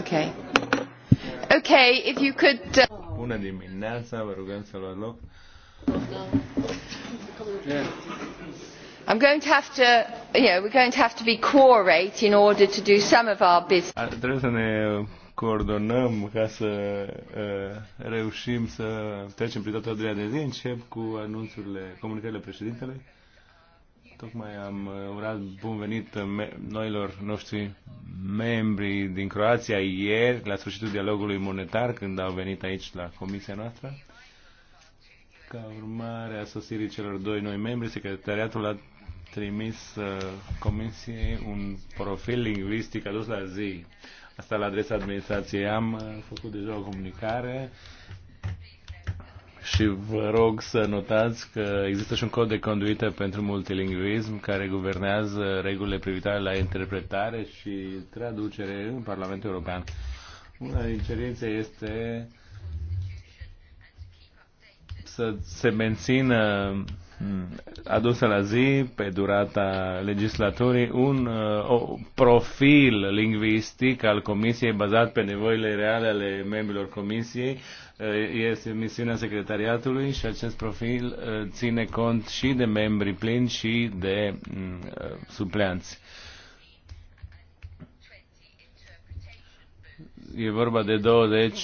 Okay. Okay, if you could... Uh, Bună dimineața, vă rugăm să luați loc. I'm going to have to, you know, we're going to have to be corate in order to do some of our business. trebuie să ne coordonăm ca să uh, reușim să trecem prin toată ordinea de zi. Încep cu anunțurile, comunicările președintelui. Tocmai am uh, urat bun venit uh, noilor noștri membri din Croația ieri, la sfârșitul dialogului monetar, când au venit aici la comisia noastră. Ca urmare a sosirii celor doi noi membri, secretariatul a trimis uh, comisiei un profil lingvistic adus la zi. Asta la adresa administrației. Am făcut deja o comunicare și vă rog să notați că există și un cod de conduită pentru multilingvism care guvernează regulile privitoare la interpretare și traducere în Parlamentul European. Una din cerințe este să se mențină Mm. adusă la zi pe durata legislatorii un uh, o, profil lingvistic al comisiei bazat pe nevoile reale ale membrilor comisiei. Uh, este misiunea secretariatului și acest profil uh, ține cont și de membri plini și de mm, supleanți. e vorba de 20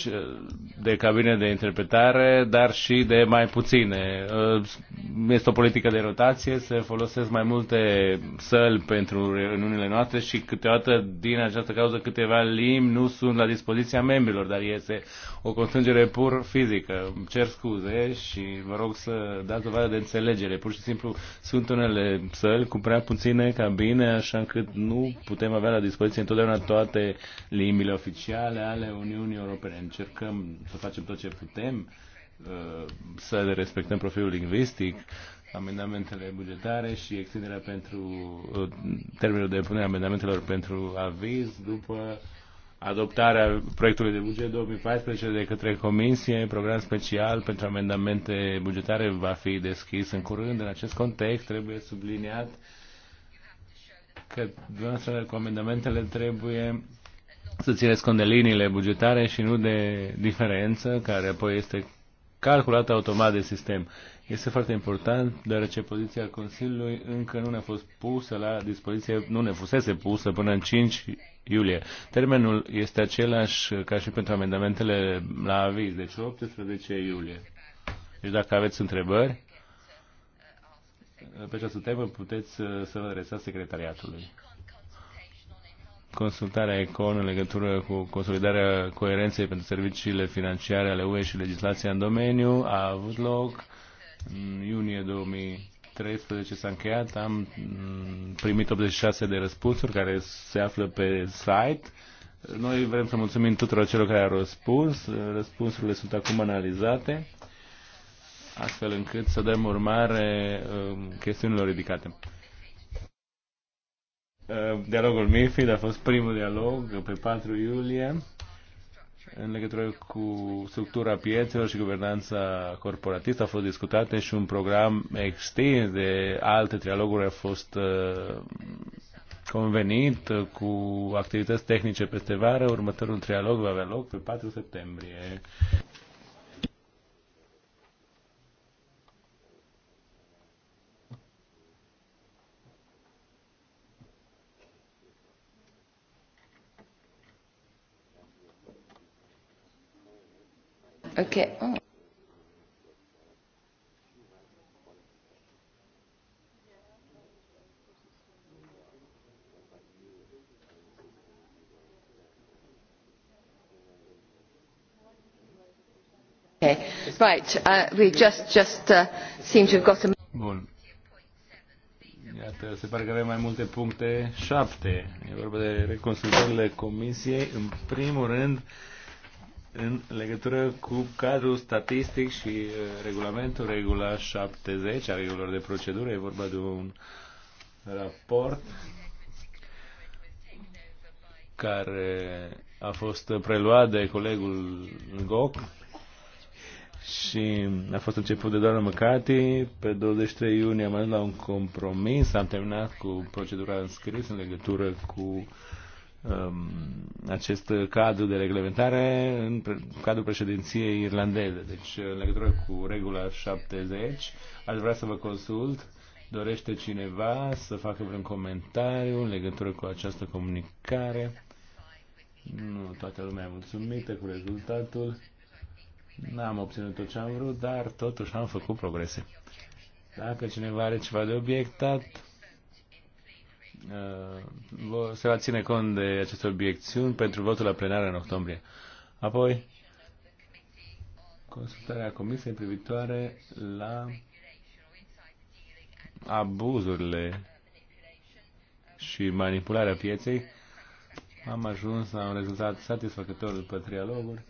de cabine de interpretare, dar și de mai puține. Uh, este o politică de rotație, se folosesc mai multe săli pentru reuniunile noastre și câteodată din această cauză câteva limbi nu sunt la dispoziția membrilor, dar este o constrângere pur fizică. Îmi cer scuze și vă rog să dați dovadă de înțelegere. Pur și simplu sunt unele săli cu prea puține cabine, așa încât nu putem avea la dispoziție întotdeauna toate limbile oficiale ale Uniunii Europene. Încercăm să facem tot ce putem, uh, să respectăm profilul lingvistic, amendamentele bugetare și extinderea pentru uh, termenul de punere amendamentelor pentru aviz după adoptarea proiectului de buget 2014 de către Comisie, program special pentru amendamente bugetare va fi deschis în curând. În acest context trebuie subliniat că dumneavoastră cu amendamentele trebuie să țineți cont de liniile bugetare și nu de diferență care apoi este calculată automat de sistem este foarte important, deoarece poziția Consiliului încă nu ne-a fost pusă la dispoziție, nu ne fusese pusă până în 5 iulie. Termenul este același ca și pentru amendamentele la aviz, deci 18 iulie. Deci dacă aveți întrebări pe această temă, puteți uh, să vă adresați secretariatului. Consultarea ECON în legătură cu consolidarea coerenței pentru serviciile financiare ale UE și legislația în domeniu a avut loc în iunie 2013 s-a încheiat, am mm, primit 86 de răspunsuri care se află pe site. Noi vrem să mulțumim tuturor celor care au răspuns. Răspunsurile sunt acum analizate, astfel încât să dăm urmare um, chestiunilor ridicate. Uh, dialogul MIFID a fost primul dialog pe 4 iulie în legătură cu structura piețelor și guvernanța corporatistă a fost discutate și un program extins de alte trialoguri a fost uh, convenit cu activități tehnice peste vară. Următorul trialog va avea loc pe 4 septembrie. Okay. Oh. Bun. Iată, se pare că avem mai multe puncte. Șapte. E vorba de reconsultările comisiei. În primul rând, în legătură cu cadrul statistic și uh, regulamentul, regula 70 a regulilor de procedură. E vorba de un raport care a fost preluat de colegul Goc și a fost început de doamna Măcati. Pe 23 iunie am ajuns la un compromis, am terminat cu procedura înscrisă în legătură cu Um, acest cadru de reglementare în cadrul președinției irlandeze. Deci, în legătură cu regula 70, aș vrea să vă consult. Dorește cineva să facă vreun comentariu în legătură cu această comunicare? Nu, toată lumea e mulțumită cu rezultatul. N-am obținut tot ce am vrut, dar totuși am făcut progrese. Dacă cineva are ceva de obiectat, Uh, se va ține cont de aceste obiecțiuni pentru votul la plenară în octombrie. Apoi, consultarea Comisiei privitoare la abuzurile și manipularea pieței. Am ajuns la un rezultat satisfăcător după trialoguri.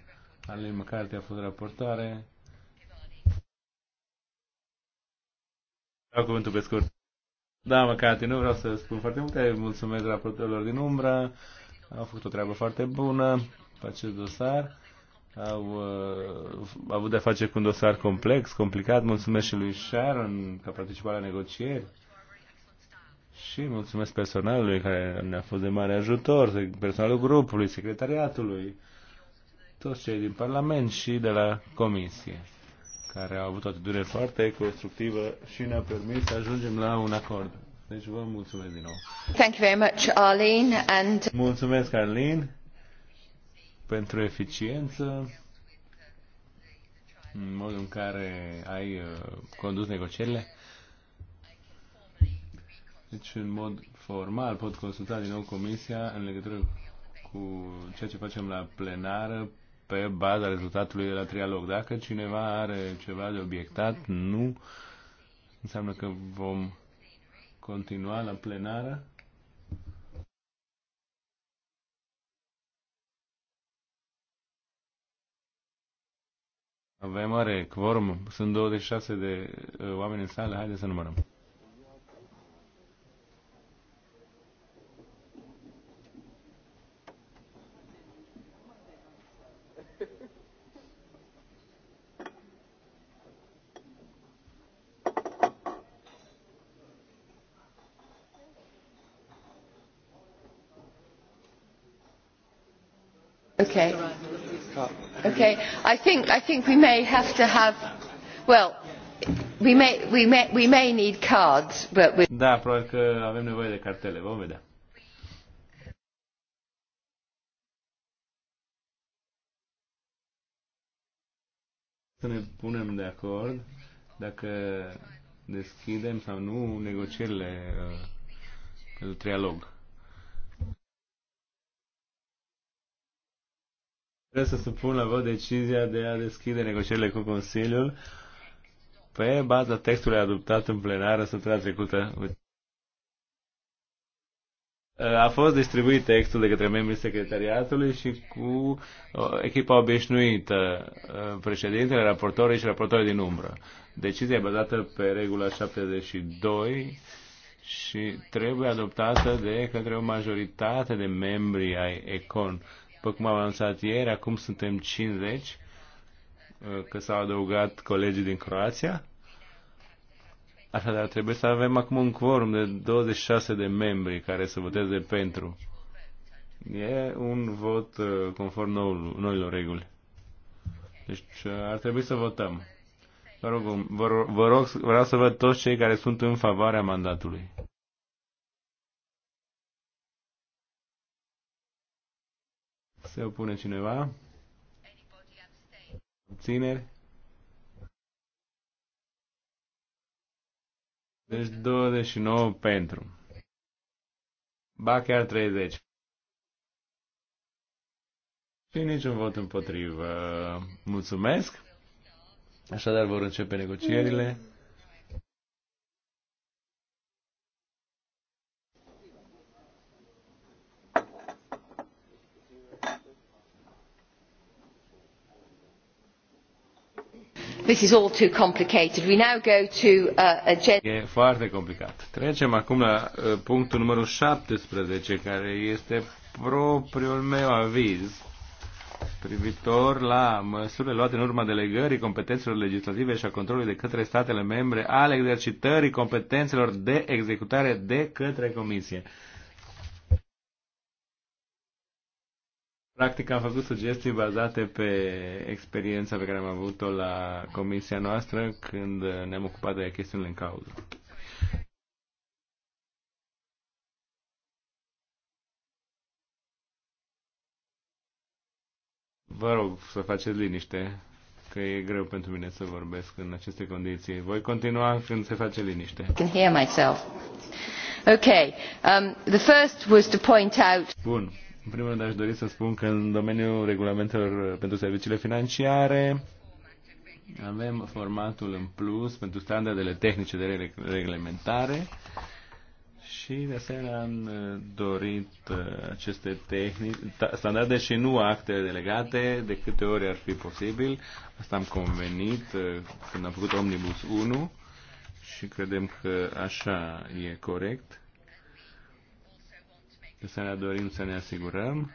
Alin McCarthy a fost raportoare. Dau cuvântul pe scurt. Da, Cati, nu vreau să spun foarte multe. Mulțumesc raportorilor din umbră. Au făcut o treabă foarte bună pe acest dosar. Au uh, avut de-a face cu un dosar complex, complicat. Mulțumesc și lui Sharon că a participat la negocieri. Și mulțumesc personalului care ne-a fost de mare ajutor, personalul grupului, secretariatului, toți cei din Parlament și de la Comisie care a avut o atitudine foarte constructivă și ne-a permis să ajungem la un acord. Deci vă mulțumesc din nou. Thank you very much, Arlene. And... Mulțumesc, Arlene, pentru eficiență, în modul în care ai uh, condus negocierile. Deci, în mod formal, pot consulta din nou Comisia în legătură cu ceea ce facem la plenară pe baza rezultatului de la trialog. Dacă cineva are ceva de obiectat, nu înseamnă că vom continua la plenară. Avem mare quorum, sunt 26 de uh, oameni în sală, haideți să numărăm. Okay. Okay. I think I think we may have to have. Well, we may we may we may need cards, but we. Da, probabil că avem nevoie de cartele. Vom vedea. Să ne punem de acord dacă deschidem sau nu negocierile uh, pentru trialog. Trebuie să supun la vot decizia de a deschide negocierile cu Consiliul pe baza textului adoptat în plenară săptămâna trecută. A fost distribuit textul de către membrii secretariatului și cu echipa obișnuită, președintele, raportorii și raportorii din umbră. Decizia e bazată pe regula 72 și trebuie adoptată de către o majoritate de membri ai ECON. După cum am anunțat ieri, acum suntem 50, uh, că s-au adăugat colegii din Croația. Așadar, trebuie să avem acum un quorum de 26 de membri care să voteze pentru. E un vot uh, conform noilor reguli. Deci uh, ar trebui să votăm. Vă rog, vă rog, vreau să văd toți cei care sunt în favoarea mandatului. Se opune cineva? Țineri? Deci 29 pentru. Ba chiar 30. Și niciun vot împotrivă. Mulțumesc. Așadar vor începe negocierile. This is all too complicated. We now go to uh, E foarte complicat. Trecem acum la uh, punctul numărul 17, care este propriul meu aviz privitor la măsurile luate în urma delegării competențelor legislative și a controlului de către statele membre ale exercitării competențelor de executare de către Comisie. Practic am făcut sugestii bazate pe experiența pe care am avut-o la comisia noastră când ne-am ocupat de chestiunile în cauză. Vă rog să faceți liniște, că e greu pentru mine să vorbesc în aceste condiții. Voi continua când se face liniște. I can hear myself. Okay. Um, the first was to point out... Bun. În primul rând aș dori să spun că în domeniul regulamentelor pentru serviciile financiare avem formatul în plus pentru standardele tehnice de reglementare și de asemenea am uh, dorit uh, aceste tehnici, standarde și nu acte delegate de câte ori ar fi posibil. Asta am convenit uh, când am făcut Omnibus 1 și credem că așa e corect ne dorim să ne asigurăm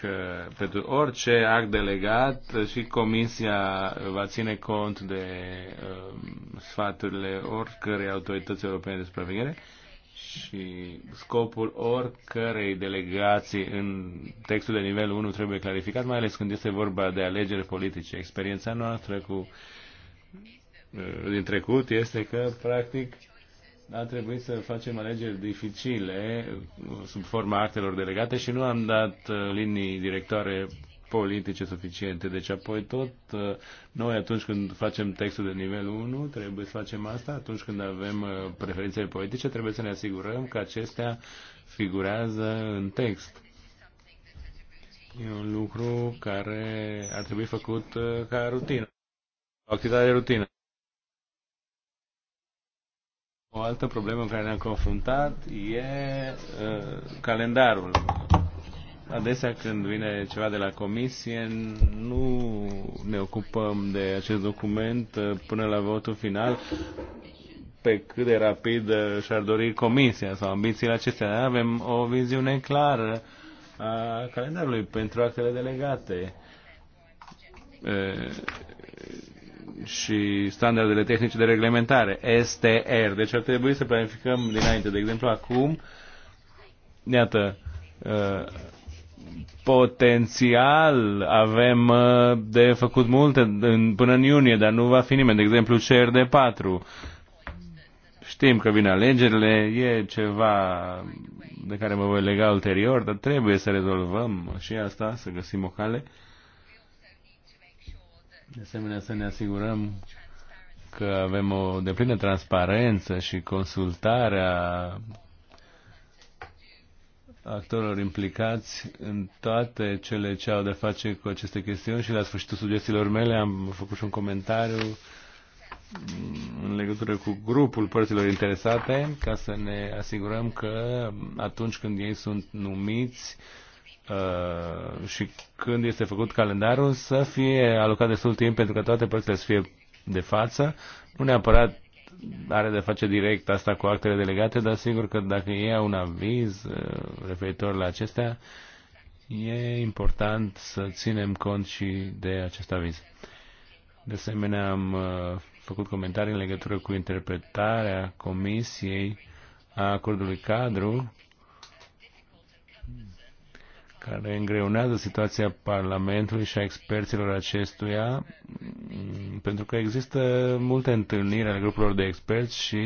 că pentru orice act delegat și Comisia va ține cont de uh, sfaturile oricărei autorități europene de supraveghere și scopul oricărei delegații în textul de nivel 1 trebuie clarificat, mai ales când este vorba de alegeri politice. Experiența noastră cu, uh, din trecut este că, practic, a trebuit să facem alegeri dificile uh, sub forma actelor delegate și nu am dat uh, linii directoare politice suficiente. Deci apoi tot uh, noi atunci când facem textul de nivel 1 trebuie să facem asta, atunci când avem preferințe politice trebuie să ne asigurăm că acestea figurează în text. E un lucru care ar trebui făcut ca rutină, o activitate rutină. O altă problemă în care ne-am confruntat e uh, calendarul. Adesea când vine ceva de la comisie, nu ne ocupăm de acest document ă, până la votul final pe cât de rapid ă, și-ar dori comisia sau ambițiile acestea. Avem o viziune clară a calendarului pentru actele delegate și standardele tehnice de reglementare, STR. Deci ar trebui să planificăm dinainte. De exemplu, acum, iată, uh, potențial avem uh, de făcut multe în până în iunie, dar nu va fi nimeni. De exemplu, CRD4. Știm că vin alegerile, e ceva de care mă voi lega ulterior, dar trebuie să rezolvăm și asta, să găsim o cale. De asemenea, să ne asigurăm că avem o deplină transparență și consultarea actorilor implicați în toate cele ce au de face cu aceste chestiuni și la sfârșitul sugestiilor mele am făcut și un comentariu în legătură cu grupul părților interesate ca să ne asigurăm că atunci când ei sunt numiți Uh, și când este făcut calendarul să fie alocat destul timp pentru că toate părțile să fie de față. Nu neapărat are de face direct asta cu actele delegate, dar sigur că dacă e un aviz uh, referitor la acestea, e important să ținem cont și de acest aviz. De asemenea, am uh, făcut comentarii în legătură cu interpretarea Comisiei a acordului cadru care îngreunează situația Parlamentului și a experților acestuia, mm, pentru că există multe întâlniri ale grupurilor de experți și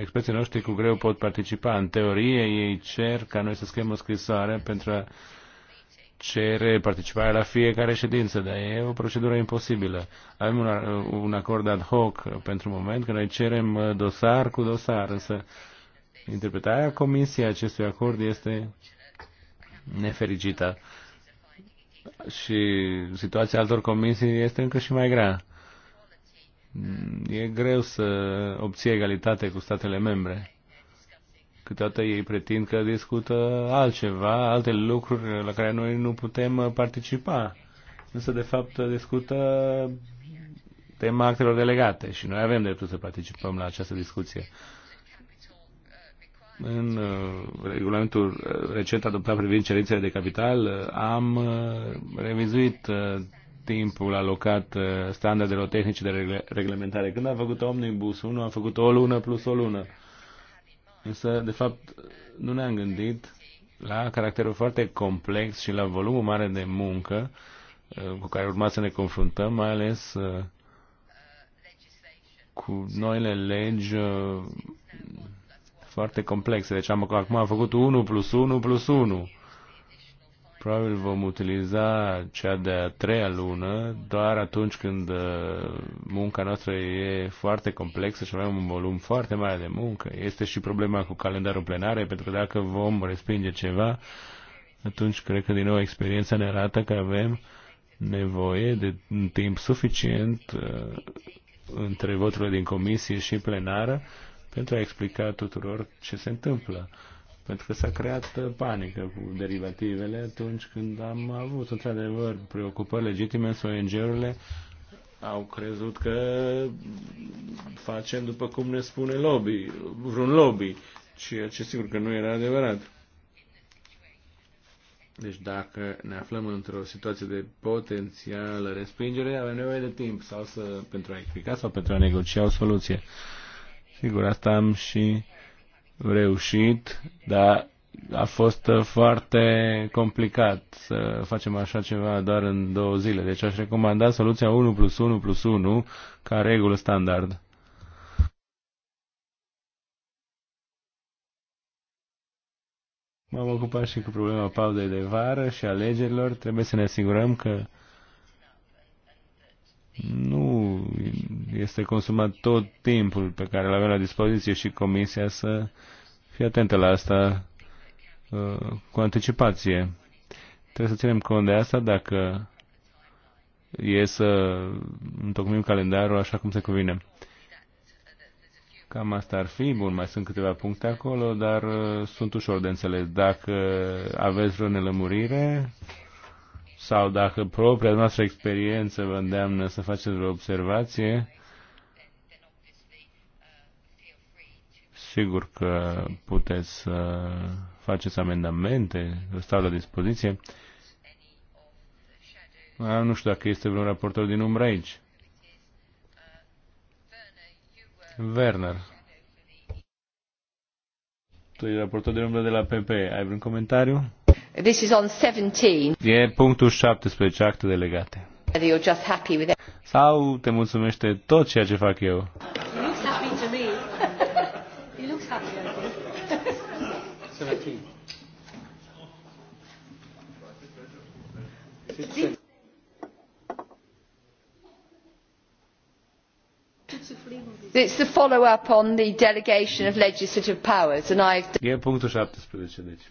experții noștri cu greu pot participa. În teorie, ei cer ca noi să scriem o scrisoare pentru a cere participarea la fiecare ședință, dar e o procedură imposibilă. Avem un, un acord ad hoc pentru moment, că noi cerem dosar cu dosar, însă interpretarea comisiei acestui acord este nefericită. Și situația altor comisii este încă și mai grea. E greu să obții egalitate cu statele membre. Câteodată ei pretind că discută altceva, alte lucruri la care noi nu putem participa. Însă, de fapt, discută tema actelor delegate și noi avem dreptul să participăm la această discuție. În uh, regulamentul recent adoptat privind cerințele de capital uh, am uh, revizuit timpul alocat standardelor tehnice de reglementare. Când am făcut Omnibus 1, am făcut o lună plus o lună. Însă, de fapt, nu ne-am gândit la caracterul foarte complex și la volumul mare de muncă cu care urma să ne confruntăm, mai ales cu noile legi foarte complexe. Deci am, acum am făcut 1 plus 1 plus 1. Probabil vom utiliza cea de-a treia lună doar atunci când uh, munca noastră e foarte complexă și avem un volum foarte mare de muncă. Este și problema cu calendarul plenare, pentru că dacă vom respinge ceva, atunci cred că din nou experiența ne arată că avem nevoie de un timp suficient uh, între voturile din comisie și plenară pentru a explica tuturor ce se întâmplă. Pentru că s-a creat panică cu derivativele atunci când am avut, într-adevăr, preocupări legitime, însă ONG-urile au crezut că facem după cum ne spune lobby, vreun lobby, ceea ce sigur că nu era adevărat. Deci dacă ne aflăm într-o situație de potențială respingere, avem nevoie de timp sau să, pentru a explica sau pentru a negocia o soluție. Sigur, asta am și reușit, dar a fost foarte complicat să facem așa ceva doar în două zile. Deci aș recomanda soluția 1 plus 1 plus 1 ca regulă standard. M-am ocupat și cu problema pauzei de vară și alegerilor. Trebuie să ne asigurăm că nu este consumat tot timpul pe care îl avem la dispoziție și Comisia să fie atentă la asta uh, cu anticipație. Trebuie să ținem cont de asta dacă e să întocmim calendarul așa cum se cuvine. Cam asta ar fi. Bun, mai sunt câteva puncte acolo, dar uh, sunt ușor de înțeles. Dacă aveți vreo nelămurire, sau dacă propria noastră experiență vă îndeamnă să faceți o observație, sigur că puteți să faceți amendamente, vă stau la dispoziție. Nu știu dacă este vreun raportor din umbră aici. Werner. Tu ești raportor de umbră de la PP. Ai vreun comentariu? This is on 17. E punctul 17, acte delegate. You're just happy with it. Sau te mulțumește tot ceea ce fac eu. He looks happy to me. He looks happy. 17. It's the follow up on the delegation of legislative powers and I've E punctul 17 deci.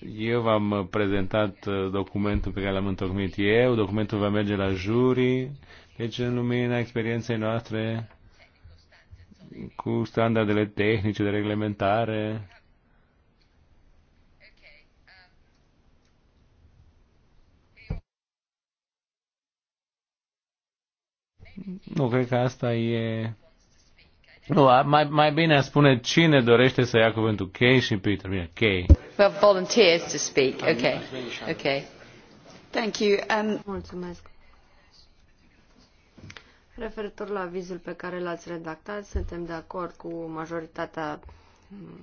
Eu v-am prezentat uh, documentul pe care l-am întocmit eu, documentul va merge la juri, deci în lumina experienței noastre cu standardele tehnice de reglementare. Nu, cred că asta e nu, mai, mai bine spune cine dorește să ia cuvântul. Kay și Peter. Bine, Kay. We have volunteers to speak. Okay. Okay. Thank you. Um... Mulțumesc. Referitor la avizul pe care l-ați redactat, suntem de acord cu majoritatea mm,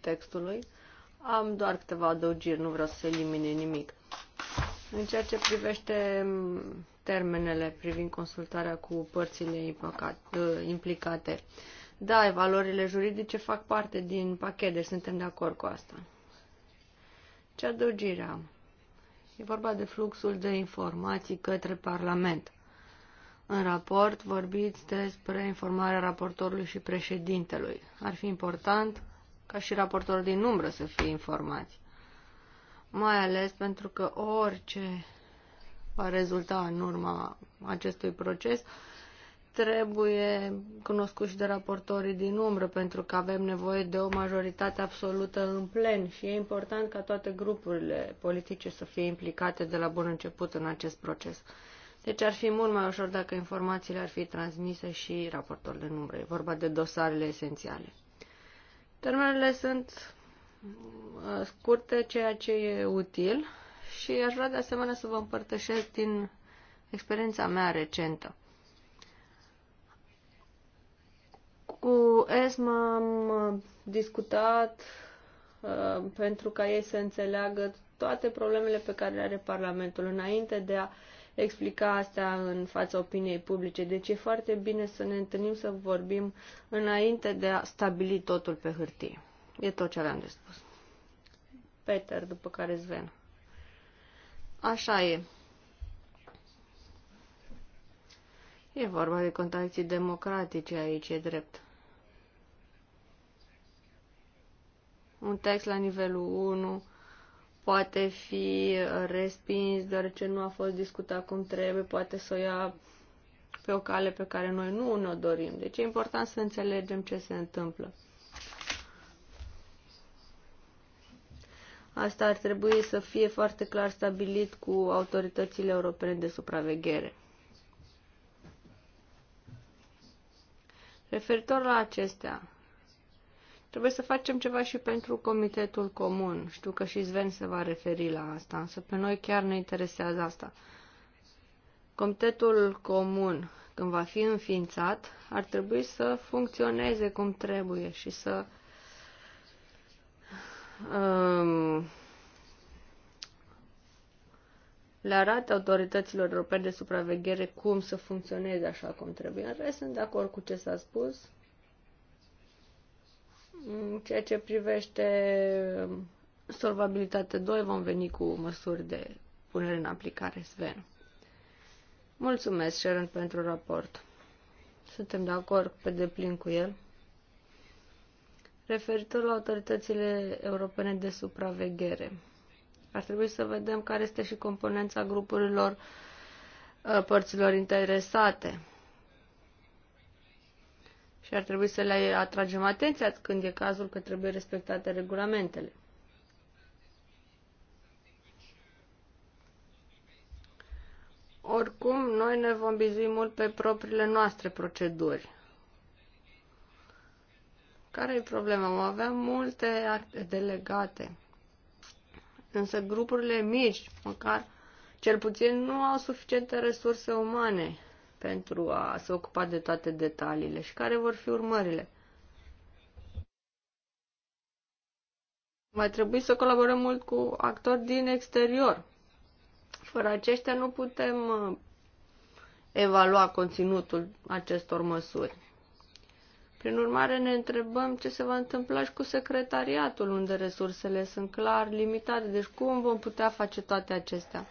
textului. Am doar câteva adăugiri, nu vreau să elimine nimic. În ceea ce privește mm, termenele privind consultarea cu părțile implicate. Da, valorile juridice fac parte din pachet, deci suntem de acord cu asta. Ce adăugire am? E vorba de fluxul de informații către Parlament. În raport vorbiți despre informarea raportorului și președintelui. Ar fi important ca și raportorul din umbră să fie informați. Mai ales pentru că orice va rezulta în urma acestui proces trebuie cunoscut și de raportorii din umbră, pentru că avem nevoie de o majoritate absolută în plen și e important ca toate grupurile politice să fie implicate de la bun început în acest proces. Deci ar fi mult mai ușor dacă informațiile ar fi transmise și raportorul de umbră. E vorba de dosarele esențiale. Termenele sunt uh, scurte, ceea ce e util și aș vrea de asemenea să vă împărtășesc din experiența mea recentă. Cu ESMA am uh, discutat uh, pentru ca ei să înțeleagă toate problemele pe care le are Parlamentul înainte de a explica asta în fața opiniei publice. Deci e foarte bine să ne întâlnim să vorbim înainte de a stabili totul pe hârtie. E tot ce aveam de spus. Peter, după care Sven. Așa e. E vorba de contracții democratice aici, e drept. Un text la nivelul 1 poate fi respins deoarece nu a fost discutat cum trebuie, poate să o ia pe o cale pe care noi nu ne-o dorim. Deci e important să înțelegem ce se întâmplă. Asta ar trebui să fie foarte clar stabilit cu autoritățile europene de supraveghere. Referitor la acestea, trebuie să facem ceva și pentru Comitetul Comun. Știu că și Sven se va referi la asta, însă pe noi chiar ne interesează asta. Comitetul Comun, când va fi înființat, ar trebui să funcționeze cum trebuie și să um, le arate autorităților europene de supraveghere cum să funcționeze așa cum trebuie. În rest, sunt de acord cu ce s-a spus. În ceea ce privește solvabilitate 2, vom veni cu măsuri de punere în aplicare, Sven. Mulțumesc, Sharon, pentru raport. Suntem de acord pe deplin cu el referitor la autoritățile europene de supraveghere. Ar trebui să vedem care este și componența grupurilor uh, părților interesate. Și ar trebui să le atragem atenția când e cazul că trebuie respectate regulamentele. Oricum, noi ne vom bizui mult pe propriile noastre proceduri. Care e problema? Mă aveam multe acte delegate. Însă grupurile mici, măcar cel puțin, nu au suficiente resurse umane pentru a se ocupa de toate detaliile și care vor fi urmările. Mai trebuie să colaborăm mult cu actori din exterior. Fără aceștia nu putem uh, evalua conținutul acestor măsuri. Prin urmare, ne întrebăm ce se va întâmpla și cu secretariatul, unde resursele sunt clar limitate. Deci cum vom putea face toate acestea?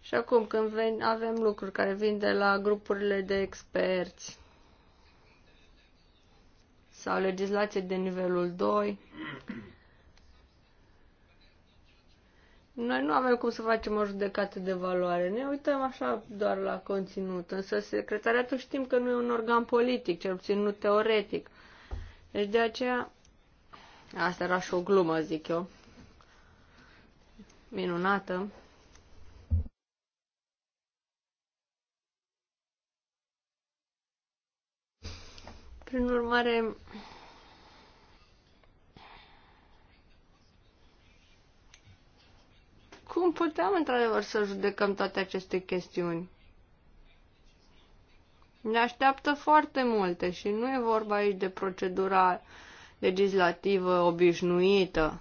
Și acum, când ven, avem lucruri care vin de la grupurile de experți sau legislație de nivelul 2, noi nu avem cum să facem o judecată de valoare, ne uităm așa doar la conținut, însă secretariatul știm că nu e un organ politic, cel puțin nu teoretic. Deci de aceea, asta era și o glumă, zic eu, minunată. Prin urmare, cum putem într-adevăr să judecăm toate aceste chestiuni? Ne așteaptă foarte multe și nu e vorba aici de procedura legislativă obișnuită.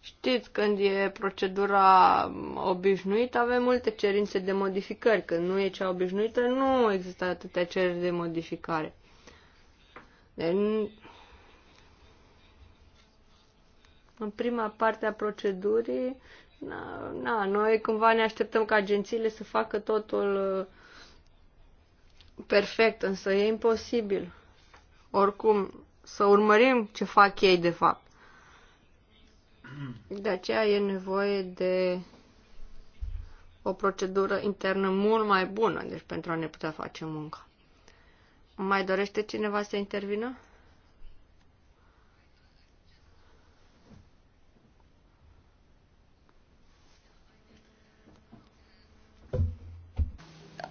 Știți, când e procedura obișnuită, avem multe cerințe de modificări. Când nu e cea obișnuită, nu există atâtea cereri de modificare. Deci, în prima parte a procedurii, na, na, noi cumva ne așteptăm ca agențiile să facă totul uh, perfect, însă e imposibil. Oricum, să urmărim ce fac ei de fapt. De aceea e nevoie de o procedură internă mult mai bună, deci pentru a ne putea face munca. Mai dorește cineva să intervină?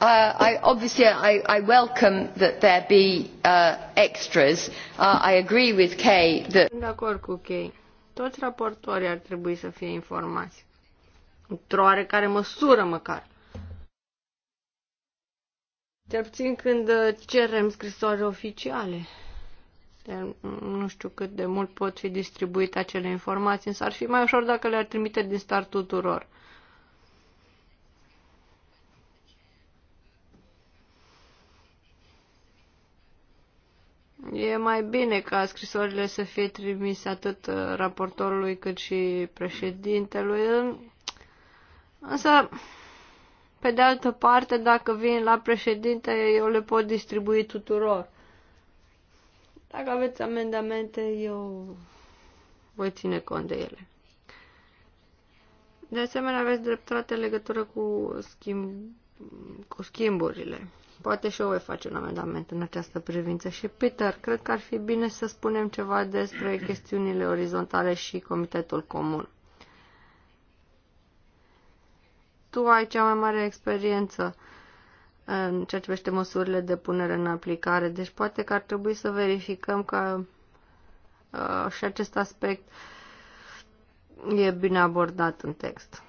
Uh, obviously I, welcome that there be uh, extras. Uh, i agree with kay that. sunt de acord cu kay. toți raportorii ar trebui să fie informați într-o oarecare măsură măcar. Cel puțin când cerem scrisoare oficiale. nu știu cât de mult pot fi distribuite acele informații, însă ar fi mai ușor dacă le-ar trimite din start tuturor. E mai bine ca scrisorile să fie trimise atât uh, raportorului cât și președintelui. Însă, pe de altă parte, dacă vin la președinte, eu le pot distribui tuturor. Dacă aveți amendamente, eu voi ține cont de ele. De asemenea, aveți dreptate legătură cu, schimb, cu schimburile. Poate și eu voi face un amendament în această privință. Și, Peter, cred că ar fi bine să spunem ceva despre chestiunile orizontale și Comitetul Comun. Tu ai cea mai mare experiență în ceea ce privește măsurile de punere în aplicare, deci poate că ar trebui să verificăm că uh, și acest aspect e bine abordat în text.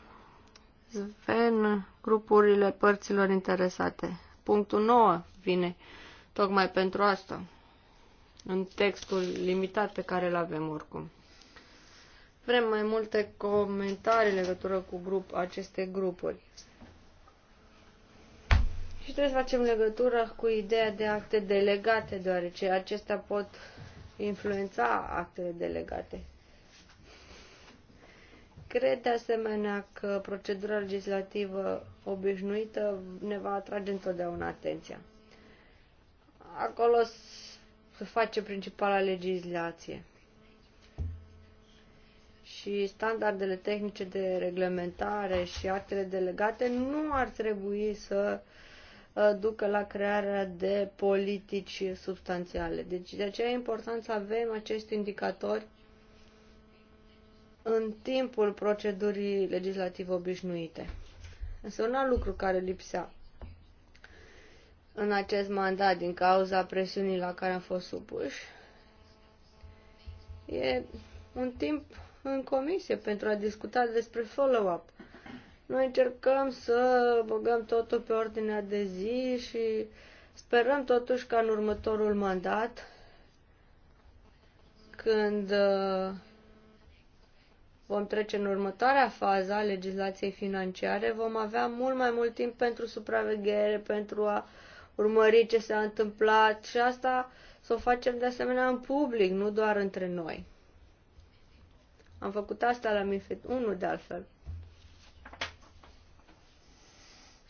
Sven, grupurile părților interesate. Punctul 9 vine tocmai pentru asta, în textul limitat pe care îl avem oricum. Vrem mai multe comentarii în legătură cu grup, aceste grupuri. Și trebuie să facem legătură cu ideea de acte delegate, deoarece acestea pot influența actele delegate. Cred de asemenea că procedura legislativă obișnuită ne va atrage întotdeauna atenția. Acolo se face principala legislație și standardele tehnice de reglementare și actele delegate nu ar trebui să uh, ducă la crearea de politici substanțiale. Deci de aceea e important să avem acești indicatori în timpul procedurii legislative obișnuite. Însă un alt lucru care lipsea în acest mandat din cauza presiunii la care am fost supuși e un timp în comisie pentru a discuta despre follow-up. Noi încercăm să băgăm totul pe ordinea de zi și sperăm totuși ca în următorul mandat, când uh, vom trece în următoarea fază a legislației financiare, vom avea mult mai mult timp pentru supraveghere, pentru a urmări ce s-a întâmplat și asta să o facem de asemenea în public, nu doar între noi. Am făcut asta la MIFID 1 de altfel.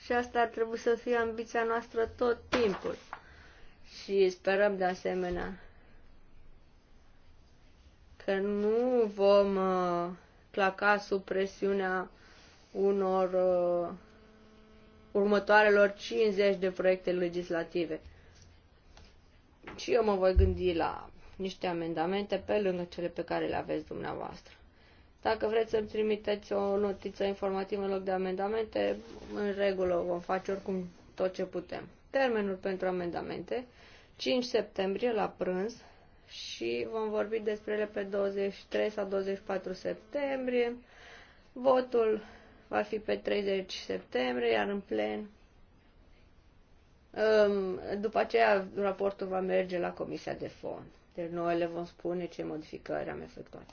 Și asta ar trebui să fie ambiția noastră tot timpul. Și sperăm de asemenea că nu vom uh, placa sub presiunea unor uh, următoarelor 50 de proiecte legislative. Și eu mă voi gândi la niște amendamente pe lângă cele pe care le aveți dumneavoastră. Dacă vreți să-mi trimiteți o notiță informativă în loc de amendamente, în regulă vom face oricum tot ce putem. Termenul pentru amendamente, 5 septembrie la prânz, și vom vorbi despre ele pe 23 sau 24 septembrie. Votul va fi pe 30 septembrie, iar în plen. Um, după aceea, raportul va merge la Comisia de Fond. Deci noi le vom spune ce modificări am efectuat.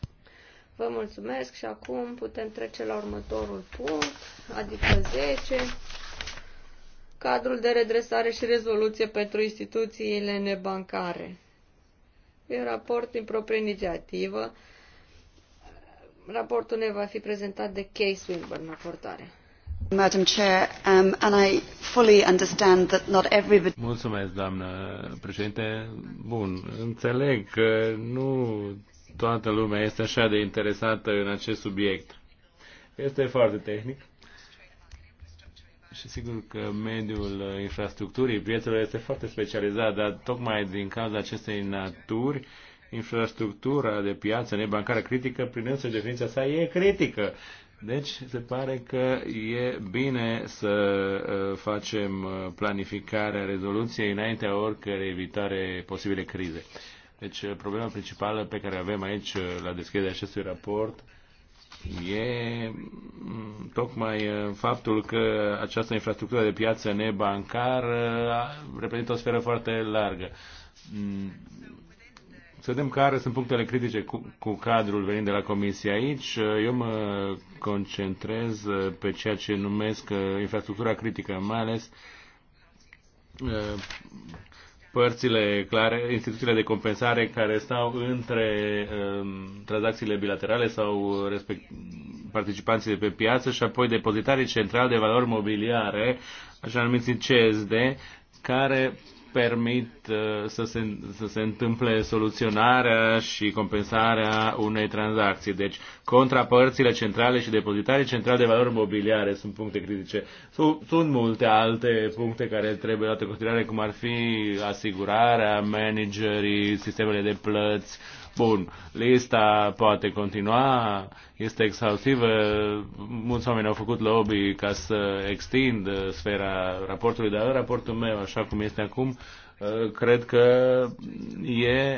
Vă mulțumesc și acum putem trece la următorul punct, adică 10. Cadrul de redresare și rezoluție pentru instituțiile nebancare. E raport din proprie inițiativă. Raportul ne va fi prezentat de Case Wilburn, raportare. Madam Chair, um, and I fully understand that not everybody... Mulțumesc, doamnă președinte. Bun, înțeleg că nu toată lumea este așa de interesată în acest subiect. Este foarte tehnic. Și sigur că mediul uh, infrastructurii, prietenilor, este foarte specializat, dar tocmai din cauza acestei naturi, infrastructura de piață nebancară critică, prin însă definiția sa, e critică. Deci, se pare că e bine să uh, facem uh, planificarea rezoluției înaintea oricărei evitare posibile crize. Deci, problema principală pe care avem aici la deschiderea acestui raport e mm, tocmai faptul că această infrastructură de piață nebancară reprezintă o sferă foarte largă. Mm, să vedem care sunt punctele critice cu, cu cadrul venind de la Comisie aici. Eu mă concentrez pe ceea ce numesc uh, infrastructura critică, mai ales uh, părțile clare, instituțiile de compensare care stau între um, tranzacțiile bilaterale sau respect, participanții de pe piață și apoi depozitarii centrali de valori mobiliare, așa numiți CSD, care permit uh, să se, să se întâmple soluționarea și compensarea unei tranzacții. Deci, contrapărțile centrale și depozitare centrale de valori mobiliare sunt puncte critice. Sunt, sunt multe alte puncte care trebuie luate în considerare, cum ar fi asigurarea, managerii, sistemele de plăți, uh, Bun, lista poate continua, este exhaustivă, mulți oameni au făcut lobby ca să extind sfera raportului, dar raportul meu, așa cum este acum, ă, cred că e,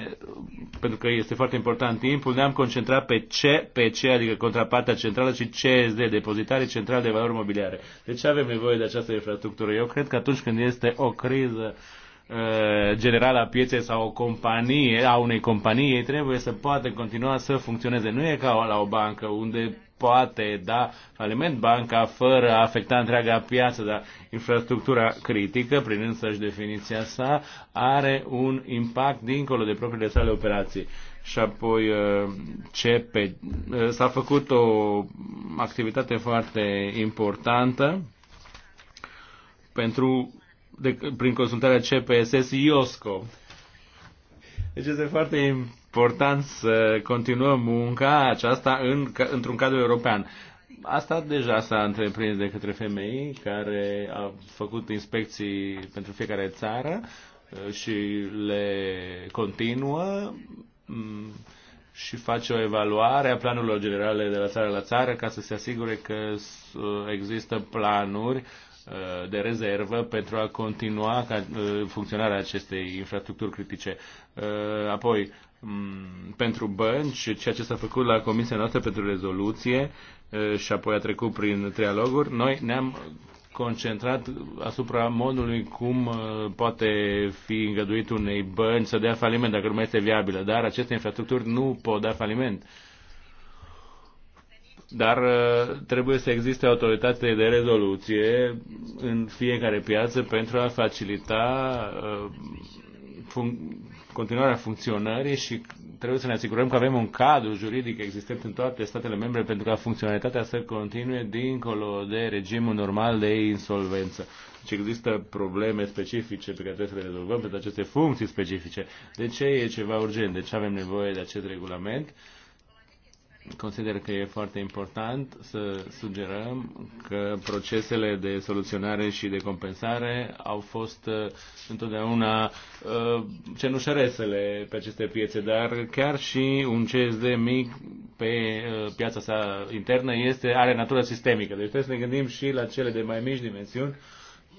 pentru că este foarte important timpul, ne-am concentrat pe ce, pe ce, adică contrapartea centrală și CSD, depozitare central de valori mobiliare. Deci avem nevoie de această infrastructură. Eu cred că atunci când este o criză Uh, general a pieței sau o companie, a unei companii, ei trebuie să poată continua să funcționeze. Nu e ca la o bancă unde poate da faliment banca fără a afecta întreaga piață, dar infrastructura critică, prin însăși definiția sa, are un impact dincolo de propriile sale operații. Și apoi uh, ce pe, uh, s-a făcut o activitate foarte importantă pentru de, prin consultarea CPSS-IOSCO. Deci este foarte important să continuăm munca aceasta în, într-un cadru european. Asta deja s-a întreprins de către femei care au făcut inspecții pentru fiecare țară uh, și le continuă mm, și face o evaluare a planurilor generale de la țară la țară ca să se asigure că uh, există planuri Uh, de rezervă pentru a continua uh, funcționarea acestei infrastructuri critice. Uh, apoi, mm, pentru bănci, ceea ce s-a făcut la Comisia noastră pentru rezoluție și apoi a trecut prin trialoguri, noi ne-am concentrat asupra modului cum poate fi îngăduit unei bănci să dea faliment dacă nu mai este viabilă. Dar aceste infrastructuri nu pot da faliment dar uh, trebuie să existe autoritate de rezoluție în fiecare piață pentru a facilita uh, fun- continuarea funcționării și trebuie să ne asigurăm că avem un cadru juridic existent în toate statele membre pentru ca funcționalitatea să continue dincolo de regimul normal de insolvență. Deci există probleme specifice pe care trebuie să le rezolvăm pentru aceste funcții specifice. De ce e ceva urgent? De ce avem nevoie de acest regulament? Uh, consider că e foarte important să sugerăm că procesele de soluționare și de compensare au fost uh, întotdeauna uh, cenușăresele pe aceste piețe, dar chiar și un CSD mic pe uh, piața sa internă este, are natură sistemică. Deci trebuie să ne gândim și la cele de mai mici dimensiuni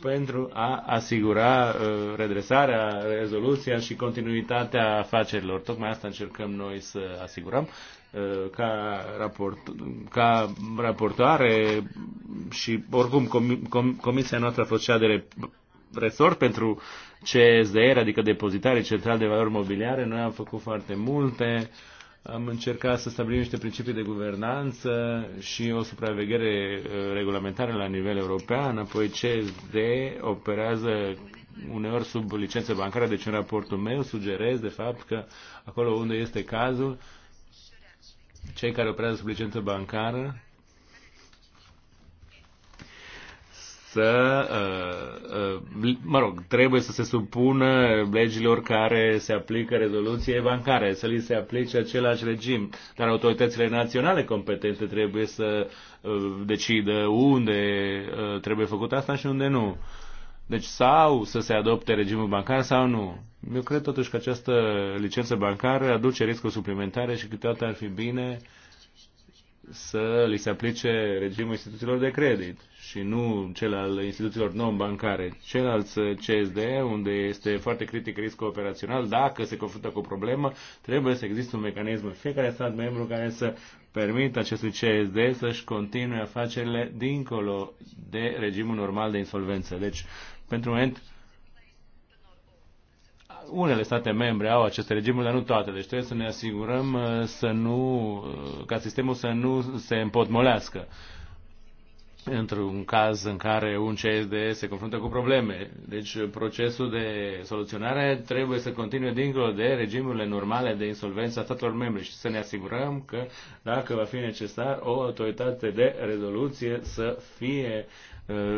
pentru a asigura redresarea, rezoluția și continuitatea afacerilor. Tocmai asta încercăm noi să asigurăm Uh, ca, raport, ca raportoare și oricum com, com, comisia noastră a fost cea de resort pentru CSDR, adică depozitare central de valori mobiliare. Noi am făcut foarte multe, am încercat să stabilim niște principii de guvernanță și o supraveghere uh, regulamentară la nivel european, apoi CSD operează uneori sub licență bancară, deci în raportul meu sugerez de fapt că acolo unde este cazul, cei care operează sub licență bancară să, uh, uh, mă rog, trebuie să se supună legilor care se aplică rezoluției bancare, să li se aplice același regim. Dar autoritățile naționale competente trebuie să uh, decidă unde trebuie făcut asta și unde nu. Deci sau să se adopte regimul bancar sau nu. Eu cred totuși că această licență bancară aduce riscuri suplimentare și câteodată ar fi bine să li se aplice regimul instituțiilor de credit și nu cel al instituțiilor non-bancare, cel al CSD, unde este foarte critic riscul operațional. Dacă se confruntă cu o problemă, trebuie să existe un mecanism în fiecare stat membru care să permită acestui CSD să-și continue afacerile dincolo de regimul normal de insolvență. Deci, pentru moment, unele state membre au aceste regimuri, dar nu toate. Deci trebuie să ne asigurăm uh, să nu, uh, ca sistemul să nu se împotmolească într-un caz în care un CSD se confruntă cu probleme. Deci uh, procesul de soluționare trebuie să continue dincolo de regimurile normale de insolvență a statelor membre și să ne asigurăm că, dacă va fi necesar, o autoritate de rezoluție să fie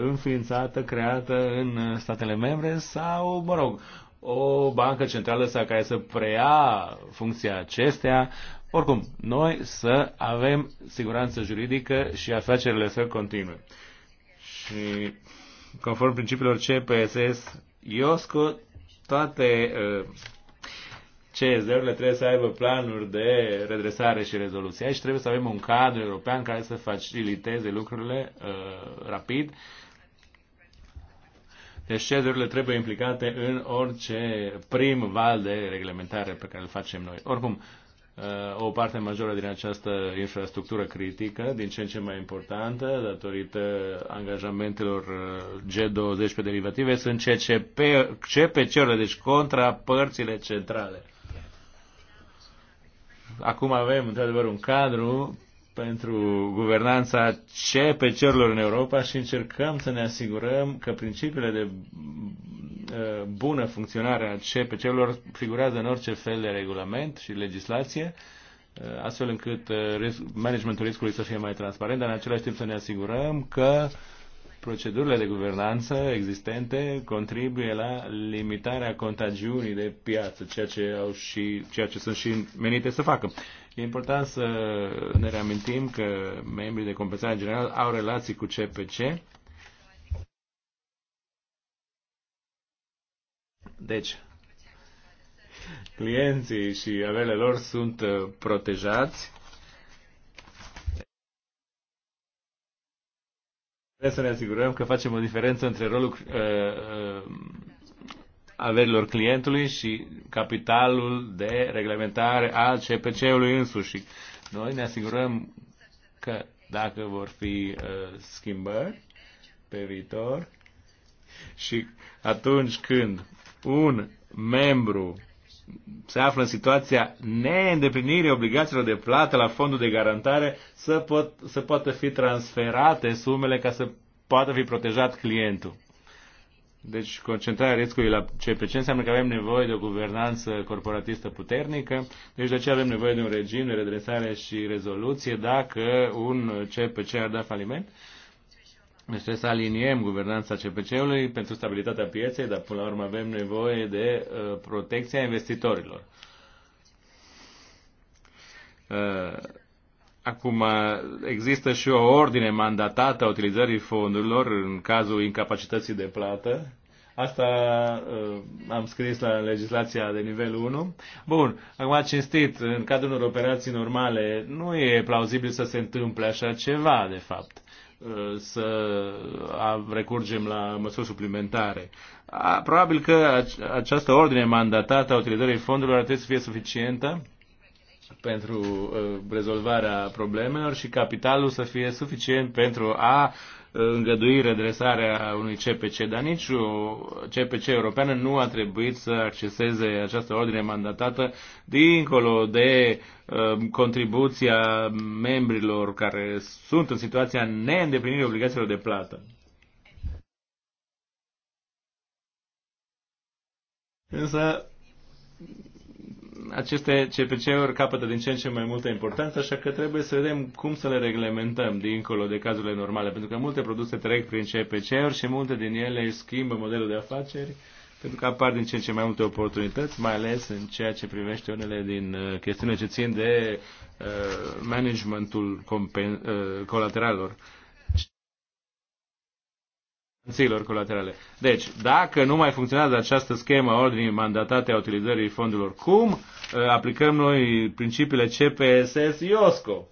înființată, creată în statele membre sau, mă rog, o bancă centrală sau care să preia funcția acestea. Oricum, noi să avem siguranță juridică și afacerile să continue. Și conform principiilor CPSS, IOSCO, toate uh, CSD-urile trebuie să aibă planuri de redresare și rezoluție. Aici trebuie să avem un cadru european care să faciliteze lucrurile uh, rapid deci cedurile trebuie implicate în orice prim val de reglementare pe care îl facem noi. Oricum, uh, o parte majoră din această infrastructură critică, din ce în ce mai importantă, datorită angajamentelor uh, G20 pe derivative, sunt CPC-urile, deci contrapărțile centrale. Acum avem, într-adevăr, un cadru pentru guvernanța ce pe cerurilor în Europa și încercăm să ne asigurăm că principiile de uh, bună funcționare a ce pe cerurilor figurează în orice fel de regulament și legislație, uh, astfel încât uh, managementul riscului să fie mai transparent, dar în același timp să ne asigurăm că procedurile de guvernanță existente contribuie la limitarea contagiunii de piață, ceea ce, au și, ceea ce sunt și menite să facă. E important să ne reamintim că membrii de compensare general au relații cu CPC. Deci, clienții și avele lor sunt uh, protejați. Trebuie să ne asigurăm că facem o diferență între rolul uh, uh, averilor clientului și capitalul de reglementare al CPC-ului însuși. Noi ne asigurăm că dacă vor fi uh, schimbări pe viitor și atunci când un membru se află în situația neîndeplinirii obligațiilor de plată la fondul de garantare să, pot, să poată fi transferate sumele ca să poată fi protejat clientul. Deci concentrarea riscului la CPC înseamnă că avem nevoie de o guvernanță corporatistă puternică, deci de aceea avem nevoie de un regim de redresare și rezoluție dacă un CPC ar da faliment. Deci trebuie să aliniem guvernanța CPC-ului pentru stabilitatea pieței, dar până la urmă avem nevoie de uh, protecția investitorilor. Uh, Acum, există și o ordine mandatată a utilizării fondurilor în cazul incapacității de plată. Asta uh, am scris la legislația de nivel 1. Bun, acum cinstit, în cadrul unor operații normale nu e plauzibil să se întâmple așa ceva, de fapt uh, să recurgem la măsuri suplimentare. Probabil că această ordine mandatată a utilizării fondurilor ar trebui să fie suficientă pentru uh, rezolvarea problemelor și capitalul să fie suficient pentru a uh, îngădui redresarea unui CPC, dar nici o CPC europeană nu a trebuit să acceseze această ordine mandatată dincolo de uh, contribuția membrilor care sunt în situația neîndeplinirii obligațiilor de plată. Însă, aceste CPC-uri capătă din ce în ce mai multă importanță, așa că trebuie să vedem cum să le reglementăm dincolo de cazurile normale, pentru că multe produse trec prin CPC-uri și multe din ele schimbă modelul de afaceri, pentru că apar din ce în ce mai multe oportunități, mai ales în ceea ce privește unele din uh, chestiunile ce țin de uh, managementul uh, colateralor garanțiilor colaterale. Deci, dacă nu mai funcționează această schemă a ordinii mandatate a utilizării fondurilor, cum uh, aplicăm noi principiile CPSS-IOSCO?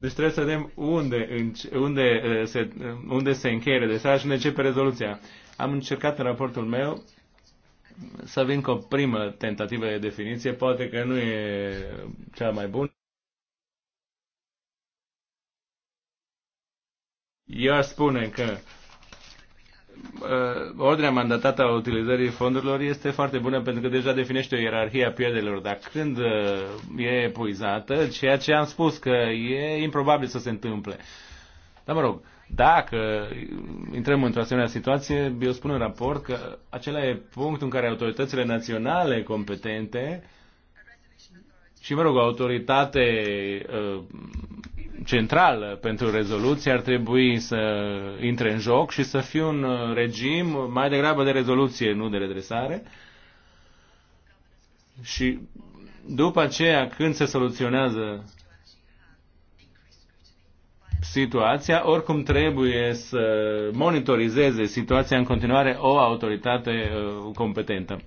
Deci trebuie să vedem unde, unde, uh, se, uh, unde se încheie redresarea și unde începe rezoluția. Am încercat în raportul meu să vin cu o primă tentativă de definiție, poate că nu e cea mai bună. Eu aș spune că uh, ordinea mandatată a utilizării fondurilor este foarte bună pentru că deja definește o ierarhie a pierderilor, dar când uh, e epuizată, ceea ce am spus că e improbabil să se întâmple. Dar mă rog, dacă intrăm într-o asemenea situație, eu spun în raport că acela e punctul în care autoritățile naționale competente și, mă rog, o autoritate uh, central pentru rezoluție ar trebui să intre în joc și să fie un uh, regim mai degrabă de rezoluție, nu de redresare. Și după aceea, când se soluționează situația, oricum trebuie să monitorizeze situația în continuare o autoritate uh, competentă.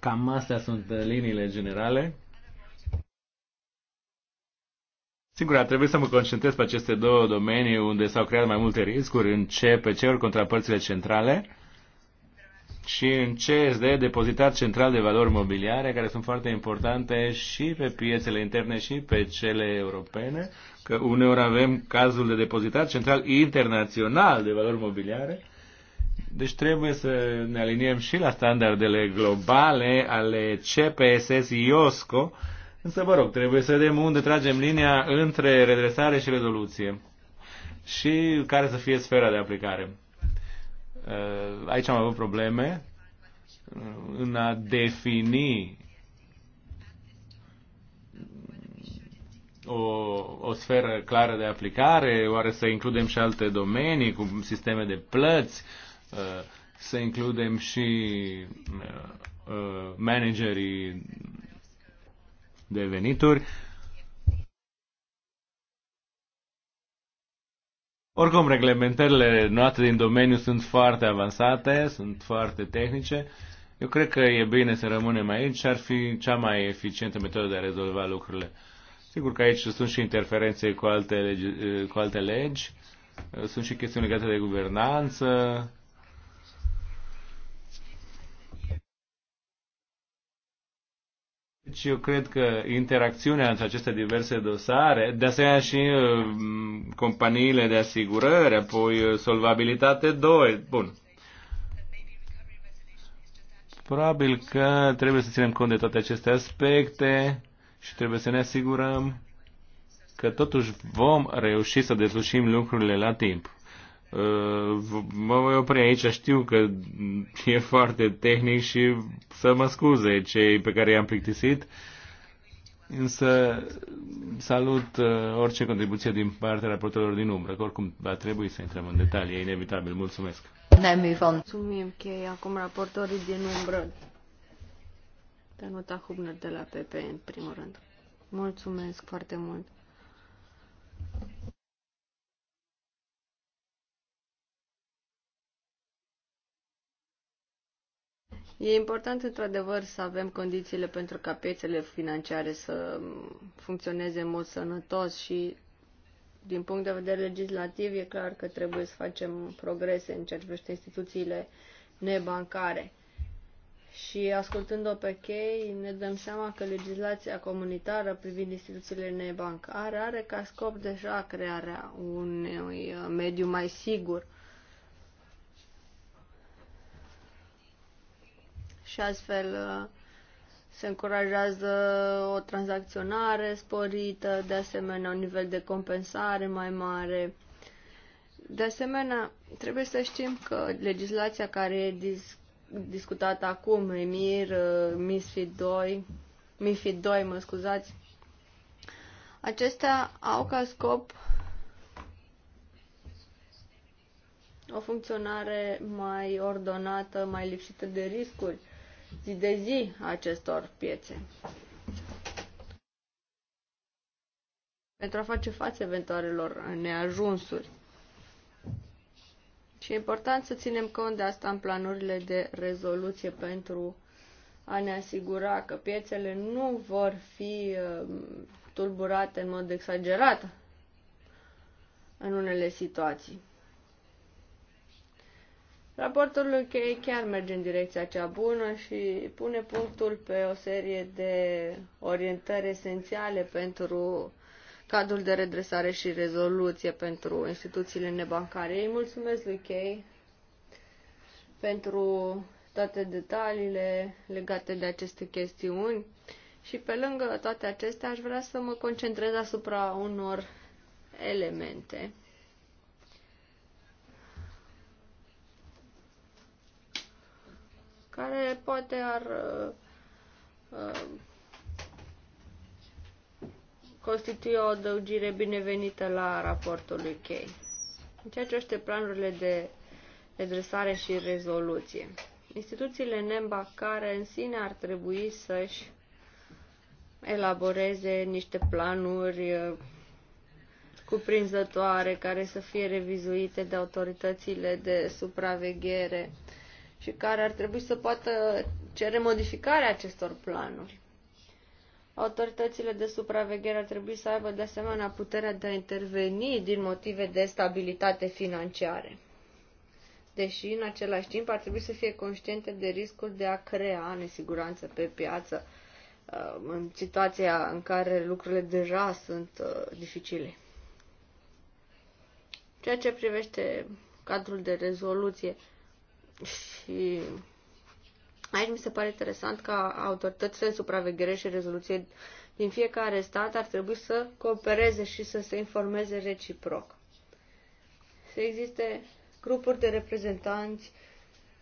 Cam astea sunt uh, liniile generale Sigur, ar trebui să mă concentrez pe aceste două domenii unde s-au creat mai multe riscuri, în CPC-uri contra părțile centrale și în CSD, depozitat central de valori mobiliare, care sunt foarte importante și pe piețele interne și pe cele europene, că uneori avem cazul de depozitat central internațional de valori mobiliare, deci trebuie să ne aliniem și la standardele globale ale CPSS IOSCO, Însă, vă rog, trebuie să vedem unde tragem linia între redresare și rezoluție și care să fie sfera de aplicare. Uh, aici am avut probleme în a defini o, o sferă clară de aplicare, oare să includem și alte domenii cu sisteme de plăți, uh, să includem și uh, managerii de venituri. Oricum, reglementările noastre din domeniu sunt foarte avansate, sunt foarte tehnice. Eu cred că e bine să rămânem aici, ar fi cea mai eficientă metodă de a rezolva lucrurile. Sigur că aici sunt și interferențe cu alte legi, cu alte legi sunt și chestiuni legate de guvernanță, Deci eu cred că interacțiunea între aceste diverse dosare, de asemenea și uh, companiile de asigurări, apoi uh, solvabilitate 2, bun. Probabil că trebuie să ținem cont de toate aceste aspecte și trebuie să ne asigurăm că totuși vom reuși să deslușim lucrurile la timp. Uh, mă voi opri aici, știu că e foarte tehnic și să mă scuze cei pe care i-am plictisit, însă salut uh, orice contribuție din partea raportelor din umbră, că oricum va trebui să intrăm în detalii, e inevitabil. Mulțumesc! Ne-am Mulțumim că acum raportorii din umbră. Danuta Hubner de la PP, în primul rând. Mulțumesc foarte mult! E important, într-adevăr, să avem condițiile pentru ca piețele financiare să funcționeze în mod sănătos și, din punct de vedere legislativ, e clar că trebuie să facem progrese în ceea ce privește instituțiile nebancare. Și ascultând-o pe chei, ne dăm seama că legislația comunitară privind instituțiile nebancare are ca scop deja crearea unui uh, mediu mai sigur și astfel uh, se încurajează o tranzacționare sporită, de asemenea un nivel de compensare mai mare. De asemenea, trebuie să știm că legislația care e dis- discutată acum, EMIR, uh, MISFID 2, MIFID 2, mă scuzați, acestea au ca scop o funcționare mai ordonată, mai lipsită de riscuri zi de zi acestor piețe. Pentru a face față eventualelor neajunsuri. Și e important să ținem cont de asta în planurile de rezoluție pentru a ne asigura că piețele nu vor fi um, tulburate în mod exagerat în unele situații. Raportul lui Kay chiar merge în direcția cea bună și pune punctul pe o serie de orientări esențiale pentru cadrul de redresare și rezoluție pentru instituțiile nebancare. Îi mulțumesc lui Kay pentru toate detaliile legate de aceste chestiuni și pe lângă toate acestea aș vrea să mă concentrez asupra unor elemente care poate ar uh, uh, constitui o adăugire binevenită la raportul lui Kay. În ceea ce este planurile de redresare și rezoluție. Instituțiile NEMBA care în sine ar trebui să-și elaboreze niște planuri uh, cuprinzătoare care să fie revizuite de autoritățile de supraveghere și care ar trebui să poată cere modificarea acestor planuri. Autoritățile de supraveghere ar trebui să aibă de asemenea puterea de a interveni din motive de stabilitate financiare. Deși, în același timp, ar trebui să fie conștiente de riscul de a crea nesiguranță pe piață uh, în situația în care lucrurile deja sunt uh, dificile. Ceea ce privește cadrul de rezoluție, și aici mi se pare interesant ca autoritățile de supraveghere și rezoluție din fiecare stat ar trebui să coopereze și să se informeze reciproc. Să existe grupuri de reprezentanți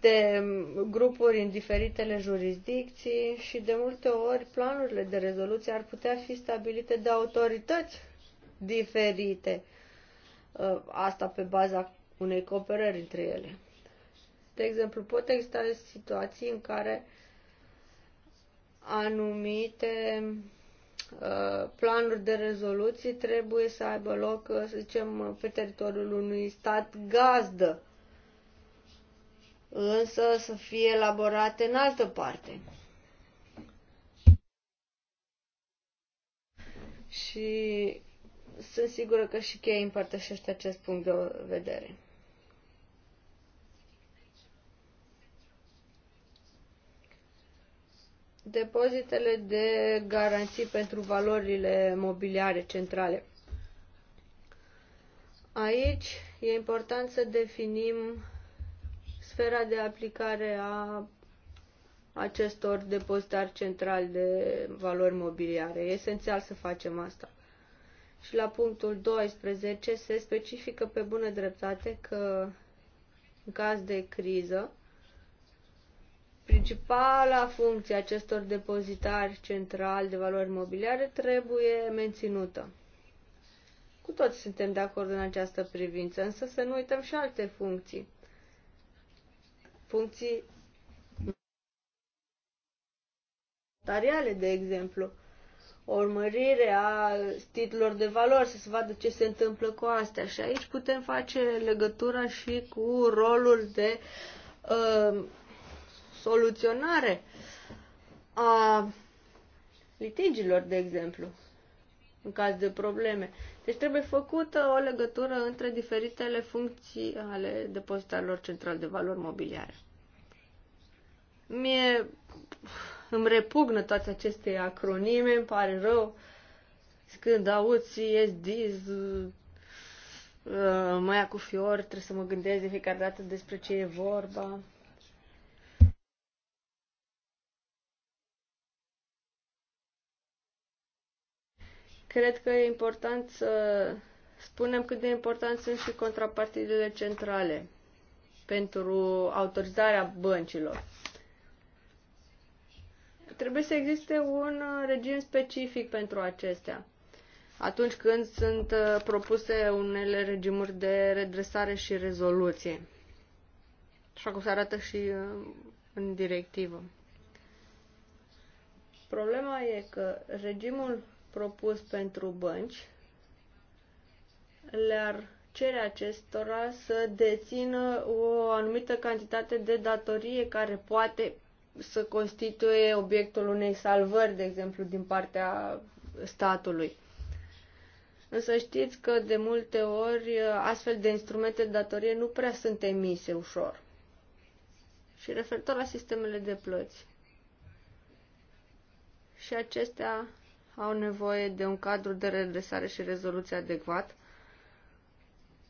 de mm, grupuri în diferitele jurisdicții și de multe ori planurile de rezoluție ar putea fi stabilite de autorități diferite. Uh, asta pe baza unei cooperări între ele. De exemplu, pot exista situații în care anumite uh, planuri de rezoluții trebuie să aibă loc, uh, să zicem, pe teritoriul unui stat gazdă, însă să fie elaborate în altă parte. Și sunt sigură că și cheia împărtășește acest punct de vedere. depozitele de garanții pentru valorile mobiliare centrale. Aici e important să definim sfera de aplicare a acestor depozitari centrali de valori mobiliare. E esențial să facem asta. Și la punctul 12 se specifică pe bună dreptate că în caz de criză, principala funcție acestor depozitari centrali de valori mobiliare trebuie menținută. Cu toți suntem de acord în această privință, însă să nu uităm și alte funcții. Funcții notariale, de exemplu, o urmărire a titlurilor de valori, să se vadă ce se întâmplă cu astea. Și aici putem face legătura și cu rolul de uh, soluționare a litigilor, de exemplu, în caz de probleme. Deci trebuie făcută o legătură între diferitele funcții ale depozitarilor central de valori mobiliare. Mie îmi repugnă toate aceste acronime, îmi pare rău. Când aud CSDs, uh, ia cu fior, trebuie să mă gândesc de fiecare dată despre ce e vorba. Cred că e important să spunem cât de important sunt și contrapartidele centrale pentru autorizarea băncilor. Trebuie să existe un uh, regim specific pentru acestea. Atunci când sunt uh, propuse unele regimuri de redresare și rezoluție. Așa cum se arată și uh, în directivă. Problema e că regimul propus pentru bănci le-ar cere acestora să dețină o anumită cantitate de datorie care poate să constituie obiectul unei salvări, de exemplu, din partea statului. Însă știți că de multe ori astfel de instrumente de datorie nu prea sunt emise ușor. Și referitor la sistemele de plăți. Și acestea au nevoie de un cadru de redresare și rezoluție adecvat,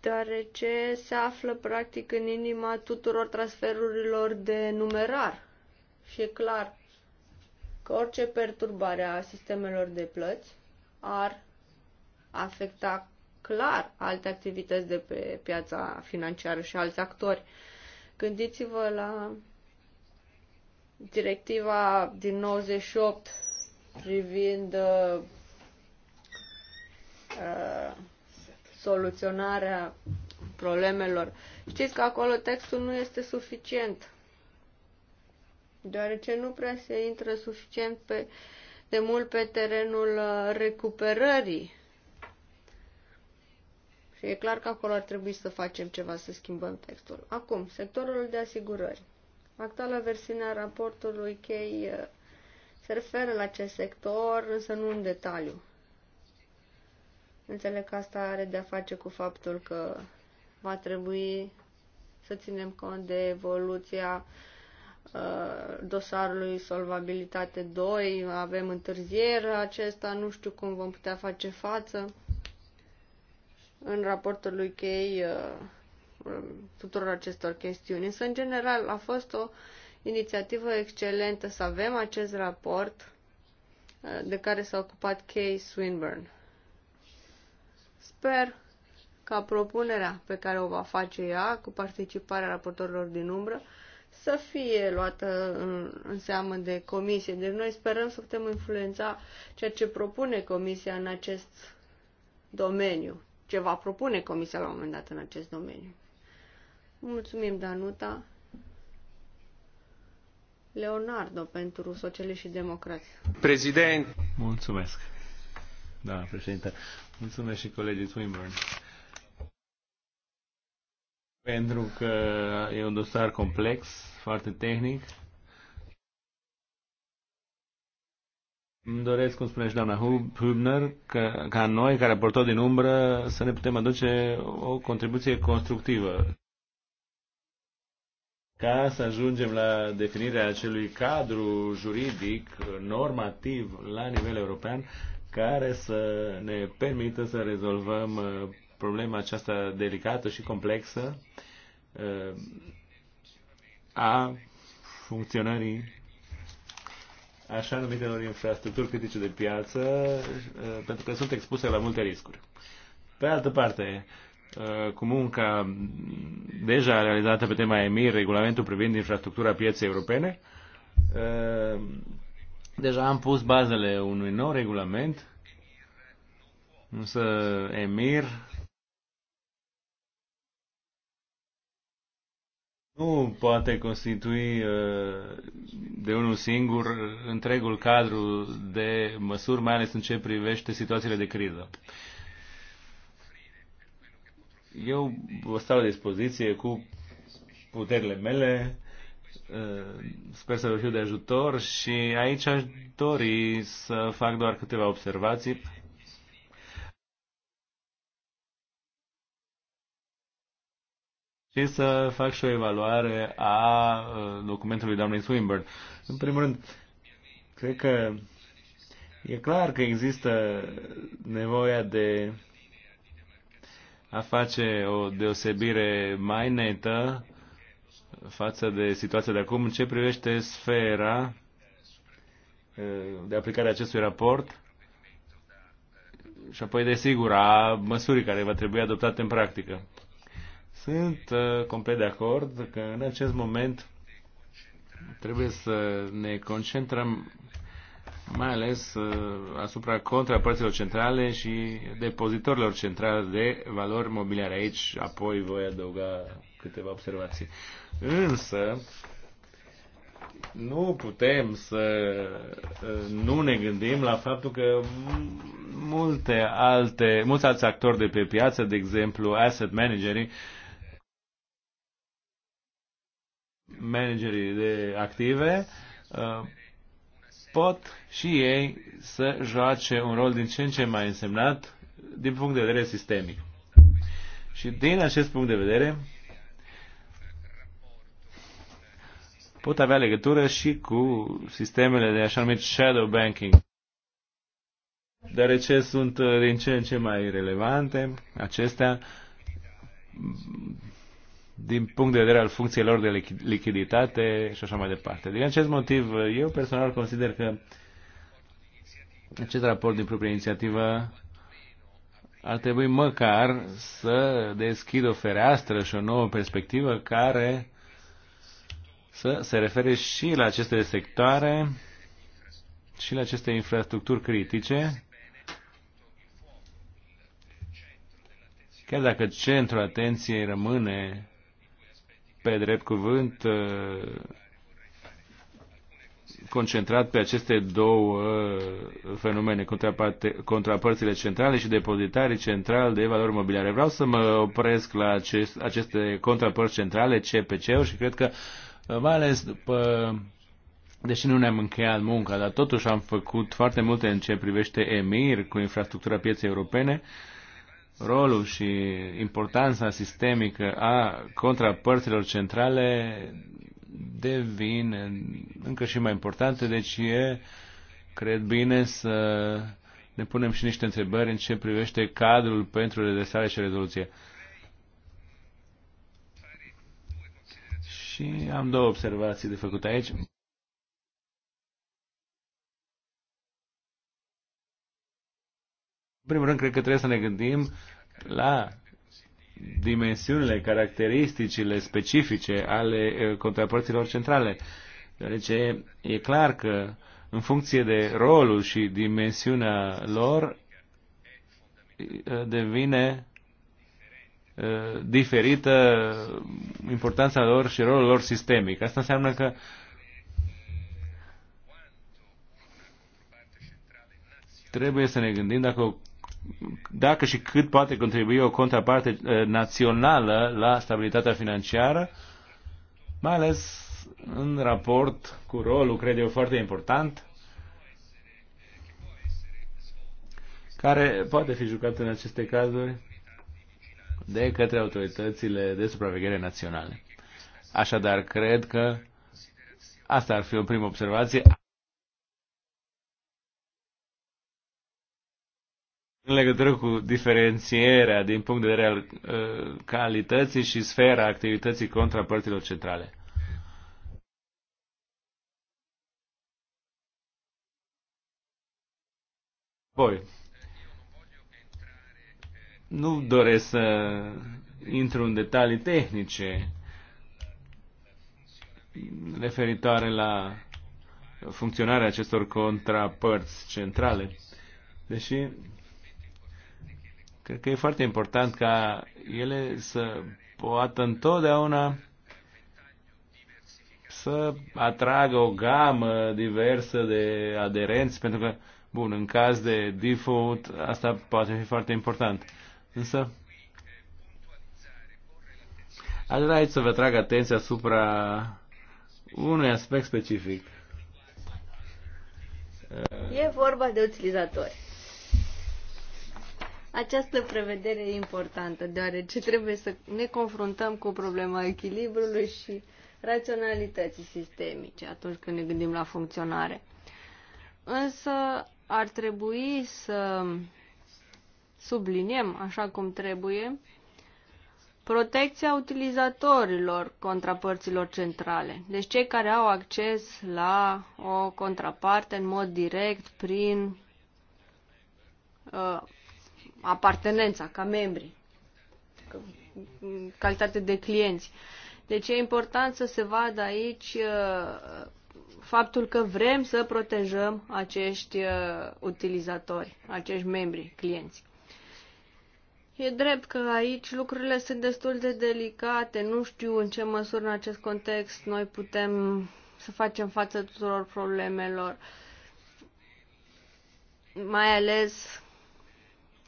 deoarece se află practic în inima tuturor transferurilor de numerar. Și e clar că orice perturbare a sistemelor de plăți ar afecta clar alte activități de pe piața financiară și alți actori. Gândiți-vă la directiva din 98 privind uh, uh, soluționarea problemelor. Știți că acolo textul nu este suficient, deoarece nu prea se intră suficient pe, de mult pe terenul uh, recuperării. Și e clar că acolo ar trebui să facem ceva, să schimbăm textul. Acum, sectorul de asigurări. Actuala versiune a raportului chei se referă la acest sector, însă nu în detaliu. Înțeleg că asta are de-a face cu faptul că va trebui să ținem cont de evoluția uh, dosarului Solvabilitate 2, avem întârziere acesta, nu știu cum vom putea face față. În raportul lui Chei uh, tuturor acestor chestiuni. Însă, în general, a fost o uh, inițiativă excelentă să avem acest raport uh, de care s-a ocupat Kay Swinburne. Sper ca propunerea pe care o va face ea, cu participarea raportorilor din umbră, să fie luată în, în seamă de comisie. Deci noi sperăm să putem influența ceea ce propune comisia în acest domeniu, ce va propune comisia la un moment dat în acest domeniu. Mulțumim, Danuta. Leonardo pentru Socialiști și Democrați. Prezident! Mulțumesc! Da, președinte. Mulțumesc și colegii Swinburne. Pentru că e un dosar complex, foarte tehnic. Îmi doresc, cum spune și doamna Hubner, că, ca noi, care raportor din umbră, să ne putem aduce o contribuție constructivă ca să ajungem la definirea acelui cadru juridic, normativ, la nivel european, care să ne permită să rezolvăm uh, problema aceasta delicată și complexă uh, a funcționării așa numitelor infrastructuri critice de piață, uh, pentru că sunt expuse la multe riscuri. Pe altă parte, Eh, cu munca deja realizată pe tema EMIR, regulamentul privind infrastructura pieței europene. Eh, deja am pus bazele unui nou regulament, însă EMIR nu poate constitui eh, de unul singur întregul cadru de măsuri, mai ales în ce privește situațiile de criză. Eu vă stau la dispoziție cu puterile mele, uh, sper să vă fiu de ajutor și aici aș dori să fac doar câteva observații. Și să fac și o evaluare a uh, documentului doamnei Swinburne. În primul rând, cred că e clar că există nevoia de a face o deosebire mai netă față de situația de acum în ce privește sfera eh, de aplicare a acestui raport și apoi, desigur, a măsurii care va trebui adoptate în practică. Sunt eh, complet de acord că în acest moment trebuie să ne concentrăm mai ales uh, asupra contrapărților centrale și depozitorilor centrale de valori mobiliare. Aici apoi voi adăuga câteva observații. Însă, nu putem să uh, nu ne gândim la faptul că multe alte, mulți alți actori de pe piață, de exemplu asset managerii, managerii de active, uh, pot și ei să joace un rol din ce în ce mai însemnat din punct de vedere sistemic. Și din acest punct de vedere pot avea legătură și cu sistemele de așa numit shadow banking, deoarece sunt din ce în ce mai relevante acestea din punct de vedere al funcțiilor de lichiditate și așa mai departe. Din acest motiv, eu personal consider că acest raport din proprie inițiativă ar trebui măcar să deschidă o fereastră și o nouă perspectivă care să se refere și la aceste sectoare și la aceste infrastructuri critice, chiar dacă centrul atenției rămâne pe drept cuvânt uh, concentrat pe aceste două uh, fenomene, contrapărțile centrale și depozitarii central de valori mobiliare. Vreau să mă opresc la acest, aceste contrapărți centrale, cpc ul și cred că, uh, mai ales după, deși nu ne-am încheiat munca, dar totuși am făcut foarte multe în ce privește EMIR cu infrastructura pieței europene, uh, rolul și importanța sistemică a contrapărților centrale devin încă și mai importante, deci e, cred bine, să ne punem și niște întrebări în ce privește cadrul pentru redresare și rezoluție. Și am două observații de făcut aici. primul rând, cred că trebuie să ne gândim la dimensiunile, caracteristicile specifice ale uh, contrapărților centrale. Deoarece e clar că în funcție de rolul și dimensiunea lor uh, devine uh, diferită importanța lor și rolul lor sistemic. Asta înseamnă că trebuie să ne gândim dacă o dacă și cât poate contribui o contraparte eh, națională la stabilitatea financiară, mai ales în raport cu rolul, cred eu, foarte important, care poate fi jucat în aceste cazuri de către autoritățile de supraveghere naționale. Așadar, cred că asta ar fi o primă observație. în legătură cu diferențierea din punct de vedere al uh, calității și sfera activității părților centrale. Poi, nu doresc să intru în detalii tehnice referitoare la funcționarea acestor contrapărți centrale, deși Cred că e foarte important ca ele să poată întotdeauna să atragă o gamă diversă de aderenți, pentru că, bun, în caz de default, asta poate fi foarte important. Însă, aș vrea aici să vă atrag atenția asupra unui aspect specific. E vorba de utilizatori. Această prevedere e importantă, deoarece trebuie să ne confruntăm cu problema echilibrului și raționalității sistemice atunci când ne gândim la funcționare. Însă ar trebui să subliniem așa cum trebuie protecția utilizatorilor contrapărților centrale. Deci cei care au acces la o contraparte în mod direct prin uh, apartenența ca membri, în calitate de clienți. Deci e important să se vadă aici uh, faptul că vrem să protejăm acești uh, utilizatori, acești membri, clienți. E drept că aici lucrurile sunt destul de delicate, nu știu în ce măsură în acest context noi putem să facem față tuturor problemelor, mai ales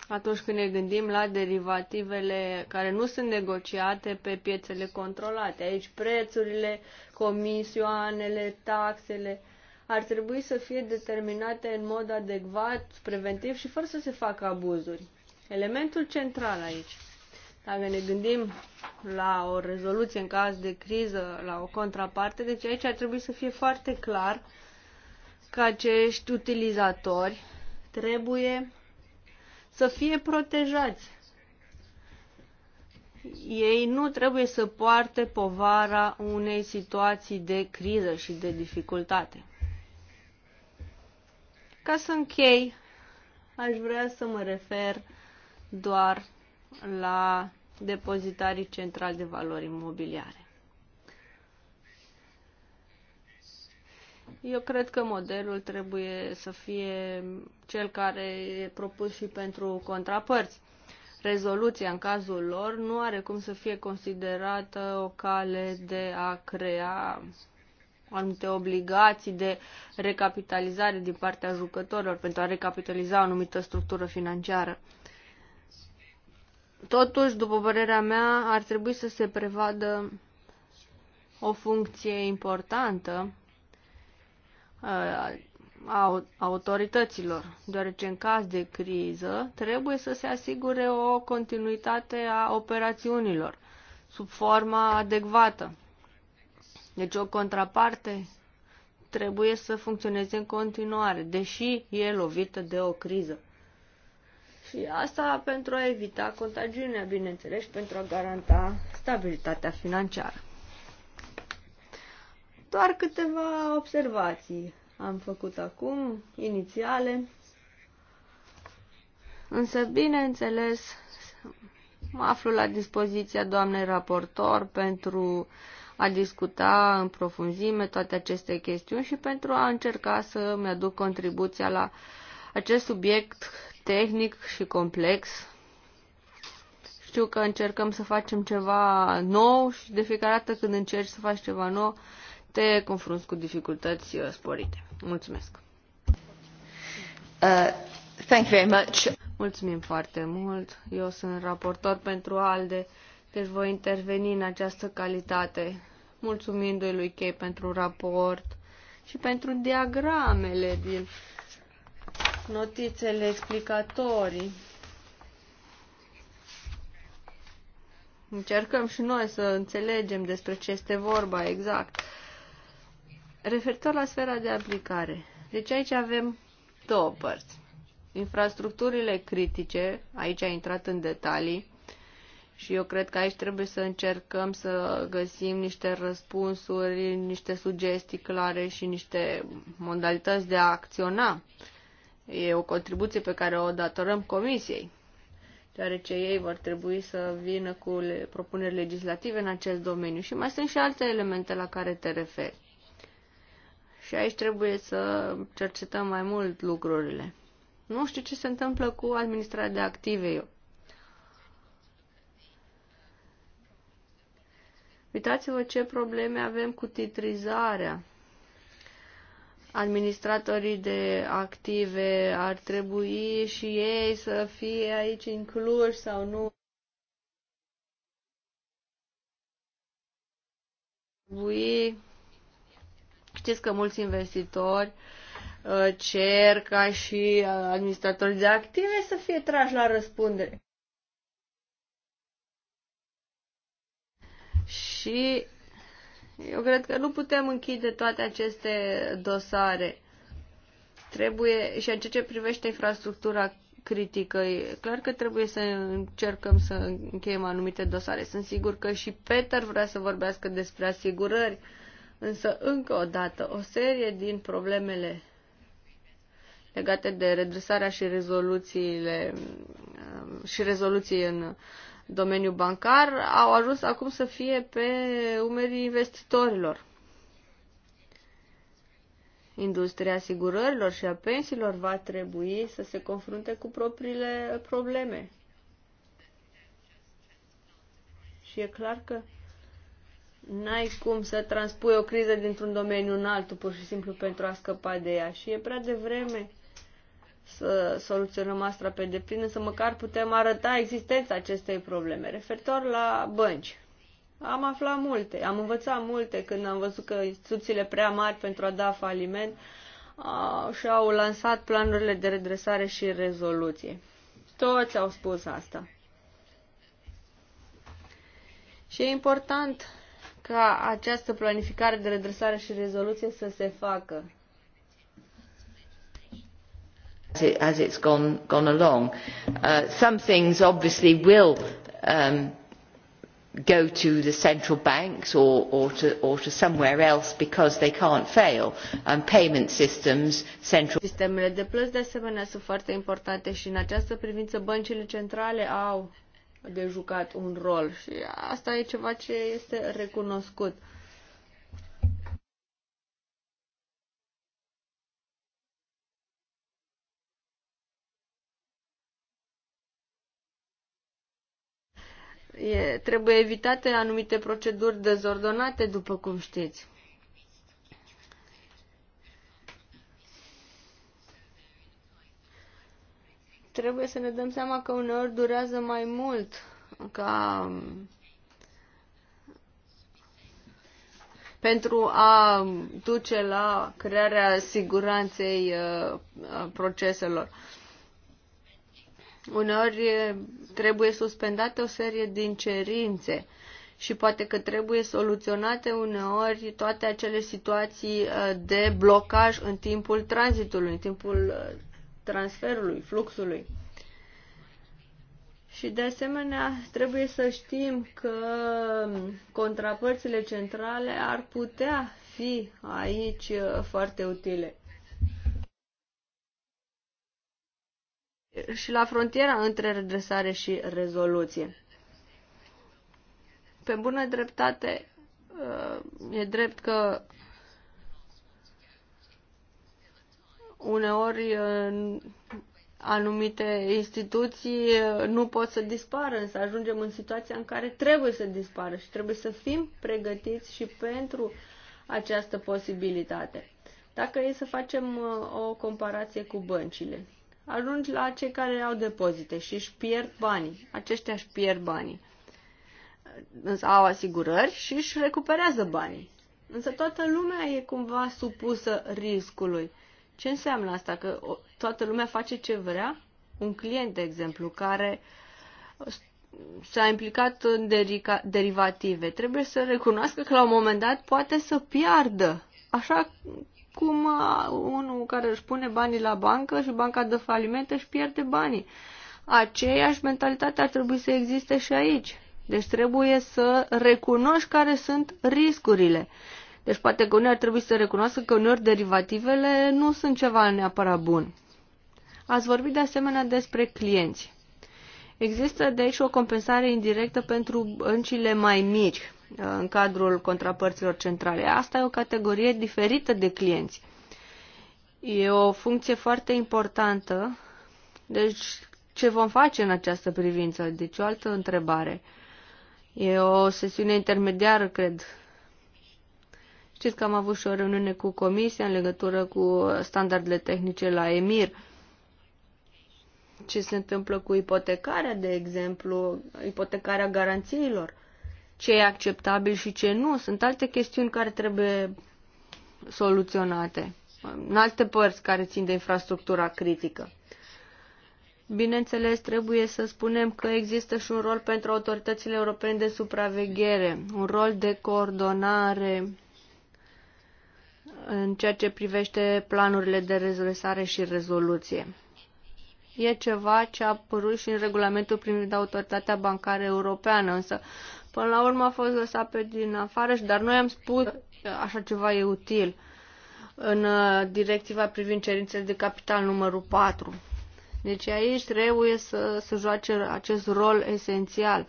atunci când ne gândim la derivativele care nu sunt negociate pe piețele controlate. Aici prețurile, comisioanele, taxele ar trebui să fie determinate în mod adecvat, preventiv și fără să se facă abuzuri. Elementul central aici. Dacă ne gândim la o rezoluție în caz de criză, la o contraparte, deci aici ar trebui să fie foarte clar că acești utilizatori trebuie să fie protejați. Ei nu trebuie să poarte povara unei situații de criză și de dificultate. Ca să închei, aș vrea să mă refer doar la depozitarii centrali de valori imobiliare. Eu cred că modelul trebuie să fie cel care e propus și pentru contrapărți. Rezoluția în cazul lor nu are cum să fie considerată o cale de a crea anumite obligații de recapitalizare din partea jucătorilor pentru a recapitaliza o anumită structură financiară. Totuși, după părerea mea, ar trebui să se prevadă o funcție importantă Uh, autorităților, deoarece în caz de criză trebuie să se asigure o continuitate a operațiunilor sub forma adecvată. Deci o contraparte trebuie să funcționeze în continuare, deși e lovită de o criză. Și asta pentru a evita contagiunea, bineînțeles, pentru a garanta stabilitatea financiară. Doar câteva observații am făcut acum, inițiale. Însă, bineînțeles, mă aflu la dispoziția doamnei raportor pentru a discuta în profunzime toate aceste chestiuni și pentru a încerca să-mi aduc contribuția la acest subiect tehnic și complex. Știu că încercăm să facem ceva nou și de fiecare dată când încerci să faci ceva nou, te confrunți cu dificultăți uh, sporite. Mulțumesc! Uh, thank you very much. Mulțumim foarte mult. Eu sunt raportor pentru ALDE, deci voi interveni în această calitate, mulțumindu-i lui Kay pentru raport și pentru diagramele din notițele explicatorii. Încercăm și noi să înțelegem despre ce este vorba exact. Referitor la sfera de aplicare, deci aici avem două părți. Infrastructurile critice, aici a intrat în detalii și eu cred că aici trebuie să încercăm să găsim niște răspunsuri, niște sugestii clare și niște modalități de a acționa. E o contribuție pe care o datorăm Comisiei, deoarece ei vor trebui să vină cu propuneri legislative în acest domeniu. Și mai sunt și alte elemente la care te referi și aici trebuie să cercetăm mai mult lucrurile. Nu știu ce se întâmplă cu administrarea de active eu. Uitați-vă ce probleme avem cu titrizarea. Administratorii de active ar trebui și ei să fie aici incluși sau nu. Ar trebui Știți că mulți investitori uh, cer ca și uh, administratorii de active să fie trași la răspundere. Și eu cred că nu putem închide toate aceste dosare. Trebuie, și în ceea ce privește infrastructura critică, e clar că trebuie să încercăm să încheiem anumite dosare. Sunt sigur că și Peter vrea să vorbească despre asigurări. Uh, Însă, încă o dată, o serie din problemele legate de redresarea și rezoluțiile um, și rezoluții în domeniul bancar au ajuns acum să fie pe umerii investitorilor. Industria asigurărilor și a pensiilor va trebui să se confrunte cu propriile probleme. Și e clar că N-ai cum să transpui o criză dintr-un domeniu în altul, pur și simplu pentru a scăpa de ea. Și e prea devreme să soluționăm asta pe deplin, să măcar putem arăta existența acestei probleme. Referitor la bănci, am aflat multe, am învățat multe când am văzut că instituțiile prea mari pentru a da faliment și-au lansat planurile de redresare și rezoluție. Toți au spus asta. Și e important ca această planificare de redresare și rezoluție să se facă. As, it, as it's gone, gone along, uh, some things obviously will um, go to the central banks or, or, to, or to somewhere else because they can't fail. And um, payment systems, central... Sistemele de plăți de asemenea sunt foarte importante și în această privință băncile centrale au de jucat un rol și asta e ceva ce este recunoscut. E, trebuie evitate anumite proceduri dezordonate, după cum știți. trebuie să ne dăm seama că uneori durează mai mult ca pentru a duce la crearea siguranței uh, proceselor. Uneori trebuie suspendate o serie din cerințe și poate că trebuie soluționate uneori toate acele situații uh, de blocaj în timpul tranzitului, în timpul uh, transferului, fluxului. Și de asemenea, trebuie să știm că contrapărțile centrale ar putea fi aici uh, foarte utile. Și la frontiera între redresare și rezoluție. Pe bună dreptate, uh, e drept că uneori anumite instituții nu pot să dispară, însă ajungem în situația în care trebuie să dispară și trebuie să fim pregătiți și pentru această posibilitate. Dacă e să facem uh, o comparație cu băncile, ajungi la cei care au depozite și își pierd banii. Aceștia își pierd banii. Însă au asigurări și își recuperează banii. Însă toată lumea e cumva supusă riscului. Ce înseamnă asta? Că toată lumea face ce vrea? Un client, de exemplu, care s-a implicat în derivative, trebuie să recunoască că la un moment dat poate să piardă. Așa cum unul care își pune banii la bancă și banca dă falimente și pierde banii. Aceeași mentalitate ar trebui să existe și aici. Deci trebuie să recunoști care sunt riscurile. Deci poate că ar trebuie să recunoască că uneori derivativele nu sunt ceva neapărat bun. Ați vorbit de asemenea despre clienți. Există aici o compensare indirectă pentru băncile mai mici uh, în cadrul contrapărților centrale. Asta e o categorie diferită de clienți. E o funcție foarte importantă. Deci, ce vom face în această privință? Deci, o altă întrebare. E o sesiune intermediară, cred, Știți că am avut și o reuniune cu comisia în legătură cu standardele tehnice la EMIR. Ce se întâmplă cu ipotecarea, de exemplu, ipotecarea garanțiilor, ce e acceptabil și ce nu. Sunt alte chestiuni care trebuie soluționate în alte părți care țin de infrastructura critică. Bineînțeles, trebuie să spunem că există și un rol pentru autoritățile europene de supraveghere, un rol de coordonare în ceea ce privește planurile de rezolvare și rezoluție. E ceva ce a apărut și în regulamentul privind autoritatea bancară europeană, însă până la urmă a fost lăsat pe din afară și dar noi am spus că așa ceva e util în uh, directiva privind cerințele de capital numărul 4. Deci aici trebuie să, să joace acest rol esențial,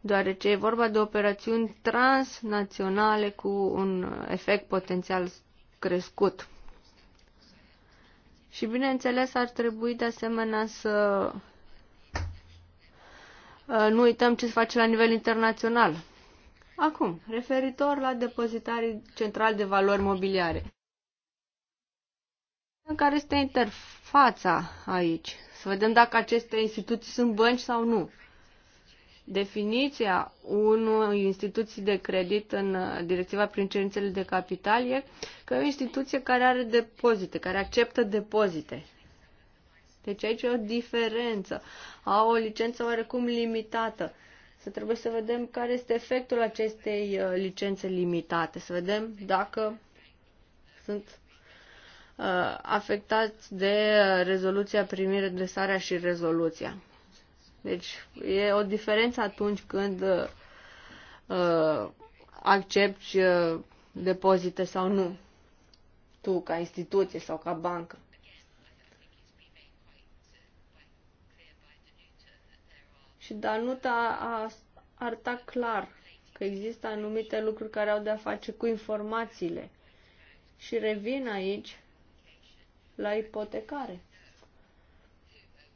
deoarece e vorba de operațiuni transnaționale cu un efect potențial crescut. Și bineînțeles ar trebui de asemenea să ă, nu uităm ce se face la nivel internațional. Acum, referitor la depozitarii central de valori mobiliare. În care este interfața aici? Să vedem dacă aceste instituții sunt bănci sau nu. Definiția unui instituții de credit în directiva prin cerințele de capital e că e o instituție care are depozite, care acceptă depozite. Deci aici e o diferență. Au o licență oarecum limitată. Să trebuie să vedem care este efectul acestei uh, licențe limitate, să vedem dacă sunt uh, afectați de uh, rezoluția primire, dresarea și rezoluția. Deci e o diferență atunci când uh, uh, accepti uh, depozite sau nu, tu ca instituție sau ca bancă. Și Danuta a arătat clar că există anumite lucruri care au de-a face cu informațiile. Și revin aici la ipotecare.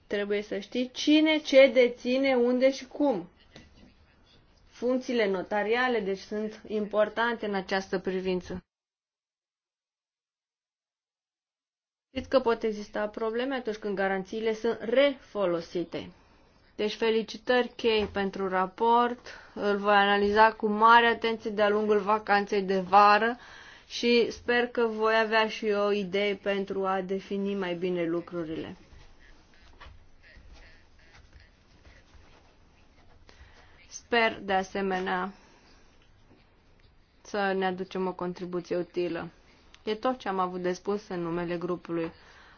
Trebuie să știi cine, ce deține, unde și cum. Funcțiile notariale, deci, sunt importante în această privință. Știți că pot exista probleme atunci când garanțiile sunt refolosite. Deci felicitări chei pentru raport, îl voi analiza cu mare atenție de-a lungul vacanței de vară și sper că voi avea și eu idei pentru a defini mai bine lucrurile. Sper de asemenea să ne aducem o contribuție utilă. E tot ce am avut de spus în numele grupului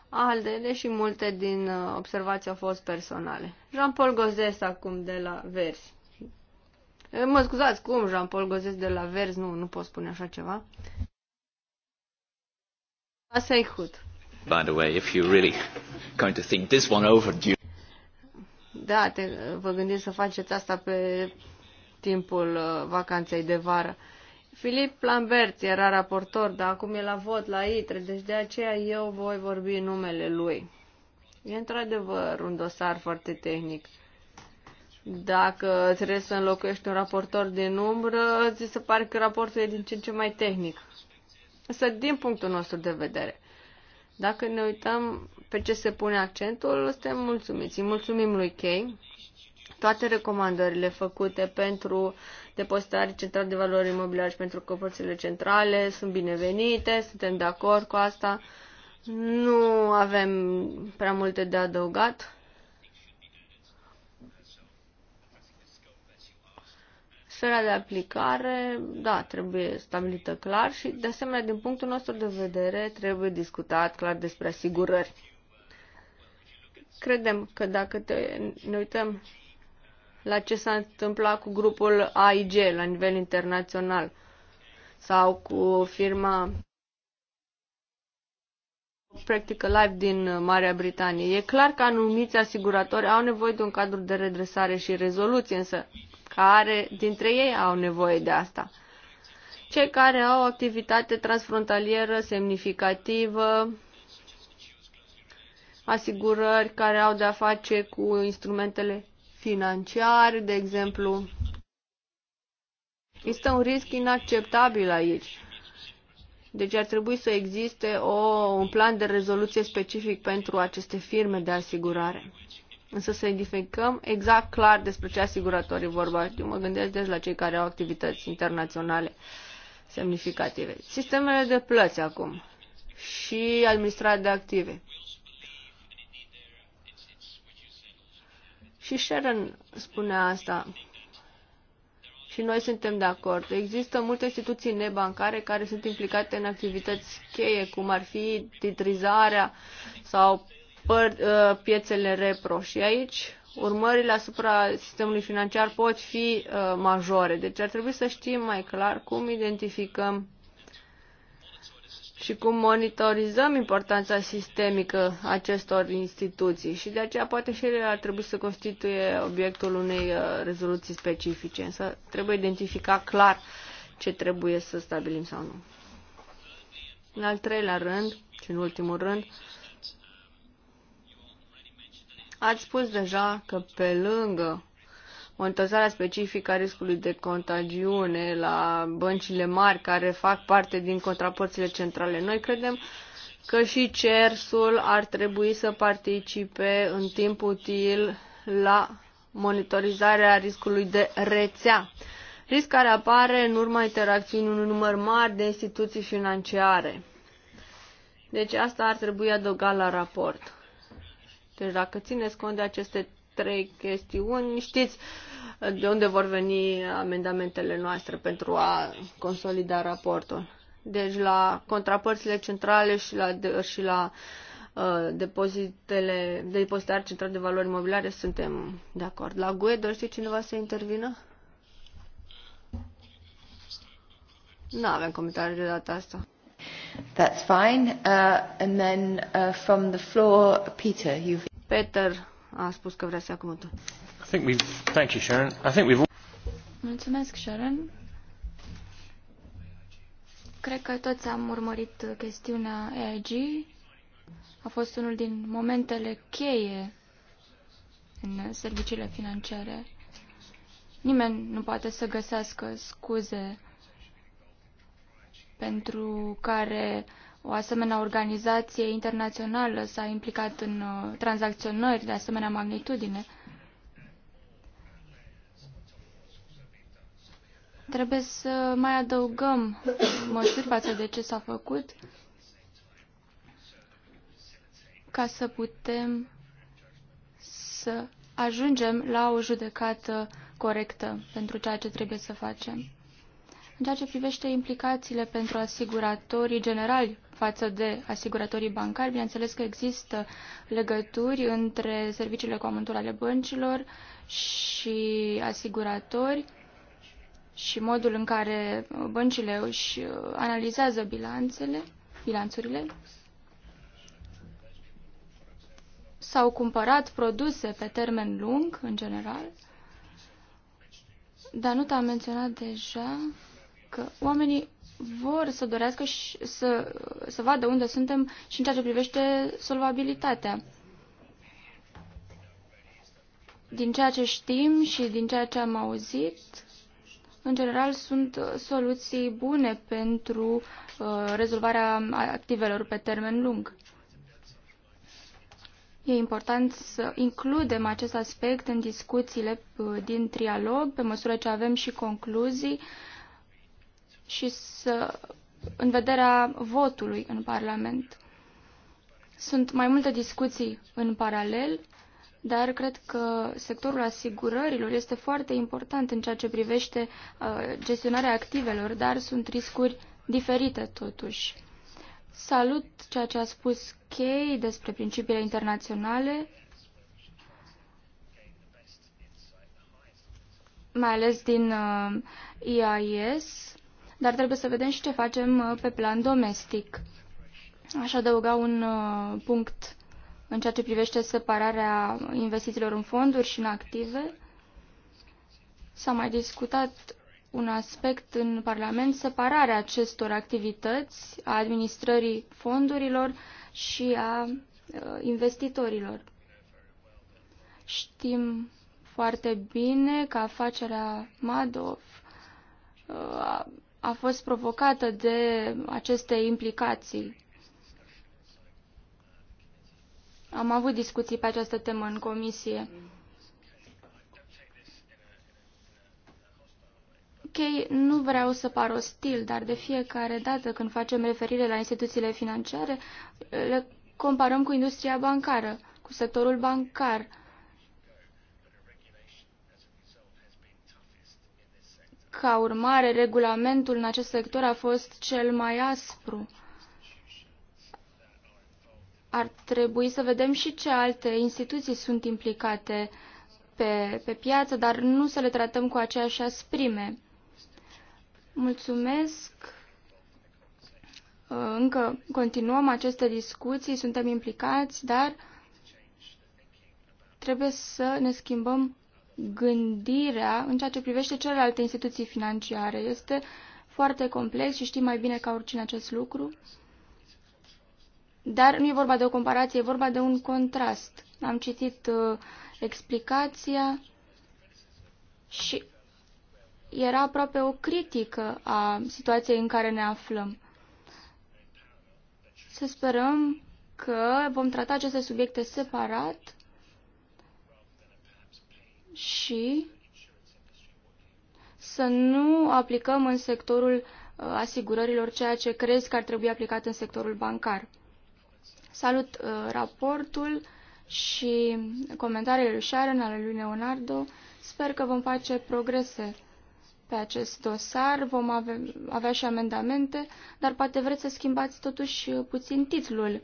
ALDE, deși multe din uh, observații au fost personale. Jean-Paul Gozes acum de la Verzi. Mă scuzați, cum Jean-Paul Gozes de la Vers? Nu, nu pot spune așa ceva. Asta e hut. By the way, if you really going to think this one over, you da, te, vă gândiți să faceți asta pe timpul uh, vacanței de vară. Filip Lambert era raportor, dar acum e la vot la ITRE, deci de aceea eu voi vorbi numele lui. E într-adevăr un dosar foarte tehnic. Dacă trebuie să înlocuiești un raportor din umbră, ți se pare că raportul e din ce în ce mai tehnic. Însă, din punctul nostru de vedere, dacă ne uităm pe ce se pune accentul, suntem mulțumiți. mulțumim lui Kay. Toate recomandările făcute pentru depozitarii centrale de valori imobiliare și pentru corporațiile centrale sunt binevenite, suntem de acord cu asta. Nu avem prea multe de adăugat. Sfera de aplicare, da, trebuie stabilită clar și, de asemenea, din punctul nostru de vedere, trebuie discutat clar despre asigurări. Credem că dacă te, ne uităm la ce s-a întâmplat cu grupul AIG la nivel internațional sau cu firma Practical Life din Marea Britanie. E clar că anumiți asiguratori au nevoie de un cadru de redresare și rezoluție, însă care dintre ei au nevoie de asta? Cei care au activitate transfrontalieră semnificativă, asigurări care au de-a face cu instrumentele financiare, de exemplu. este un risc inacceptabil aici. Deci ar trebui să existe o, un plan de rezoluție specific pentru aceste firme de asigurare. Însă să identificăm exact clar despre ce asigurători e vorba. Eu mă gândesc des la cei care au activități internaționale semnificative. Sistemele de plăți acum și administrarea de active. Și Sharon spunea asta. Și noi suntem de acord. Există multe instituții nebancare care sunt implicate în activități cheie, cum ar fi titrizarea sau uh, piețele repro. Și aici urmările asupra sistemului financiar pot fi uh, majore. Deci ar trebui să știm mai clar cum identificăm și cum monitorizăm importanța sistemică acestor instituții și de aceea poate și ele ar trebui să constituie obiectul unei uh, rezoluții specifice, însă trebuie identifica clar ce trebuie să stabilim sau nu. În al treilea rând și în ultimul rând, ați spus deja că pe lângă monitorizarea specifică a riscului de contagiune la băncile mari care fac parte din contrapărțile centrale. Noi credem că și CERSul ar trebui să participe în timp util la monitorizarea riscului de rețea. Risc care apare în urma interacțiunii unui număr mare de instituții financiare. Deci asta ar trebui adăugat la raport. Deci dacă țineți cont de aceste trei chestiuni, știți de unde vor veni amendamentele noastre pentru a consolida raportul. Deci la contrapărțile centrale și la, de, și la uh, depozitele, depozitar central de valori imobiliare suntem de acord. La GUE dorește cineva să intervină? Nu avem comentarii de data asta. That's fine. Uh, and then uh, from the floor, Peter, you've... Peter a spus că vrea să ia cuvântul. I think we've, thank you, Sharon. I think we've... Mulțumesc, Sharon. Cred că toți am urmărit chestiunea EIG. A fost unul din momentele cheie în serviciile financiare. Nimeni nu poate să găsească scuze pentru care o asemenea organizație internațională s-a implicat în uh, tranzacționări de asemenea magnitudine. Trebuie să mai adăugăm măsuri față de ce s-a făcut ca să putem să ajungem la o judecată corectă pentru ceea ce trebuie să facem. În ceea ce privește implicațiile pentru asiguratorii generali față de asiguratorii bancari, bineînțeles că există legături între serviciile comunitare ale băncilor și asiguratori și modul în care uh, băncile își uh, analizează bilanțele, bilanțurile, s-au cumpărat produse pe termen lung, în general. Dar nu te-am menționat deja că oamenii vor să dorească și să, uh, să vadă unde suntem și în ceea ce privește solvabilitatea. Din ceea ce știm și din ceea ce am auzit, în general, sunt uh, soluții bune pentru uh, rezolvarea activelor pe termen lung. E important să includem acest aspect în discuțiile uh, din trialog, pe măsură ce avem și concluzii și să, în vederea votului în Parlament. Sunt mai multe discuții în paralel dar cred că sectorul asigurărilor este foarte important în ceea ce privește uh, gestionarea activelor, dar sunt riscuri diferite totuși. Salut ceea ce a spus Kay despre principiile internaționale, mai ales din uh, EIS, dar trebuie să vedem și ce facem uh, pe plan domestic. Aș adăuga un punct în ceea ce privește separarea investițiilor în fonduri și în active. S-a mai discutat un aspect în Parlament, separarea acestor activități a administrării fondurilor și a ă, investitorilor. Știm foarte bine că afacerea Madoff ă, a fost provocată de aceste implicații. Am avut discuții pe această temă în comisie. Ok, nu vreau să par ostil, dar de fiecare dată când facem referire la instituțiile financiare, le comparăm cu industria bancară, cu sectorul bancar. Ca urmare, regulamentul în acest sector a fost cel mai aspru ar trebui să vedem și ce alte instituții sunt implicate pe, pe piață, dar nu să le tratăm cu aceeași asprime. Mulțumesc. Uh, încă continuăm aceste discuții, suntem implicați, dar trebuie să ne schimbăm gândirea în ceea ce privește celelalte instituții financiare. Este foarte complex și știm mai bine ca oricine acest lucru. Dar nu e vorba de o comparație, e vorba de un contrast. Am citit uh, explicația și era aproape o critică a situației în care ne aflăm. Să sperăm că vom trata aceste subiecte separat și să nu aplicăm în sectorul uh, asigurărilor ceea ce crezi că ar trebui aplicat în sectorul bancar. Salut uh, raportul și comentariile lui Sharon, ale lui Leonardo. Sper că vom face progrese pe acest dosar, vom ave, avea și amendamente, dar poate vreți să schimbați totuși puțin titlul.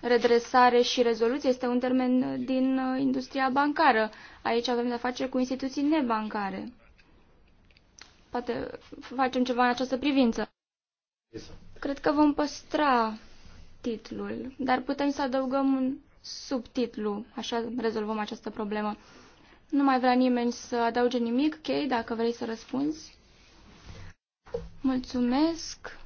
Redresare și rezoluție este un termen din uh, industria bancară. Aici avem de-a face cu instituții nebancare. Poate facem ceva în această privință. Cred că vom păstra titlul, dar putem să adăugăm un subtitlu, așa rezolvăm această problemă. Nu mai vrea nimeni să adauge nimic, ok, dacă vrei să răspunzi. Mulțumesc.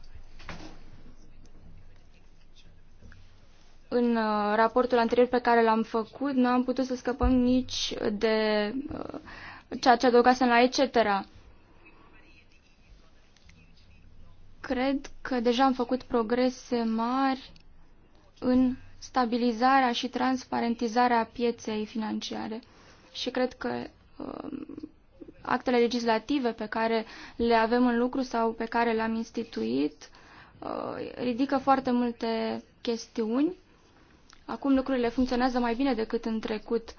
În uh, raportul anterior pe care l-am făcut, nu am putut să scăpăm nici de uh, ceea ce adăugasem la etc. Cred că deja am făcut progrese mari în stabilizarea și transparentizarea pieței financiare. Și cred că um, actele legislative pe care le avem în lucru sau pe care le-am instituit uh, ridică foarte multe chestiuni. Acum lucrurile funcționează mai bine decât în trecut.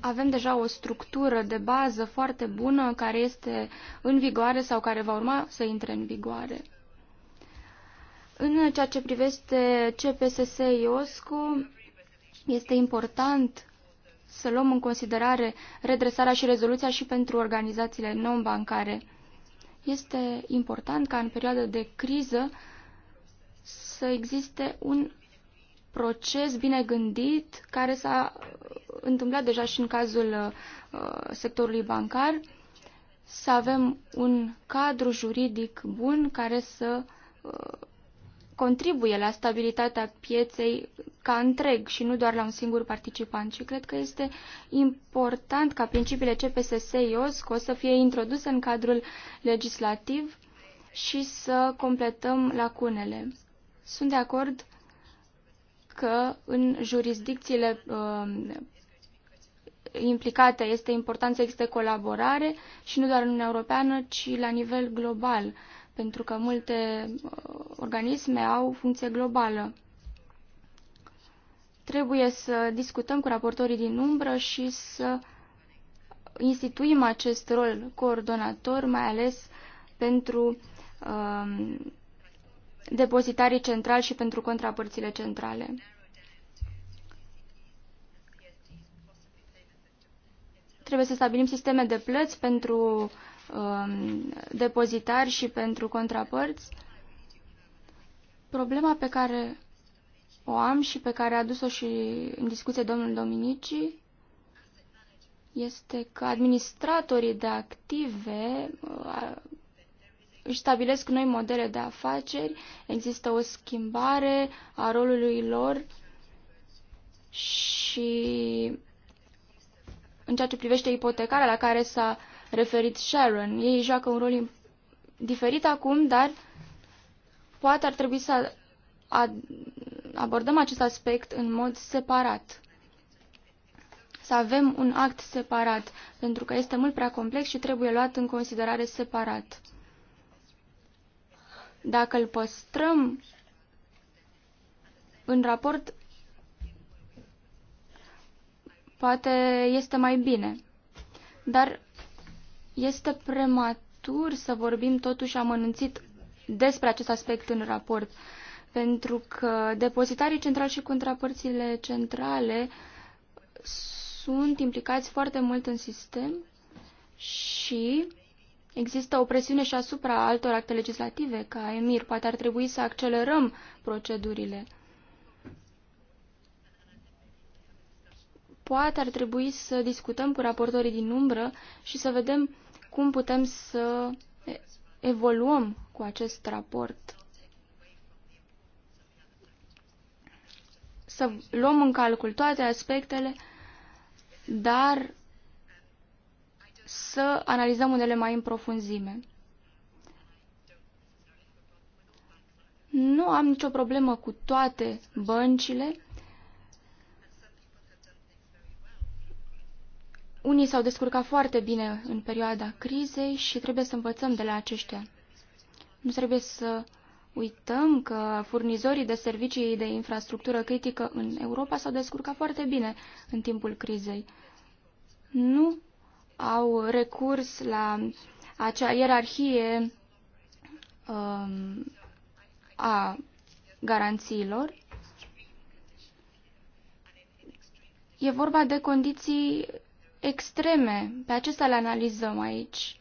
Avem deja o structură de bază foarte bună care este în vigoare sau care va urma să intre în vigoare. În ceea ce privește CPSS IOSCO, este important să luăm în considerare redresarea și rezoluția și pentru organizațiile non-bancare. Este important ca în perioada de criză să existe un proces bine gândit, care s-a întâmplat deja și în cazul uh, sectorului bancar, să avem un cadru juridic bun care să uh, contribuie la stabilitatea pieței ca întreg și nu doar la un singur participant. Și cred că este important ca principiile CPSS IOSCO să fie introduse în cadrul legislativ și să completăm lacunele. Sunt de acord că în jurisdicțiile uh, implicate este important să existe colaborare și nu doar în Uniunea Europeană, ci la nivel global pentru că multe uh, organisme au funcție globală. Trebuie să discutăm cu raportorii din umbră și să instituim acest rol coordonator, mai ales pentru um, depozitarii centrali și pentru contrapărțile centrale. Trebuie să stabilim sisteme de plăți pentru Um, depozitari și pentru contrapărți, problema pe care o am și pe care a adus-o și în discuție domnul Dominici este că administratorii de active uh, își stabilesc noi modele de afaceri, există o schimbare a rolului lor și în ceea ce privește ipotecarea la care s-a uh, referit Sharon. Ei joacă un rol diferit acum, dar poate ar trebui să abordăm acest aspect în mod separat. Să avem un act separat, pentru că este mult prea complex și trebuie luat în considerare separat. Dacă îl păstrăm în raport, poate este mai bine. Dar este prematur să vorbim totuși amănânțit despre acest aspect în raport, pentru că depozitarii centrali și contrapărțile centrale sunt implicați foarte mult în sistem și există o presiune și asupra altor acte legislative ca EMIR. Poate ar trebui să accelerăm procedurile. Poate ar trebui să discutăm cu raportorii din umbră și să vedem cum putem să evoluăm cu acest raport. Să luăm în calcul toate aspectele, dar să analizăm unele mai în profunzime. Nu am nicio problemă cu toate băncile, Unii s-au descurcat foarte bine în perioada crizei și trebuie să învățăm de la aceștia. Nu trebuie să uităm că furnizorii de servicii de infrastructură critică în Europa s-au descurcat foarte bine în timpul crizei. Nu au recurs la acea ierarhie um, a garanțiilor. E vorba de condiții extreme, pe acestea le analizăm aici.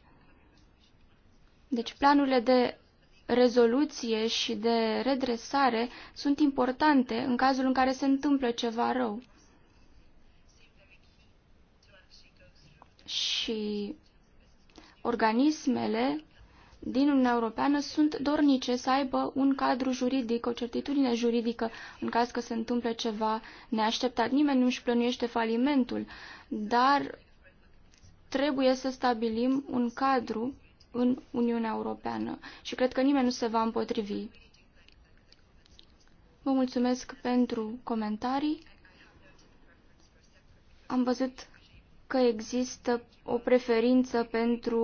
Deci planurile de rezoluție și de redresare sunt importante în cazul în care se întâmplă ceva rău. Și organismele din Uniunea Europeană sunt dornice să aibă un cadru juridic, o certitudine juridică în caz că se întâmple ceva neașteptat. Nimeni nu își plănuiește falimentul, dar trebuie să stabilim un cadru în Uniunea Europeană și cred că nimeni nu se va împotrivi. Vă mulțumesc pentru comentarii. Am văzut că există o preferință pentru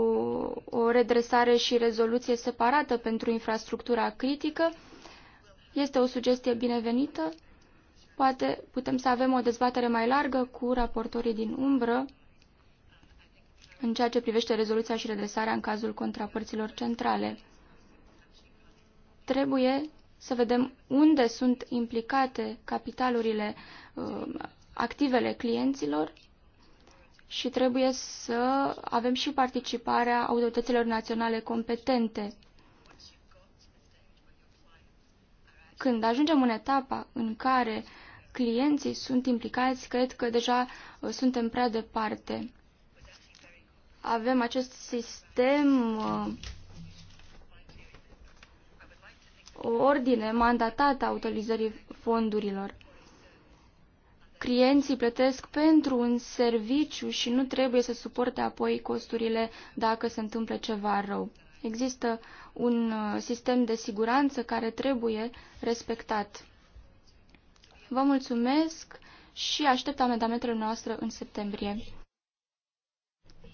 o redresare și rezoluție separată pentru infrastructura critică. Este o sugestie binevenită. Poate putem să avem o dezbatere mai largă cu raportorii din umbră în ceea ce privește rezoluția și redresarea în cazul contrapărților centrale. Trebuie să vedem unde sunt implicate capitalurile, uh, activele clienților și trebuie să avem și participarea autorităților naționale competente. Când ajungem în etapa în care clienții sunt implicați, cred că deja uh, suntem prea departe. Avem acest sistem, uh, o ordine mandatată a autorizării fondurilor clienții plătesc pentru un serviciu și nu trebuie să suporte apoi costurile dacă se întâmplă ceva rău. Există un uh, sistem de siguranță care trebuie respectat. Vă mulțumesc și aștept amendamentele noastre în septembrie.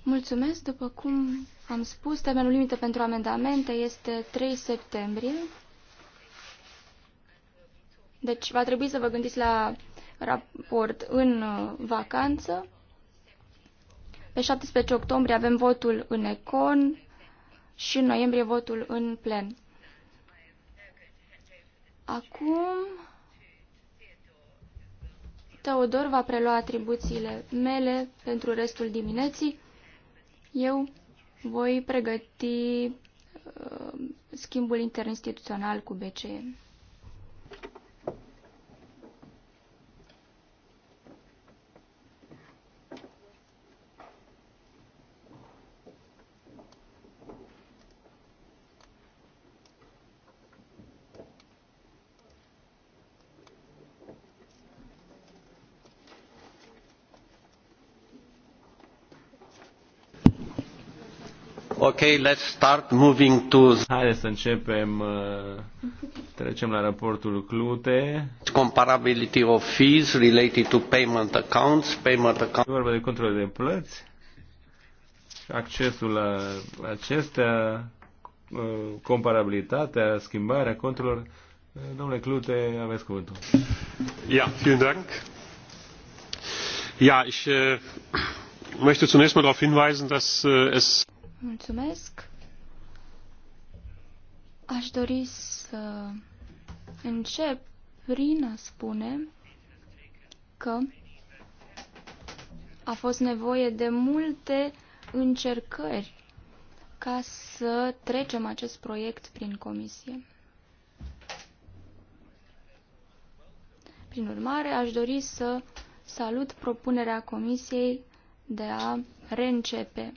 Mulțumesc, după cum am spus, termenul limită pentru amendamente este 3 septembrie. Deci va trebui să vă gândiți la raport în uh, vacanță. Pe 17 octombrie avem votul în Econ și în noiembrie votul în plen. Acum Teodor va prelua atribuțiile mele pentru restul dimineții. Eu voi pregăti uh, schimbul interinstituțional cu BCE. Okay, let's start moving to... Hai să începem, uh, trecem la raportul Clute. Comparability of fees related to payment accounts, payment accounts. E vorba de control de plăți accesul la acestea, uh, comparabilitatea, schimbarea controlor. Uh, domnule Clute, aveți cuvântul. Ja, vielen Dank. Ja, ich äh, möchte zunächst mal darauf hinweisen, dass äh, es Mulțumesc. Aș dori să încep prin a spune că a fost nevoie de multe încercări ca să trecem acest proiect prin comisie. Prin urmare, aș dori să salut propunerea comisiei de a reîncepe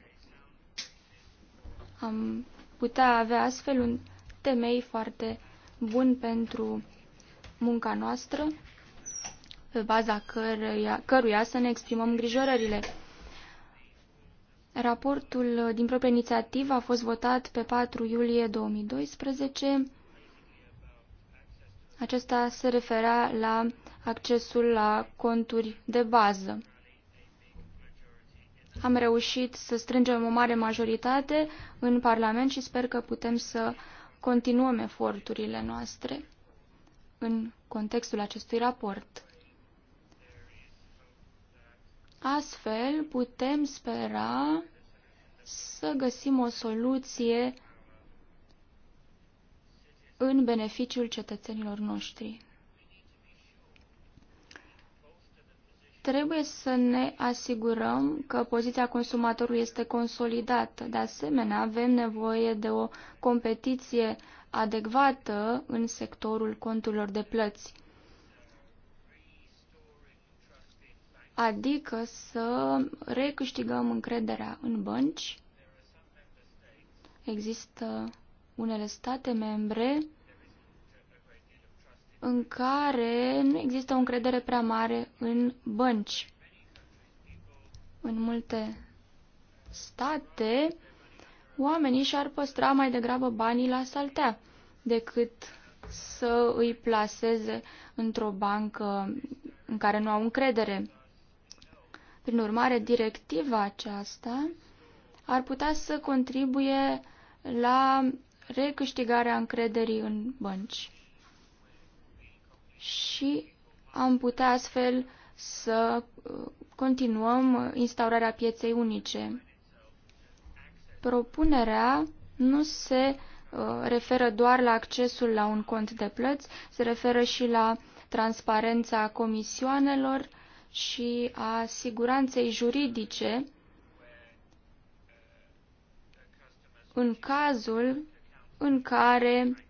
am putea avea astfel un temei foarte bun pentru munca noastră, pe baza căruia, căruia să ne exprimăm îngrijorările. Raportul din proprie inițiativă a fost votat pe 4 iulie 2012. Acesta se refera la accesul la conturi de bază. Am reușit să strângem o mare majoritate în Parlament și sper că putem să continuăm eforturile noastre în contextul acestui raport. Astfel, putem spera să găsim o soluție în beneficiul cetățenilor noștri. Trebuie să ne asigurăm că poziția consumatorului este consolidată. De asemenea, avem nevoie de o competiție adecvată în sectorul conturilor de plăți. Adică să recâștigăm încrederea în bănci. Există unele state membre în care nu există o încredere prea mare în bănci. În multe state, oamenii și-ar păstra mai degrabă banii la saltea decât să îi placeze într-o bancă în care nu au încredere. Prin urmare, directiva aceasta ar putea să contribuie la recâștigarea încrederii în bănci și am putea astfel să uh, continuăm instaurarea pieței unice. Propunerea nu se uh, referă doar la accesul la un cont de plăți, se referă și la transparența comisioanelor și a siguranței juridice în cazul în care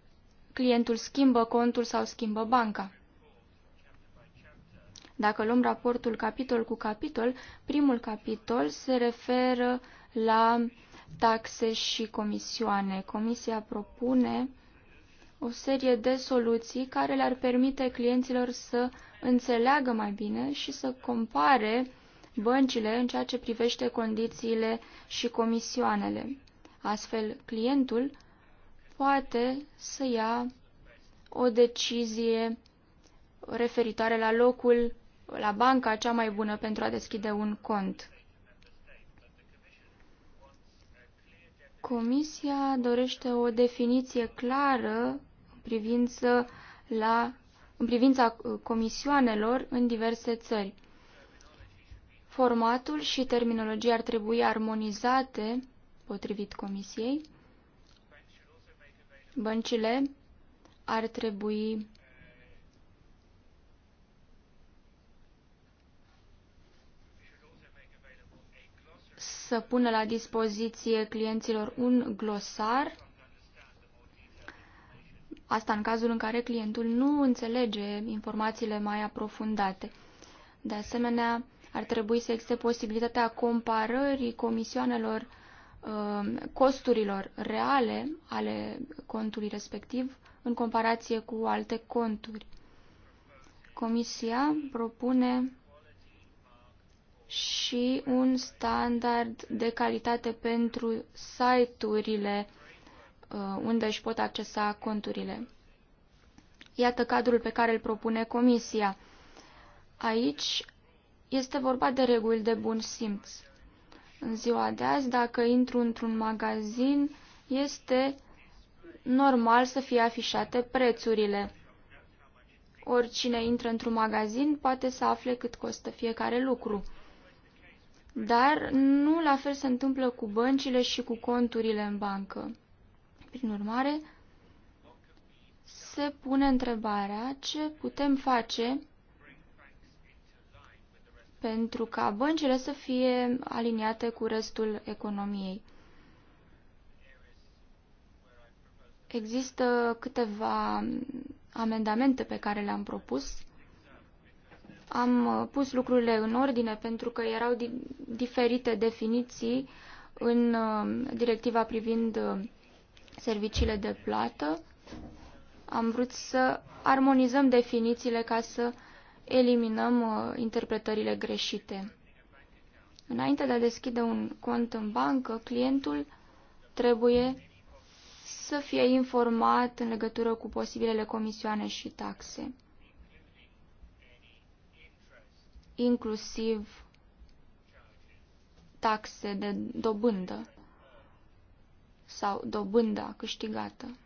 clientul schimbă contul sau schimbă banca. Dacă luăm raportul capitol cu capitol, primul capitol se referă la taxe și comisioane. Comisia propune o serie de soluții care le-ar permite clienților să înțeleagă mai bine și să compare băncile în ceea ce privește condițiile și comisioanele. Astfel, clientul poate să ia o decizie referitoare la locul la banca cea mai bună pentru a deschide un cont. Comisia dorește o definiție clară în privință la, în privința uh, comisioanelor în diverse țări. Formatul și terminologia ar trebui armonizate potrivit Comisiei. Băncile ar trebui să pună la dispoziție clienților un glosar, asta în cazul în care clientul nu înțelege informațiile mai aprofundate. De asemenea, ar trebui să existe posibilitatea comparării comisioanelor uh, costurilor reale ale contului respectiv în comparație cu alte conturi. Comisia propune și un standard de calitate pentru site-urile uh, unde își pot accesa conturile. Iată cadrul pe care îl propune Comisia. Aici este vorba de reguli de bun simț. În ziua de azi, dacă intru într-un magazin, este normal să fie afișate prețurile. Oricine intră într-un magazin poate să afle cât costă fiecare lucru dar nu la fel se întâmplă cu băncile și cu conturile în bancă. Prin urmare, se pune întrebarea ce putem face pentru ca băncile să fie aliniate cu restul economiei. Există câteva amendamente pe care le-am propus am uh, pus lucrurile în ordine pentru că erau diferite definiții în uh, directiva privind uh, serviciile de plată. Am vrut să armonizăm definițiile ca să eliminăm interpretările greșite. Înainte de a deschide un cont în bancă, clientul trebuie să fie informat în legătură cu posibilele comisioane și taxe. inclusiv taxe de dobândă sau dobânda câștigată.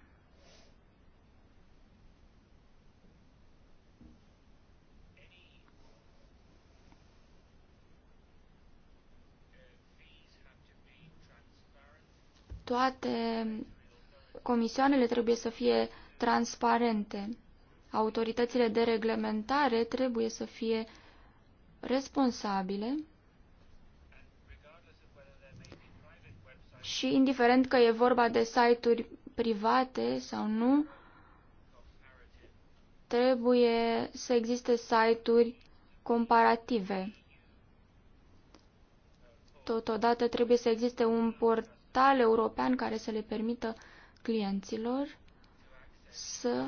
Toate comisioanele trebuie să fie transparente. Autoritățile de reglementare trebuie să fie responsabile și indiferent că e vorba de site-uri private sau nu, trebuie să existe site-uri comparative. Totodată trebuie să existe un portal european care să le permită clienților să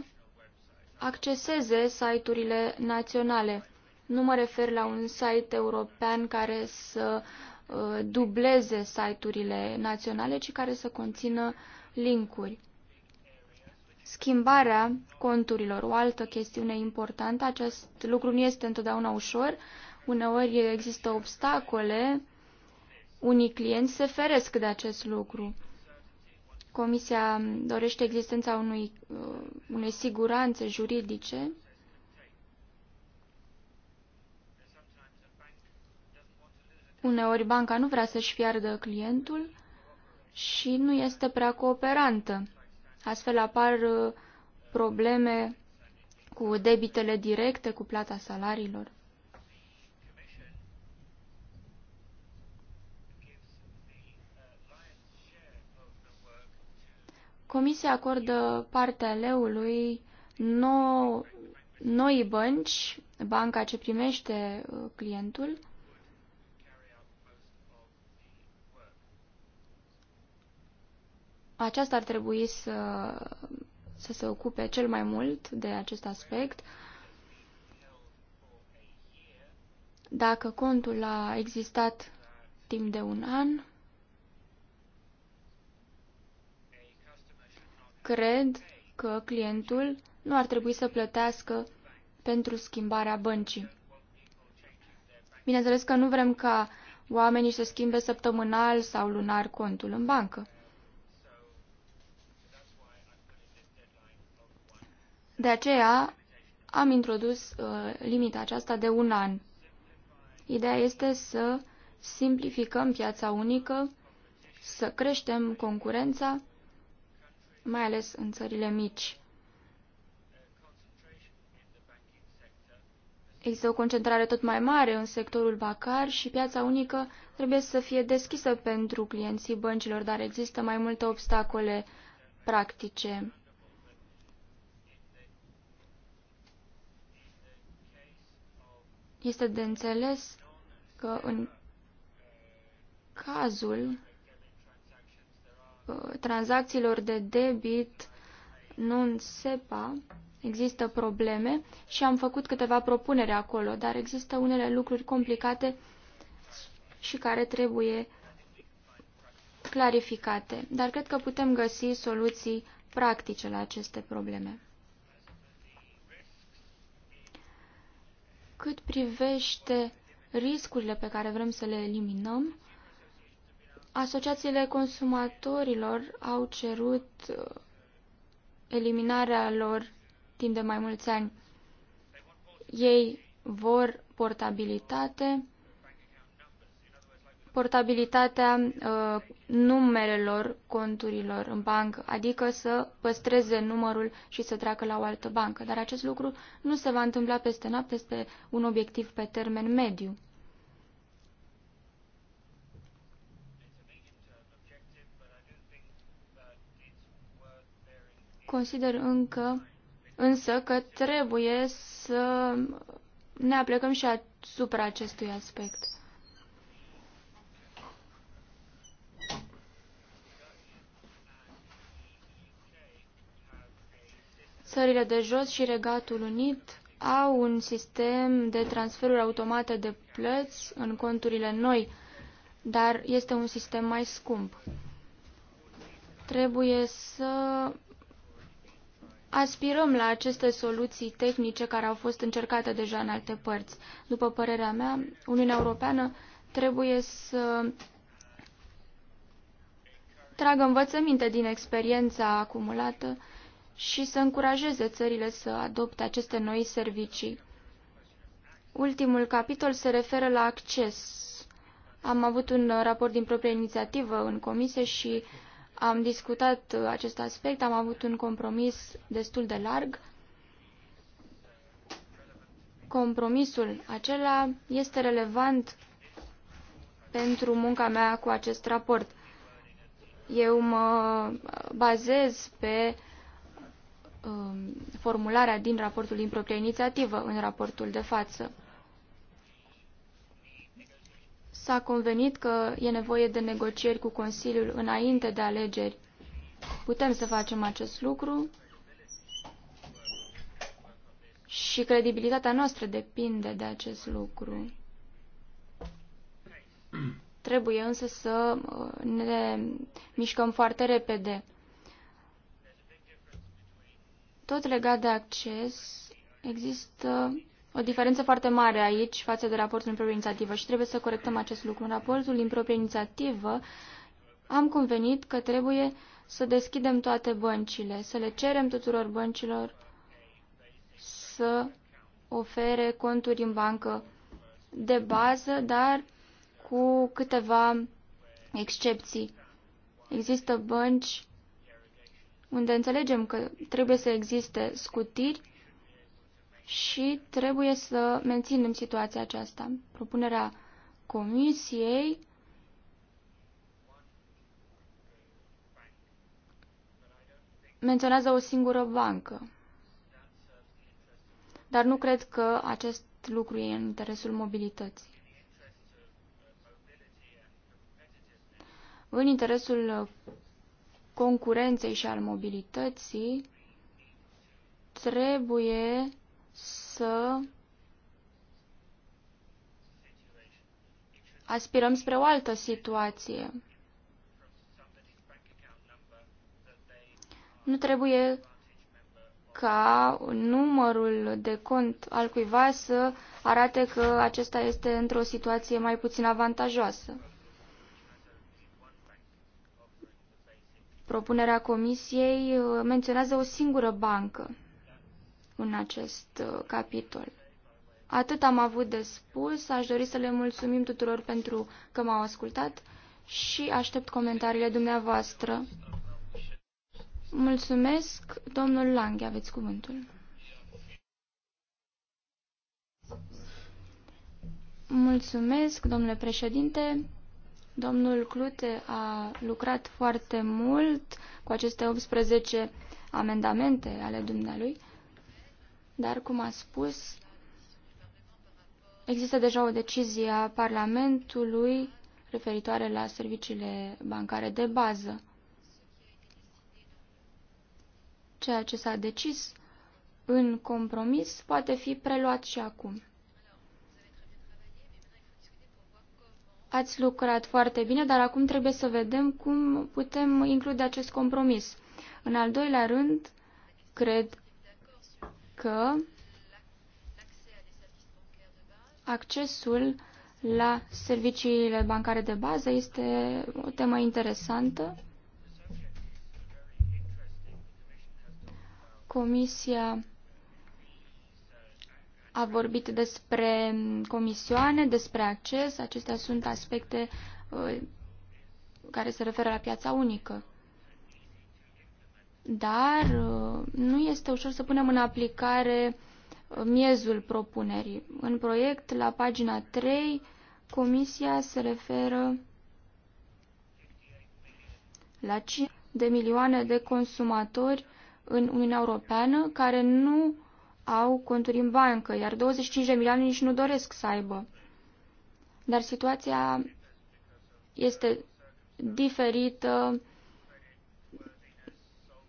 acceseze site-urile naționale. Nu mă refer la un site european care să uh, dubleze site-urile naționale, ci care să conțină linkuri. Schimbarea conturilor, o altă chestiune importantă, acest lucru nu este întotdeauna ușor. Uneori există obstacole, unii clienți se feresc de acest lucru. Comisia dorește existența unui, uh, unei siguranțe juridice Uneori banca nu vrea să-și fiardă clientul și nu este prea cooperantă. Astfel apar uh, probleme cu debitele directe, cu plata salariilor. Comisia acordă partea leului nou, noi bănci, banca ce primește uh, clientul, Aceasta ar trebui să, să se ocupe cel mai mult de acest aspect. Dacă contul a existat timp de un an, cred că clientul nu ar trebui să plătească pentru schimbarea băncii. Bineînțeles că nu vrem ca oamenii să schimbe săptămânal sau lunar contul în bancă. De aceea am introdus uh, limita aceasta de un an. Ideea este să simplificăm piața unică, să creștem concurența, mai ales în țările mici. Există o concentrare tot mai mare în sectorul bancar și piața unică trebuie să fie deschisă pentru clienții băncilor, dar există mai multe obstacole practice. Este de înțeles că în cazul uh, tranzacțiilor de debit non-SEPA există probleme și am făcut câteva propuneri acolo, dar există unele lucruri complicate și care trebuie clarificate. Dar cred că putem găsi soluții practice la aceste probleme. Cât privește riscurile pe care vrem să le eliminăm, asociațiile consumatorilor au cerut uh, eliminarea lor timp de mai mulți ani. Ei vor portabilitate, portabilitatea uh, numerelor conturilor în bancă, adică să păstreze numărul și să treacă la o altă bancă. Dar acest lucru nu se va întâmpla peste noapte, este un obiectiv pe termen mediu. Consider încă, însă că trebuie să ne aplecăm și asupra acestui aspect. Țările de jos și Regatul Unit au un sistem de transferuri automate de plăți în conturile noi, dar este un sistem mai scump. Trebuie să aspirăm la aceste soluții tehnice care au fost încercate deja în alte părți. După părerea mea, Uniunea Europeană trebuie să tragă învățăminte din experiența acumulată și să încurajeze țările să adopte aceste noi servicii. Ultimul capitol se referă la acces. Am avut un raport din proprie inițiativă în comisie și am discutat acest aspect, am avut un compromis destul de larg. Compromisul acela este relevant pentru munca mea cu acest raport. Eu mă bazez pe uh, Um, formularea din raportul din propria inițiativă în raportul de față. S-a convenit că e nevoie de negocieri cu Consiliul înainte de alegeri. Putem să facem acest lucru și credibilitatea noastră depinde de acest lucru. Trebuie însă să uh, ne mișcăm foarte repede. Tot legat de acces, există o diferență foarte mare aici față de raportul în proprie inițiativă și trebuie să corectăm acest lucru. În raportul din proprie inițiativă am convenit că trebuie să deschidem toate băncile, să le cerem tuturor băncilor să ofere conturi în bancă de bază, dar cu câteva excepții. Există bănci unde înțelegem că trebuie să existe scutiri și trebuie să menținem situația aceasta. Propunerea Comisiei menționează o singură bancă. Dar nu cred că acest lucru e în interesul mobilității. În interesul concurenței și al mobilității, trebuie să aspirăm spre o altă situație. Nu trebuie ca numărul de cont al cuiva să arate că acesta este într-o situație mai puțin avantajoasă. Propunerea comisiei uh, menționează o singură bancă în acest uh, capitol. Atât am avut de spus, aș dori să le mulțumim tuturor pentru că m-au ascultat și aștept comentariile dumneavoastră. Mulțumesc, domnul Lange, aveți cuvântul. Mulțumesc, domnule președinte. Domnul Clute a lucrat foarte mult cu aceste 18 amendamente ale dumnealui, dar, cum a spus, există deja o decizie a Parlamentului referitoare la serviciile bancare de bază. Ceea ce s-a decis în compromis poate fi preluat și acum. Ați lucrat foarte bine, dar acum trebuie să vedem cum putem include acest compromis. În al doilea rând, cred că accesul la serviciile bancare de bază este o temă interesantă. Comisia a vorbit despre comisioane, despre acces. Acestea sunt aspecte uh, care se referă la piața unică. Dar uh, nu este ușor să punem în aplicare uh, miezul propunerii. În proiect, la pagina 3, comisia se referă la 5 de milioane de consumatori în Uniunea Europeană care nu au conturi în bancă, iar 25 de milioane nici nu doresc să aibă. Dar situația este diferită,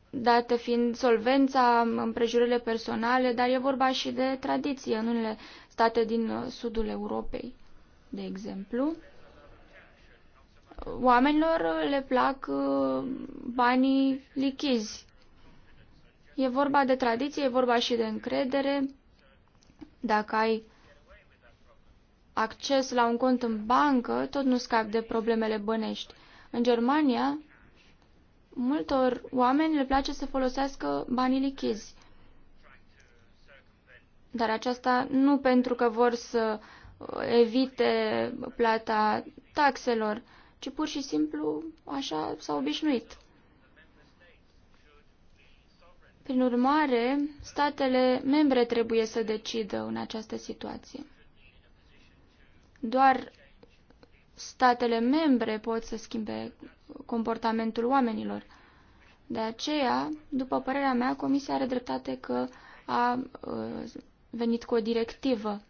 dată fiind solvența, împrejurile personale, dar e vorba și de tradiție în unele state din uh, sudul Europei, de exemplu. Oamenilor uh, le plac uh, banii lichizi, E vorba de tradiție, e vorba și de încredere. Dacă ai acces la un cont în bancă, tot nu scapi de problemele bănești. În Germania, multor oameni le place să folosească banii lichizi. Dar aceasta nu pentru că vor să uh, evite plata taxelor, ci pur și simplu așa s-au obișnuit. Prin urmare, statele membre trebuie să decidă în această situație. Doar statele membre pot să schimbe comportamentul oamenilor. De aceea, după părerea mea, Comisia are dreptate că a uh, venit cu o directivă.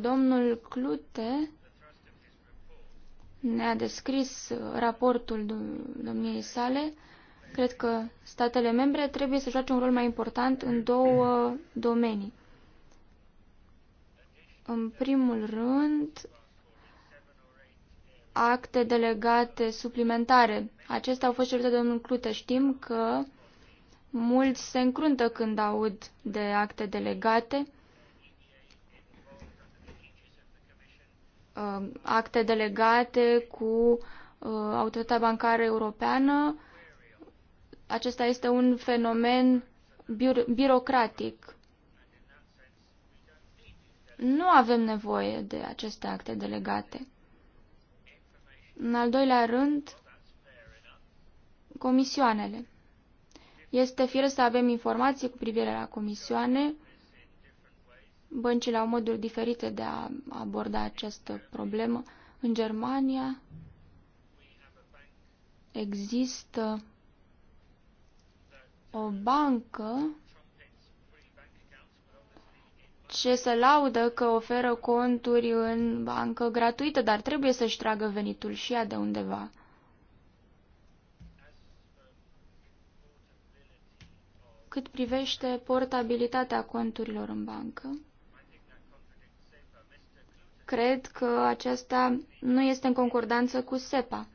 Domnul Clute ne-a descris raportul domniei sale, cred că statele membre trebuie să joace un rol mai important în două domenii. În primul rând, acte delegate suplimentare. Acestea au fost cerute de domnul Clute. Știm că mulți se încruntă când aud de acte delegate Um, acte delegate cu uh, Autoritatea Bancară Europeană. Acesta este un fenomen birocratic. Nu avem nevoie de aceste acte delegate. În al doilea rând, comisioanele. Este firesc să avem informații cu privire la comisioane, Băncile au moduri diferite de a aborda această problemă. În Germania există o bancă ce se laudă că oferă conturi în bancă gratuită, dar trebuie să-și tragă venitul și ea de undeva. Cât privește portabilitatea conturilor în bancă, cred că aceasta nu este în concordanță cu SEPA.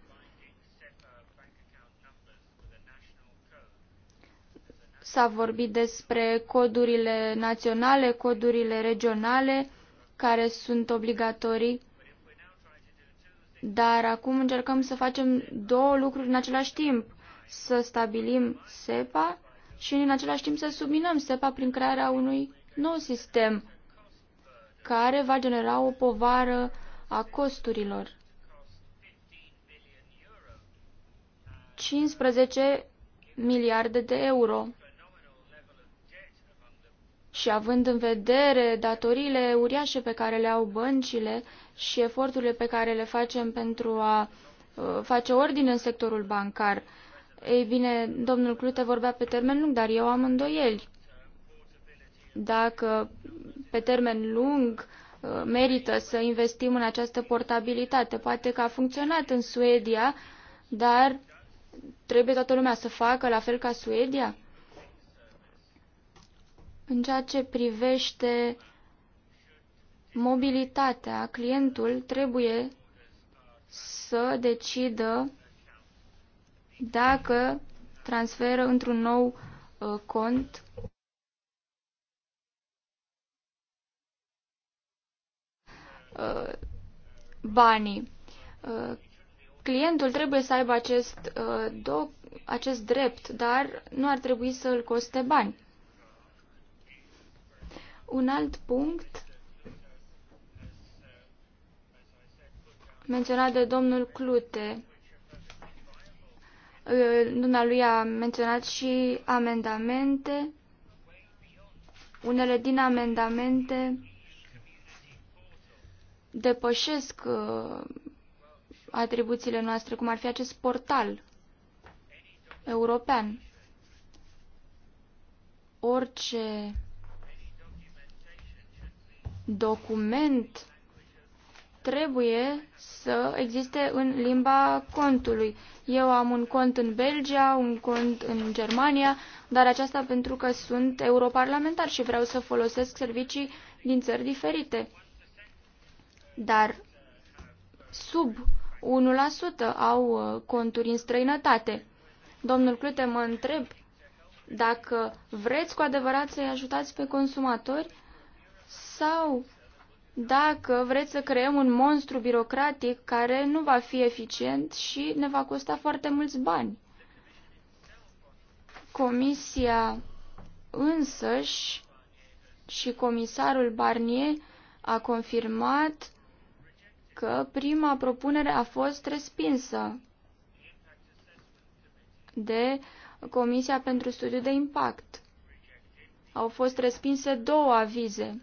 S-a vorbit despre codurile naționale, codurile regionale, care sunt obligatorii. Dar acum încercăm să facem două lucruri în același timp. Să stabilim SEPA și în același timp să subminăm SEPA prin crearea unui nou sistem care va genera o povară a costurilor. 15 miliarde de euro. Și având în vedere datoriile uriașe pe care le au băncile și eforturile pe care le facem pentru a uh, face ordine în sectorul bancar, ei bine, domnul Clute vorbea pe termen lung, dar eu am îndoieli dacă pe termen lung uh, merită să investim în această portabilitate. Poate că a funcționat în Suedia, dar trebuie toată lumea să facă la fel ca Suedia? În ceea ce privește mobilitatea, clientul trebuie să decidă dacă transferă într-un nou uh, cont Uh, banii. Uh, clientul trebuie să aibă acest, uh, acest drept, dar nu ar trebui să îl coste bani. Un alt punct menționat de domnul Clute. Luna lui a menționat și amendamente. Unele din amendamente depășesc uh, atribuțiile noastre, cum ar fi acest portal european. Orice document trebuie să existe în limba contului. Eu am un cont în Belgia, un cont în Germania, dar aceasta pentru că sunt europarlamentar și vreau să folosesc servicii din țări diferite dar sub 1% au uh, conturi în străinătate. Domnul Clute mă întreb dacă vreți cu adevărat să-i ajutați pe consumatori sau dacă vreți să creăm un monstru birocratic care nu va fi eficient și ne va costa foarte mulți bani. Comisia însăși și comisarul Barnier a confirmat că prima propunere a fost respinsă de Comisia pentru Studiu de Impact. Au fost respinse două avize.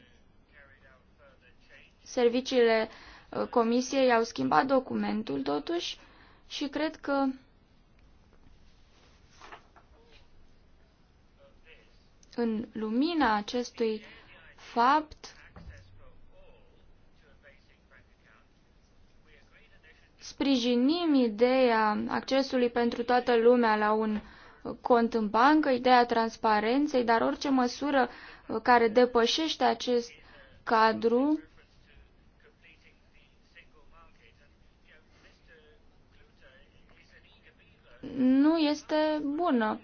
Serviciile uh, Comisiei au schimbat documentul, totuși, și cred că în lumina acestui fapt, sprijinim ideea accesului pentru toată lumea la un cont în bancă, ideea transparenței, dar orice măsură uh, care depășește acest cadru nu este bună.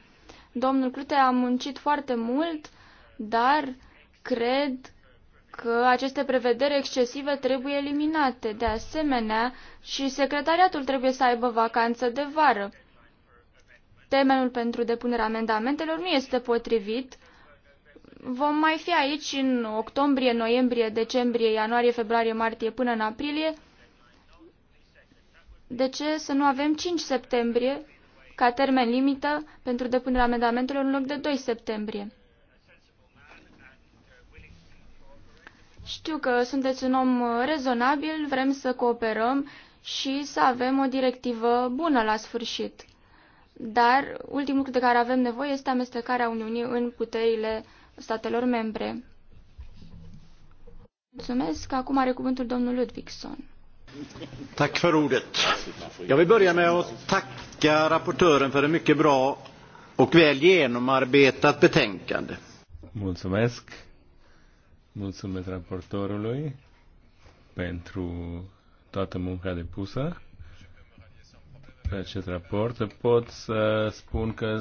Domnul Clute a muncit foarte mult, dar cred că aceste prevederi excesive trebuie eliminate. De asemenea, și secretariatul trebuie să aibă vacanță de vară. Termenul pentru depunerea amendamentelor nu este potrivit. Vom mai fi aici în octombrie, noiembrie, decembrie, ianuarie, februarie, martie până în aprilie. De ce să nu avem 5 septembrie ca termen limită pentru depunerea amendamentelor în loc de 2 septembrie? Știu că sunteți un om uh, rezonabil, vrem să cooperăm și să avem o directivă bună la sfârșit. Dar ultimul lucru de care avem nevoie este amestecarea Uniunii în puterile statelor membre. Mulțumesc. Acum are cuvântul domnul Ludvigson. Tack för ordet. Jag vill börja med att tacka rapportören för en mycket bra och väl genomarbetat betänkande. Mulțumesc. Mulțumesc raportorului pentru toată munca depusă pe acest raport. Pot să spun că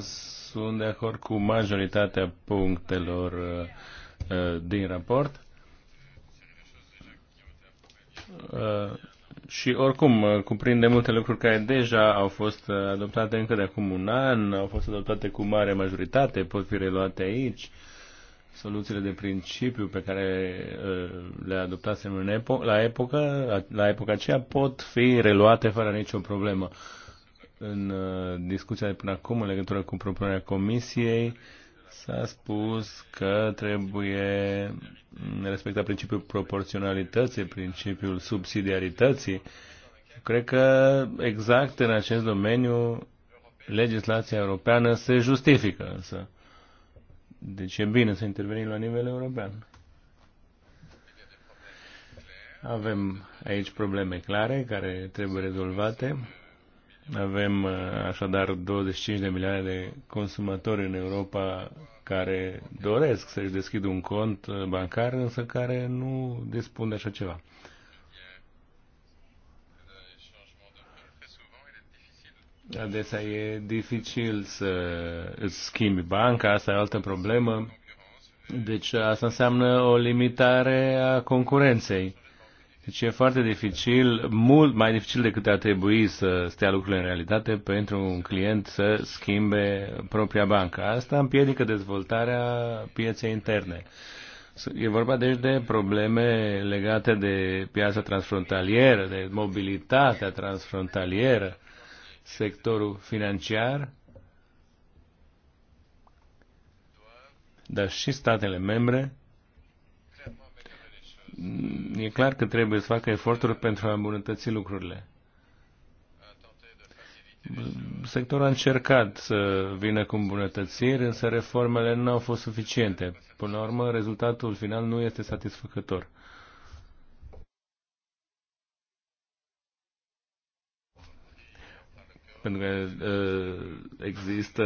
sunt de acord cu majoritatea punctelor uh, din raport. Uh, și oricum, uh, cuprinde multe lucruri care deja au fost adoptate încă de acum un an, au fost adoptate cu mare majoritate, pot fi reluate aici soluțiile de principiu pe care uh, le adoptasem în epo- la, epoca, la epoca aceea pot fi reluate fără nicio problemă. În uh, discuția de până acum, în legătură cu propunerea Comisiei, s-a spus că trebuie respectat principiul proporționalității, principiul subsidiarității. Cred că exact în acest domeniu legislația europeană se justifică însă. Deci e bine să intervenim la nivel european. Avem aici probleme clare care trebuie rezolvate. Avem uh, așadar 25 de milioane de consumatori în Europa care doresc să-și deschidă un cont uh, bancar, însă care nu dispun de așa ceva. Adesea e dificil să îți schimbi banca, asta e o altă problemă. Deci asta înseamnă o limitare a concurenței. Deci e foarte dificil, mult mai dificil decât ar trebui să stea lucrurile în realitate pentru un client să schimbe propria bancă. Asta împiedică dezvoltarea pieței interne. E vorba deci de probleme legate de piața transfrontalieră, de mobilitatea transfrontalieră sectorul financiar, dar și statele membre, e clar că trebuie să facă eforturi pentru a îmbunătăți lucrurile. Sectorul a încercat să vină cu îmbunătățiri, însă reformele nu au fost suficiente. Până la urmă, rezultatul final nu este satisfăcător. pentru că uh, există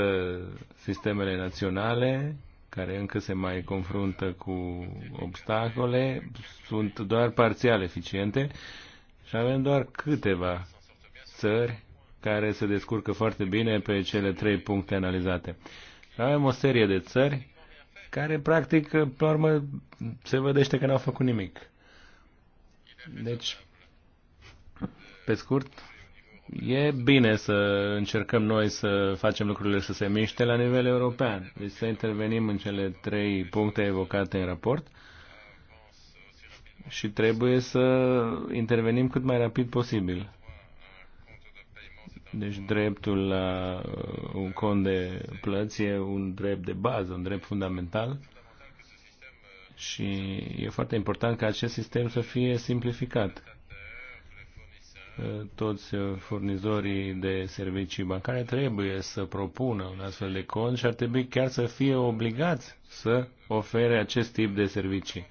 sistemele naționale care încă se mai confruntă cu obstacole, sunt doar parțial eficiente și avem doar câteva țări care se descurcă foarte bine pe cele trei puncte analizate. Și avem o serie de țări care, practic, pe urmă, se vedește că n-au făcut nimic. Deci, pe scurt, E bine să încercăm noi să facem lucrurile să se miște la nivel european. Deci să intervenim în cele trei puncte evocate în raport și trebuie să intervenim cât mai rapid posibil. Deci dreptul la uh, un cont de plăți e un drept de bază, un drept fundamental și e foarte important ca acest sistem să fie simplificat toți uh, furnizorii de servicii bancare trebuie să propună un astfel de cont și ar trebui chiar să fie obligați să ofere acest tip de servicii.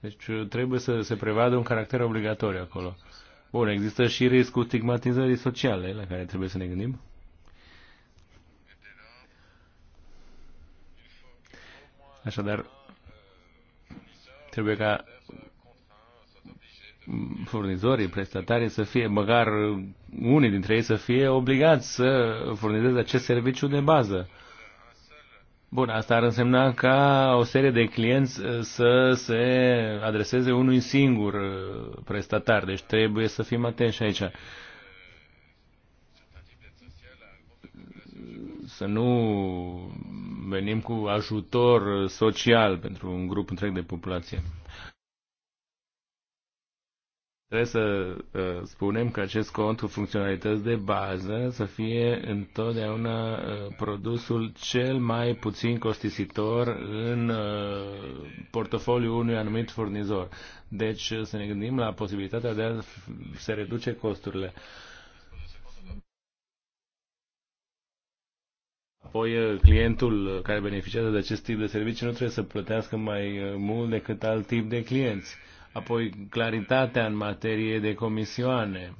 Deci uh, trebuie să se prevadă un caracter obligatoriu acolo. Bun, există și riscul stigmatizării sociale la care trebuie să ne gândim. Așadar, trebuie ca furnizorii, prestatarii să fie, măcar unii dintre ei să fie obligați să furnizeze acest serviciu de bază. Bun, asta ar însemna ca o serie de clienți uh, să se adreseze unui singur uh, prestatar, deci trebuie să fim atenți aici. Să nu venim cu ajutor uh, social pentru un grup întreg de populație. Trebuie să uh, spunem că acest cont cu funcționalități de bază să fie întotdeauna uh, produsul cel mai puțin costisitor în uh, portofoliul unui anumit furnizor. Deci uh, să ne gândim la posibilitatea de a se reduce costurile. Apoi, uh, clientul uh, care beneficiază de acest tip de servicii nu trebuie să plătească mai mult decât alt tip de clienți. Uh, apoi claritatea în materie de comisioane.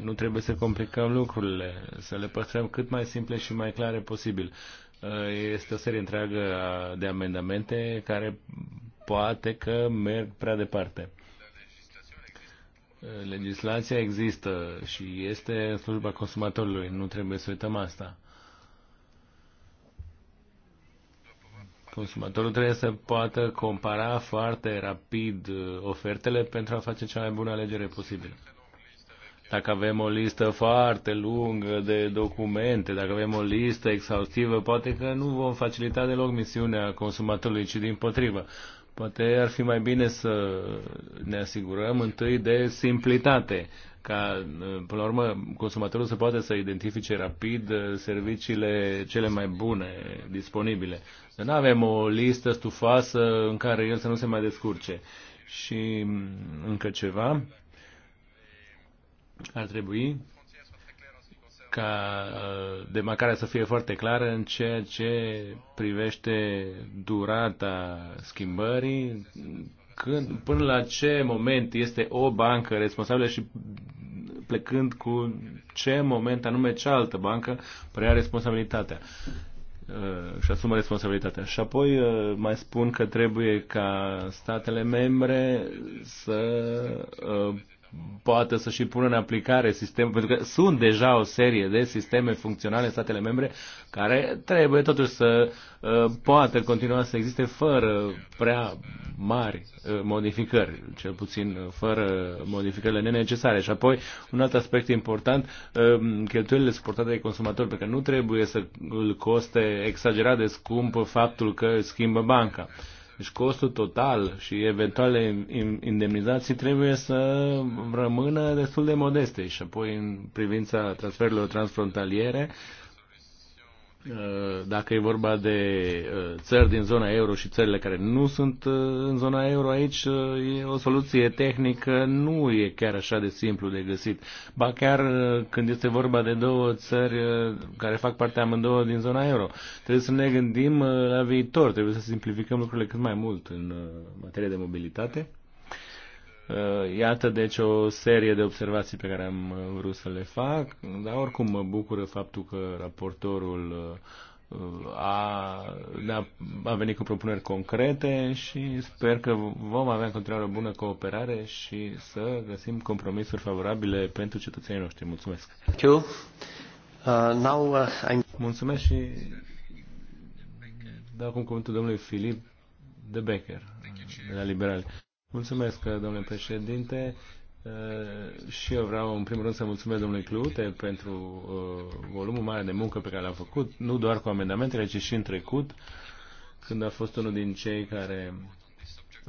Nu trebuie să complicăm lucrurile, să le păstrăm cât mai simple și mai clare posibil. Uh, este o serie întreagă de amendamente care poate că merg prea departe. Uh, legislația există și este în slujba consumatorului, nu trebuie să uităm asta. Consumatorul trebuie să poată compara foarte rapid uh, ofertele pentru a face cea mai bună alegere posibilă. Dacă avem o listă foarte lungă de documente, dacă avem o listă exhaustivă, poate că nu vom facilita deloc misiunea consumatorului, ci din potrivă. Poate ar fi mai bine să ne asigurăm întâi de simplitate ca, până la urmă, consumatorul să poată să identifice rapid uh, serviciile cele mai bune disponibile. Să nu avem o listă stufoasă în care el să nu se mai descurce. Și mm, încă ceva, ar trebui ca uh, demarcarea să fie foarte clară în ceea ce privește durata schimbării, când, până la ce moment este o bancă responsabilă și plecând cu ce moment anume cealaltă bancă preia responsabilitatea uh, și asumă responsabilitatea. Și apoi uh, mai spun că trebuie ca statele membre să uh, poate să și pună în aplicare sistemul, pentru că sunt deja o serie de sisteme funcționale în statele membre care trebuie totuși să uh, poată continua să existe fără prea mari uh, modificări, cel puțin uh, fără modificările nenecesare. Și apoi, un alt aspect important, uh, cheltuielile suportate de consumatori, pentru că nu trebuie să îl coste exagerat de scump faptul că schimbă banca. Uh, deci costul total și eventuale indemnizații trebuie să rămână destul de modeste și apoi în privința transferurilor transfrontaliere Uh, dacă e vorba de uh, țări din zona euro și țările care nu sunt uh, în zona euro aici, e o soluție tehnică nu e chiar așa de simplu de găsit. Ba chiar când este vorba de două țări care fac parte amândouă din zona euro, trebuie să ne gândim la viitor, trebuie să simplificăm lucrurile cât mai mult în materie de mobilitate. Uh, iată deci o serie de observații pe care am uh, vrut să le fac, dar oricum mă bucură faptul că raportorul uh, a, a, a venit cu propuneri concrete și sper că vom avea în continuare o bună cooperare și să găsim compromisuri favorabile pentru cetățenii noștri. Mulțumesc! Thank you. Uh, now, uh, I'm... Mulțumesc și dau acum cuvântul domnului Filip de Becker, de la Liberali. Mulțumesc, domnule președinte. Uh, și eu vreau, în primul rând, să mulțumesc domnului Clute pentru uh, volumul mare de muncă pe care l-a făcut, nu doar cu amendamentele, ci și în trecut, când a fost unul din cei care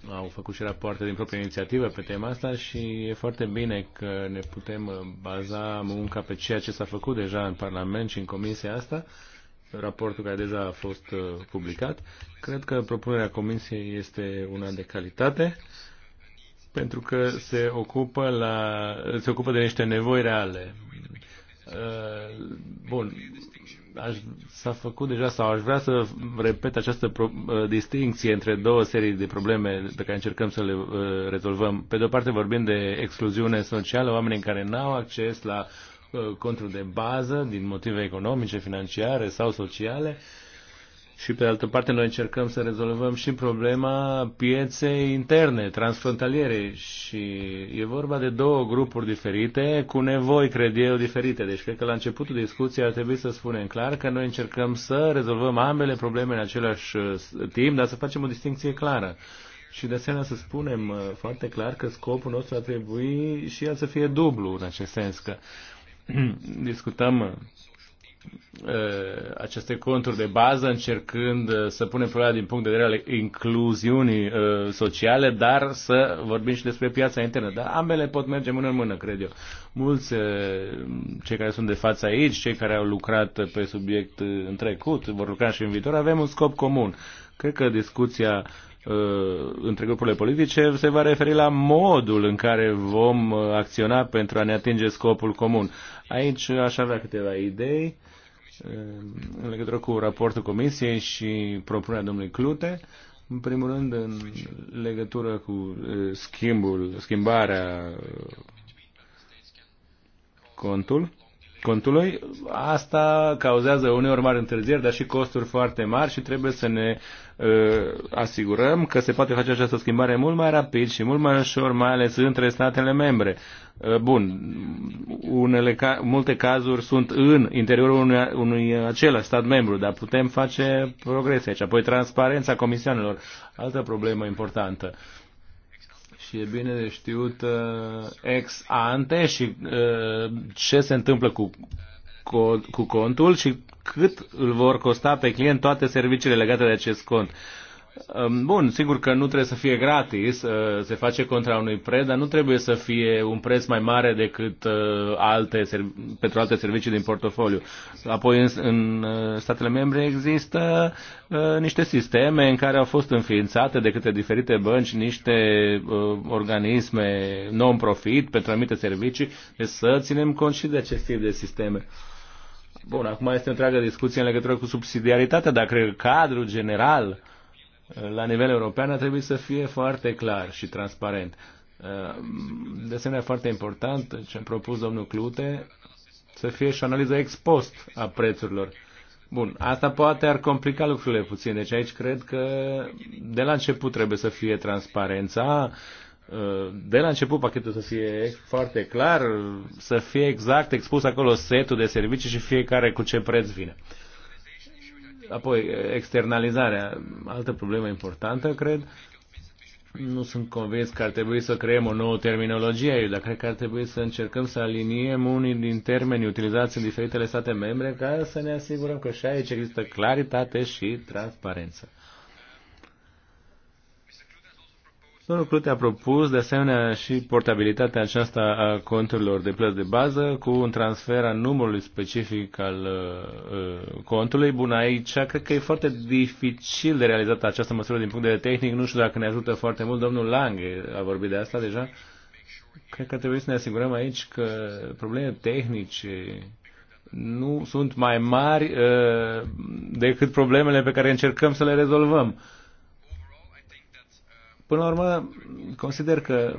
au făcut și rapoarte din propria inițiativă pe tema asta și e foarte bine că ne putem uh, baza munca pe ceea ce s-a făcut deja în Parlament și în comisia asta, raportul care deja a fost publicat. Cred că propunerea comisiei este una de calitate pentru că se ocupă, la, se ocupă de niște nevoi reale. Uh, bun, aș, s-a făcut deja sau aș vrea să repet această pro, uh, distinție între două serii de probleme pe care încercăm să le uh, rezolvăm. Pe de o parte vorbim de excluziune socială, oamenii care n-au acces la uh, contul de bază din motive economice, financiare sau sociale. Uh, și pe de altă parte noi încercăm să rezolvăm și problema pieței interne, transfrontaliere și e vorba de două grupuri diferite cu nevoi, cred eu, diferite. Deci cred că la începutul discuției ar trebui să spunem clar că noi încercăm să rezolvăm ambele probleme în același uh, timp, dar să facem o distinție clară. Și de asemenea să spunem uh, foarte clar că scopul nostru ar trebui și el să fie dublu în acest sens, că discutăm uh, aceste conturi de bază încercând să punem problema din punct de vedere al incluziunii sociale, dar să vorbim și despre piața internă. Dar ambele pot merge mână în mână, cred eu. Mulți cei care sunt de față aici, cei care au lucrat pe subiect în trecut, vor lucra și în viitor, avem un scop comun. Cred că discuția între grupurile politice se va referi la modul în care vom acționa pentru a ne atinge scopul comun. Aici aș avea câteva idei în legătură cu raportul Comisiei și propunerea domnului Clute. În primul rând, în legătură cu schimbul, schimbarea contul contului. Asta cauzează uneori mari întârzieri, dar și costuri foarte mari și trebuie să ne uh, asigurăm că se poate face această schimbare mult mai rapid și mult mai ușor, mai ales între statele membre. Uh, bun, unele ca- multe cazuri sunt în interiorul unui, unui același stat membru, dar putem face progrese aici. Apoi transparența comisioanelor, altă problemă importantă. Uh, și e bine de știut uh, ex ante și uh, ce se întâmplă cu, cu, cu contul și cât îl vor costa pe client toate serviciile legate de acest cont. Bun, sigur că nu trebuie să fie gratis, uh, se face contra unui preț, dar nu trebuie să fie un preț mai mare decât uh, alte, pentru alte servicii din portofoliu. Apoi în, în uh, statele membre există niște sisteme în care au fost înființate de câte diferite bănci niște organisme non-profit pentru anumite servicii, deci să ținem cont și de acest tip de sisteme. Bun, acum este întreaga discuție în legătură cu subsidiaritatea, dar cred că cadrul general uh, la nivel european ar trebui să fie foarte clar și transparent. De asemenea, foarte important ce a propus domnul Clute, să fie și o analiză ex post a prețurilor. Bun, asta poate ar complica lucrurile puțin, deci aici cred că de la început trebuie să fie transparența, de la început pachetul să fie foarte clar, să fie exact expus acolo setul de servicii și fiecare cu ce preț vine. Apoi, externalizarea, altă problemă importantă, cred. Nu sunt convins că ar trebui să creăm o nouă terminologie aici, dar cred că ar trebui să încercăm să aliniem unii din termenii utilizați în diferitele state membre ca să ne asigurăm că și aici există claritate și transparență. Domnul Clute a propus de asemenea și portabilitatea aceasta a conturilor de plăți de bază cu un transfer a numărului specific al uh, uh, contului. Bun, aici cred că e foarte dificil de realizat această măsură din punct de vedere tehnic. Nu știu dacă ne ajută foarte mult. Domnul Lang a vorbit de asta deja. Cred că trebuie să ne asigurăm aici că probleme tehnice nu sunt mai mari uh, decât problemele pe care încercăm să le rezolvăm. Uh, Până la urmă, consider că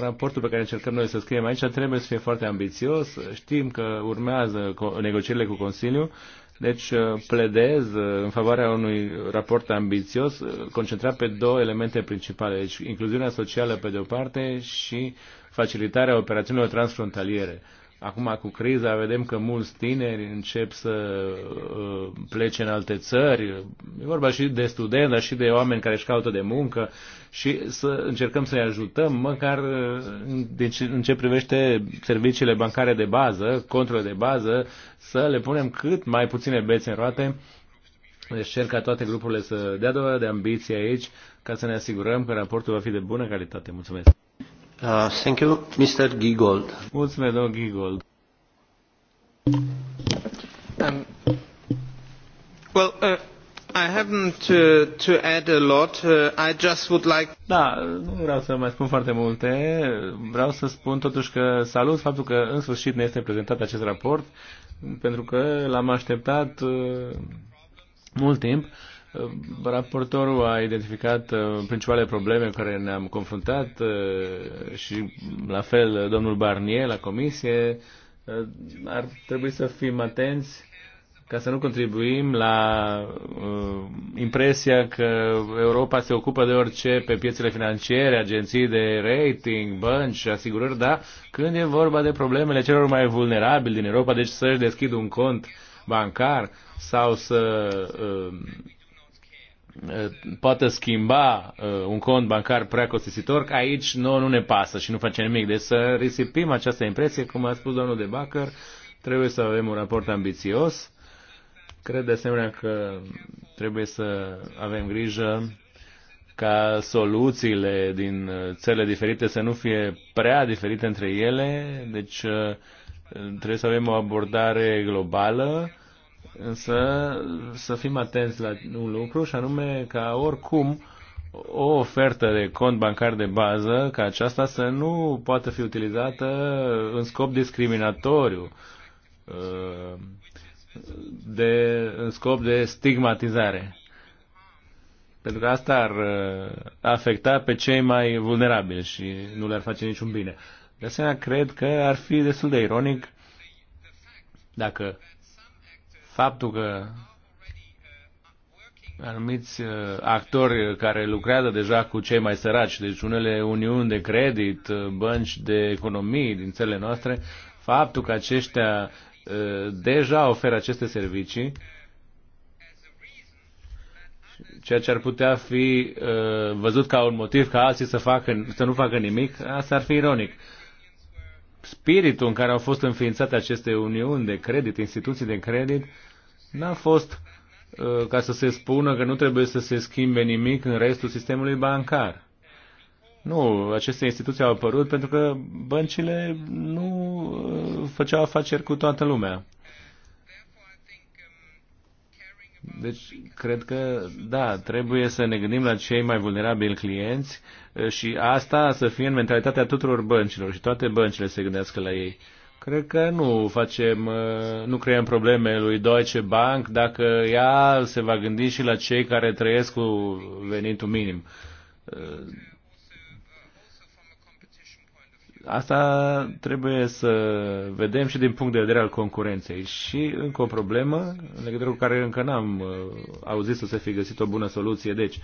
raportul pe care încercăm noi să scriem aici trebuie să fie foarte ambițios. Știm că urmează negocierile cu Consiliul, deci uh, pledez uh, în favoarea unui raport ambițios, uh, concentrat pe două elemente principale, deci incluziunea socială pe de o parte și facilitarea operațiunilor transfrontaliere. Acum cu criza vedem că mulți tineri încep să uh, plece în alte țări. E vorba și de studenți, dar și de oameni care își caută de muncă și să încercăm să-i ajutăm, măcar uh, deci, în ce privește serviciile bancare de bază, controle de bază, să le punem cât mai puține bețe în roate. Deci cer ca toate grupurile să dea dovadă de ambiție aici, ca să ne asigurăm că raportul va fi de bună calitate. Mulțumesc! Uh, thank you, Mr. Mulțumesc, um, well, uh, I haven't uh, to add a lot. I just would like. Da, nu vreau să mai spun foarte multe. Vreau să spun totuși că salut faptul că în sfârșit ne este prezentat acest raport, pentru că l-am așteptat uh, mult timp. Uh, Raportorul a identificat uh, principalele probleme cu care ne-am confruntat uh, și la fel uh, domnul Barnier la comisie ar trebui să fim atenți ca să nu contribuim la uh, impresia că Europa se ocupă de orice pe piețele financiare, agenții de rating, bănci asigurări, da, când e vorba de problemele celor mai vulnerabili din Europa, deci să-și deschid un cont bancar sau să uh, poate schimba uh, un cont bancar prea costisitor, că aici nu, nu ne pasă și nu face nimic. Deci să risipim această impresie, cum a spus domnul de Bacăr, trebuie să avem un raport ambițios. Cred de asemenea că trebuie să avem grijă ca soluțiile din uh, țele diferite să nu fie prea diferite între ele, deci uh, trebuie să avem o abordare globală Însă să fim atenți la un lucru și anume ca oricum o ofertă de cont bancar de bază ca aceasta să nu poată fi utilizată în scop discriminatoriu uh, de, în scop de stigmatizare. Pentru că asta ar uh, afecta pe cei mai vulnerabili și nu le-ar face niciun bine. De asemenea, cred că ar fi destul de ironic dacă faptul că anumiți uh, actori care lucrează deja cu cei mai săraci, deci unele uniuni de credit, uh, bănci de economii din țările noastre, faptul că aceștia uh, deja oferă aceste servicii, ceea ce ar putea fi văzut ca un motiv ca alții să, facă, să nu facă nimic, asta ar fi ironic spiritul în care au fost înființate aceste uniuni de credit, instituții de credit, n-a fost uh, ca să se spună că nu trebuie să se schimbe nimic în restul sistemului bancar. Nu, aceste instituții au apărut pentru că băncile nu uh, făceau afaceri cu toată lumea. Deci, cred că, da, trebuie să ne gândim la cei mai vulnerabili clienți eh, și asta să fie în mentalitatea tuturor băncilor și toate băncile să se gândească la ei. Cred că nu facem, eh, nu creăm probleme lui Deutsche Bank dacă ea se va gândi și la cei care trăiesc cu venitul minim. Eh, Asta trebuie să vedem și din punct de vedere al concurenței. Și încă o problemă, în legătură cu care încă n-am uh, auzit să se fi găsit o bună soluție. Deci,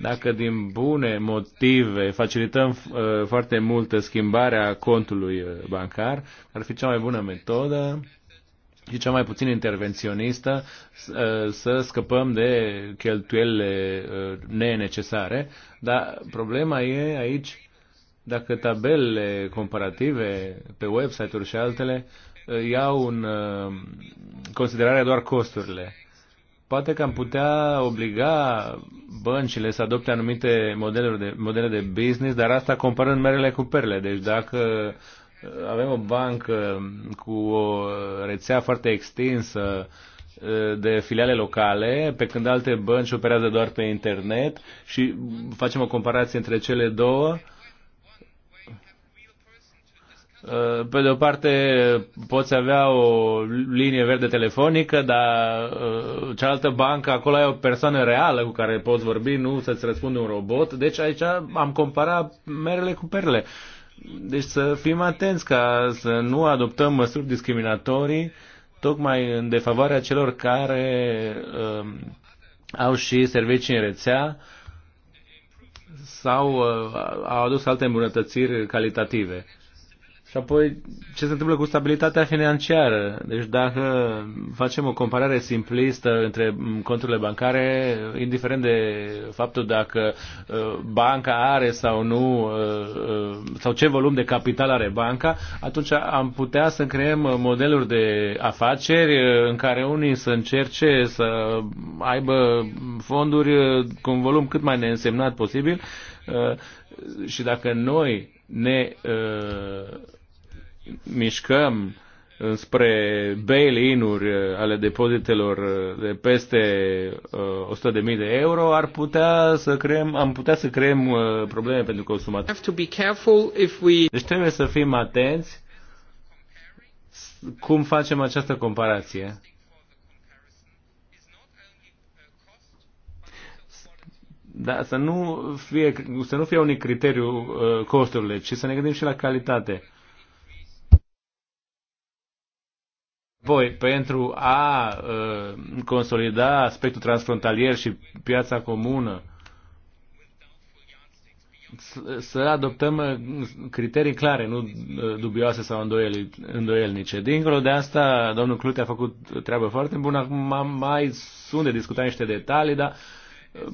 dacă din bune motive facilităm uh, foarte mult schimbarea contului uh, bancar, ar fi cea mai bună metodă și cea mai puțin intervenționistă uh, să scăpăm de cheltuielile nenecesare, dar problema e aici dacă tabelele comparative pe website-uri și altele uh, iau în uh, considerare doar costurile. Poate că am putea obliga băncile să adopte anumite modele de, modele de business, dar asta comparând merele cu perle. Deci dacă uh, avem o bancă cu o rețea foarte extinsă de filiale locale, pe când alte bănci operează doar pe internet și facem o comparație între cele două, Uh, pe de o parte poți avea o linie verde telefonică, dar uh, cealaltă bancă, acolo ai o persoană reală cu care poți vorbi, nu să-ți răspunde un robot. Deci aici am comparat merele cu perle. Deci să fim atenți ca să nu adoptăm măsuri discriminatorii tocmai în defavoarea celor care uh, au și servicii în rețea sau uh, au adus alte îmbunătățiri calitative. Și apoi, ce se întâmplă cu stabilitatea financiară? Deci dacă facem o comparare simplistă între conturile bancare, indiferent de faptul dacă uh, banca are sau nu, uh, uh, sau ce volum de capital are banca, atunci am putea să creăm modeluri de afaceri în care unii să încerce să aibă fonduri cu un volum cât mai neînsemnat posibil și dacă noi ne mișcăm spre bail-in-uri uh, ale depozitelor uh, de peste 100.000 uh, de euro, ar putea să creăm, am putea să creăm probleme pentru consumatori. Deci trebuie să fim atenți cum facem această comparație. Da, să nu fie, să nu fie un criteriu costurile, ci să ne gândim și la calitate. voi pentru a uh, consolida aspectul transfrontalier și piața comună să adoptăm ă, criterii clare, nu ă, dubioase sau îndoielnice. Dincolo de asta, domnul Clute a făcut treabă foarte bună. Acum mai sunt de discutat niște detalii, dar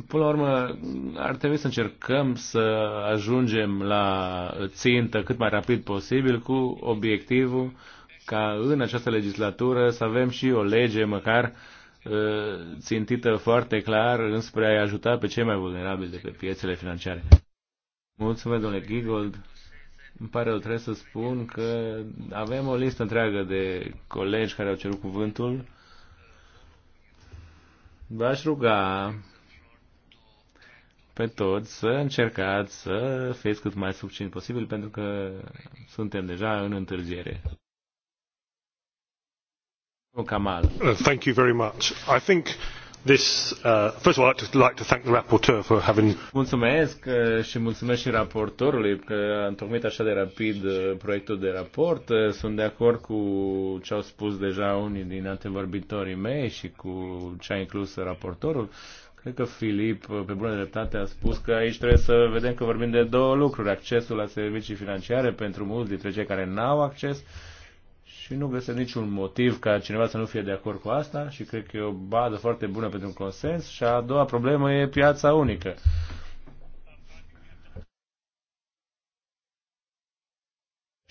până la urmă ar trebui să încercăm să ajungem la țintă cât mai rapid posibil cu obiectivul uh, ca în această legislatură să avem și o lege măcar uh, țintită foarte clar înspre a-i ajuta pe cei mai vulnerabili de pe piețele financiare. Mulțumesc, domnule Gigold. Îmi pare rău, trebuie să spun că avem o listă întreagă de colegi care au cerut cuvântul. V-aș ruga pe toți să încercați să fiți cât mai succint posibil pentru că suntem deja în întârziere. Uh, thank you very much. I think This, uh, first of all, I'd like to thank the rapporteur for having... Mulțumesc uh, și mulțumesc și raportorului că a întocmit așa de rapid uh, proiectul de raport. Sunt de acord cu ce au spus deja unii din antevorbitorii mei și cu ce a inclus raportorul. Cred că Filip, pe bună dreptate, a spus că aici trebuie să vedem că vorbim de două lucruri. Accesul la servicii financiare pentru mulți dintre cei care n-au acces și nu găsesc niciun motiv ca cineva să nu fie de acord cu asta și cred că e o bază foarte bună pentru un consens. Și a doua problemă e piața unică.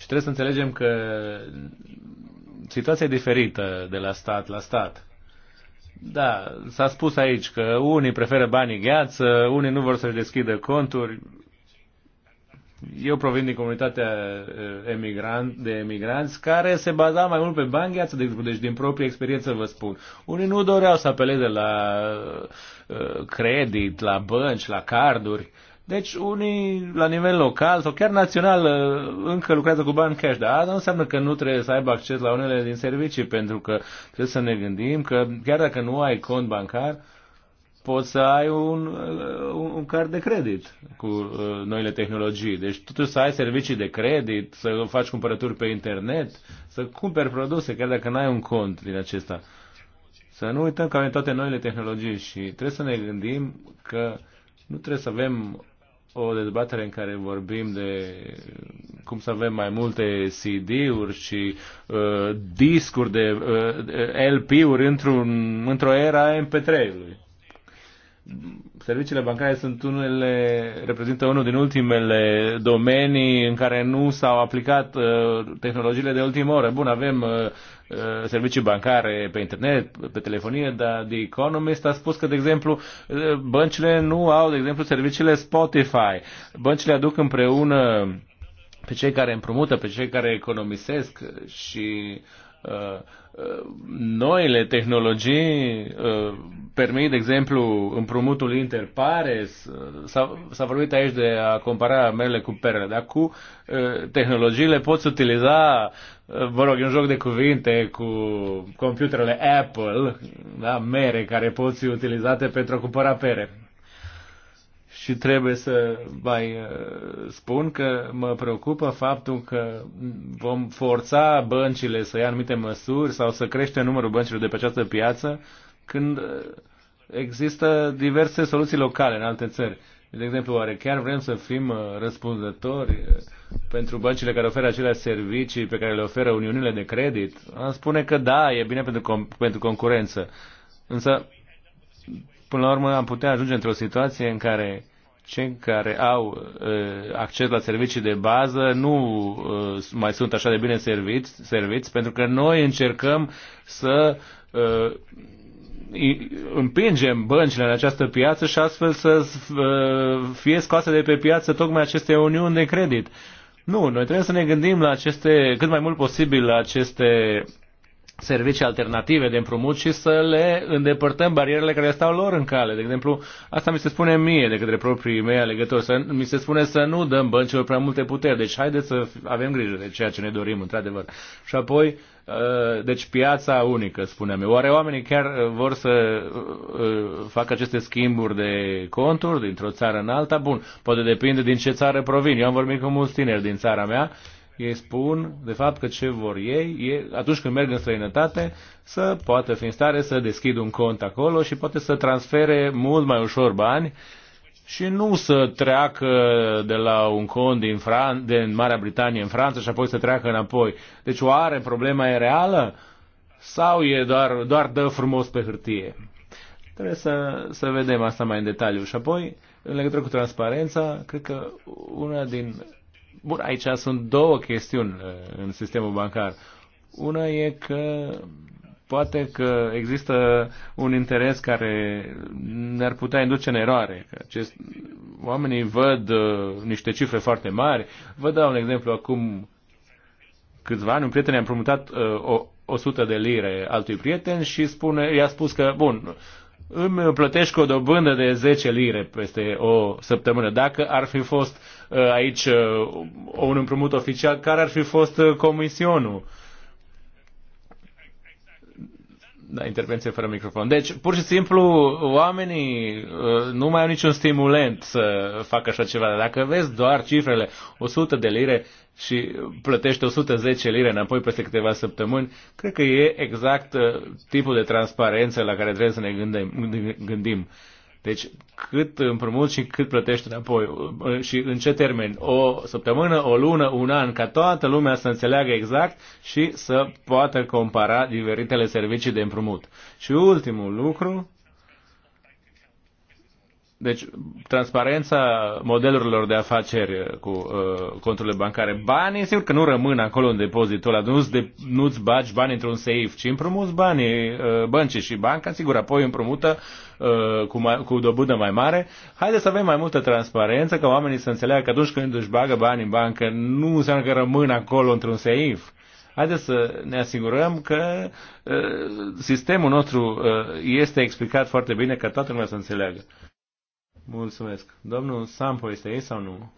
Și trebuie să înțelegem că situația e diferită de la stat la stat. Da, s-a spus aici că unii preferă banii gheață, unii nu vor să-și deschidă conturi. Eu provin din comunitatea eh, emigran, de emigranți care se baza mai mult pe bani gheață, de deci din proprie experiență vă spun. Unii nu doreau să apeleze la uh, credit, la bănci, la carduri. Deci unii la nivel local sau chiar național eh, încă lucrează cu bani cash, dar asta nu înseamnă că nu trebuie să aibă acces la unele din servicii, pentru că trebuie să ne gândim că chiar dacă nu ai cont bancar, poți să ai un, un, un card de credit cu uh, noile tehnologii. Deci tu să ai servicii de credit, să faci cumpărături pe internet, să cumperi produse, chiar dacă n-ai un cont din acesta. Să nu uităm că avem toate noile tehnologii și trebuie să ne gândim că nu trebuie să avem o dezbatere în care vorbim de cum să avem mai multe CD-uri și uh, discuri de uh, LP-uri într-un, într-o era MP3-ului serviciile bancare sunt unele, reprezintă unul din ultimele domenii în care nu s-au aplicat uh, tehnologiile de ultimă oră. Bun, avem uh, uh servicii bancare pe internet, pe telefonie, dar The Economist a spus că, de exemplu, uh, băncile nu au, de exemplu, serviciile Spotify. Băncile aduc împreună pe cei care împrumută, pe cei care economisesc și uh, noile tehnologii uh, permit, de exemplu, împrumutul interpares. Uh, s-a vorbit aici de a compara merele cu perele, dar cu uh, tehnologiile poți utiliza, vă rog, un joc de cuvinte cu computerele Apple, da, mere care poți fi utilizate pentru a cumpăra pere. Și trebuie să mai uh, spun că mă preocupă faptul că vom forța băncile să ia anumite măsuri sau să crește numărul băncilor de pe această piață când uh, există diverse soluții locale în alte țări. De exemplu, oare chiar vrem să fim uh, răspunzători pentru băncile care oferă acelea servicii pe care le oferă uniunile de credit? Am spune că da, e bine pentru, com- pentru concurență. Însă, până la urmă, am putea ajunge într-o situație în care cei care au acces la servicii de bază nu mai sunt așa de bine serviți, serviți pentru că noi încercăm să împingem băncile în această piață și astfel să fie scoase de pe piață tocmai aceste uniuni de credit. Nu, noi trebuie să ne gândim la aceste, cât mai mult posibil la aceste servicii alternative de împrumut și să le îndepărtăm barierele care stau lor în cale. De exemplu, asta mi se spune mie de către proprii mei alegători. Să, mi se spune să nu dăm băncilor prea multe puteri. Deci haideți să avem grijă de ceea ce ne dorim, într-adevăr. Și apoi, uh, deci piața unică, spuneam eu. Oare oamenii chiar uh, vor să uh, facă aceste schimburi de conturi dintr-o țară în alta? Bun, poate depinde din ce țară provin. Eu am vorbit cu mulți tineri din țara mea ei spun, de fapt, că ce vor ei, e, atunci când merg în străinătate, să poată fi în stare să deschid un cont acolo și poate să transfere mult mai ușor bani și nu să treacă de la un cont din, Fran- din Marea Britanie în Franța și apoi să treacă înapoi. Deci oare problema e reală sau e doar, doar dă frumos pe hârtie? Trebuie să, să vedem asta mai în detaliu. Și apoi, în legătură cu transparența, cred că una din Bun, aici sunt două chestiuni uh, în sistemul bancar. Una e că poate că există un interes care ne-ar putea induce în eroare. Acest, oamenii văd uh, niște cifre foarte mari. Vă dau un exemplu. Acum câțiva ani un prieten i-a împrumutat uh, o, 100 de lire altui prieten și spune, i-a spus că, bun, îmi plătești cu o dobândă de 10 lire peste o săptămână. Dacă ar fi fost uh, aici uh, un împrumut oficial, care ar fi fost uh, comisionul? Da, intervenție fără microfon. Deci, pur și simplu, oamenii uh, nu mai au niciun stimulent să facă așa ceva. Dacă vezi doar cifrele, 100 de lire și plătești 110 lire înapoi peste câteva săptămâni, cred că e exact uh, tipul de transparență la care trebuie să ne gândim. gândim. Deci cât împrumut și cât plătești înapoi și în ce termen. O săptămână, o lună, un an, ca toată lumea să înțeleagă exact și să poată compara diferitele servicii de împrumut. Și ultimul lucru, deci, transparența modelurilor de afaceri uh, cu uh, conturile bancare. Banii, sigur că nu rămân acolo în depozitul ăla, nu-ți, de, nu-ți bagi bani într-un safe, ci împrumuți banii uh, băncii și banca, sigur, apoi împrumută uh, cu, mai, cu dobândă mai mare. Haideți să avem mai multă transparență, ca oamenii să înțeleagă că atunci când își bagă bani în bancă, nu înseamnă că rămân acolo într-un safe. Haideți să ne asigurăm că uh, sistemul nostru uh, este explicat foarte bine, ca toată lumea să înțeleagă. Mulțumesc. Domnul Sampo este ei sau nu?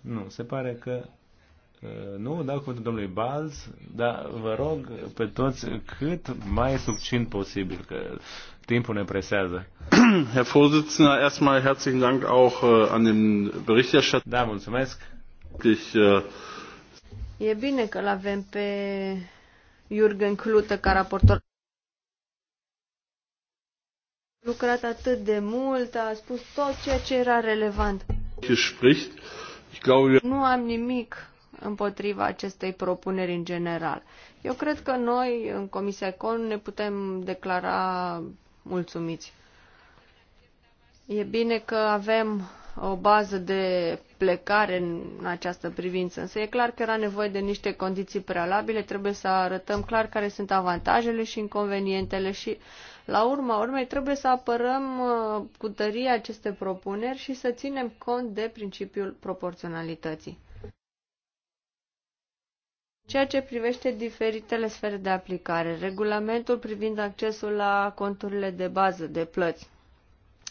Nu, se pare că uh, nu, dau cuvântul domnului Balz, dar vă rog pe toți cât mai succint posibil, că timpul ne presează. Herr Vorsitzender, erstmal herzlichen Dank auch äh, an den Berichterstatter. Da, mulțumesc. Ich, uh... E bine că l-avem pe Jürgen Klute ca raportor lucrat atât de mult, a spus tot ceea ce era relevant. Nu am nimic împotriva acestei propuneri în general. Eu cred că noi, în Comisia Econ, ne putem declara mulțumiți. E bine că avem o bază de plecare în această privință, însă e clar că era nevoie de niște condiții prealabile, trebuie să arătăm clar care sunt avantajele și inconvenientele și la urma urmei, trebuie să apărăm uh, cu tărie aceste propuneri și să ținem cont de principiul proporționalității. Ceea ce privește diferitele sfere de aplicare, regulamentul privind accesul la conturile de bază de plăți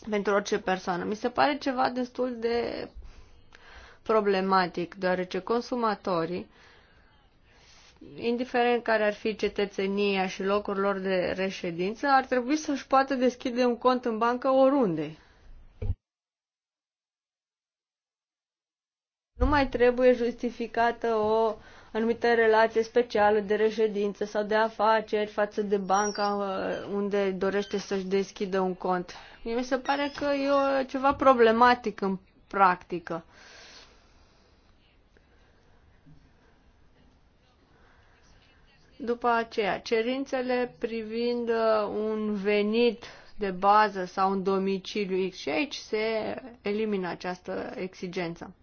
pentru orice persoană, mi se pare ceva destul de problematic, deoarece consumatorii indiferent care ar fi cetățenia și locul lor de reședință, ar trebui să-și poată deschide un cont în bancă oriunde. Nu mai trebuie justificată o anumită relație specială de reședință sau de afaceri față de banca uh, unde dorește să-și deschidă un cont. Mi se pare că e ceva problematic în practică. După aceea, cerințele privind uh, un venit de bază sau un domiciliu X și aici se elimină această exigență.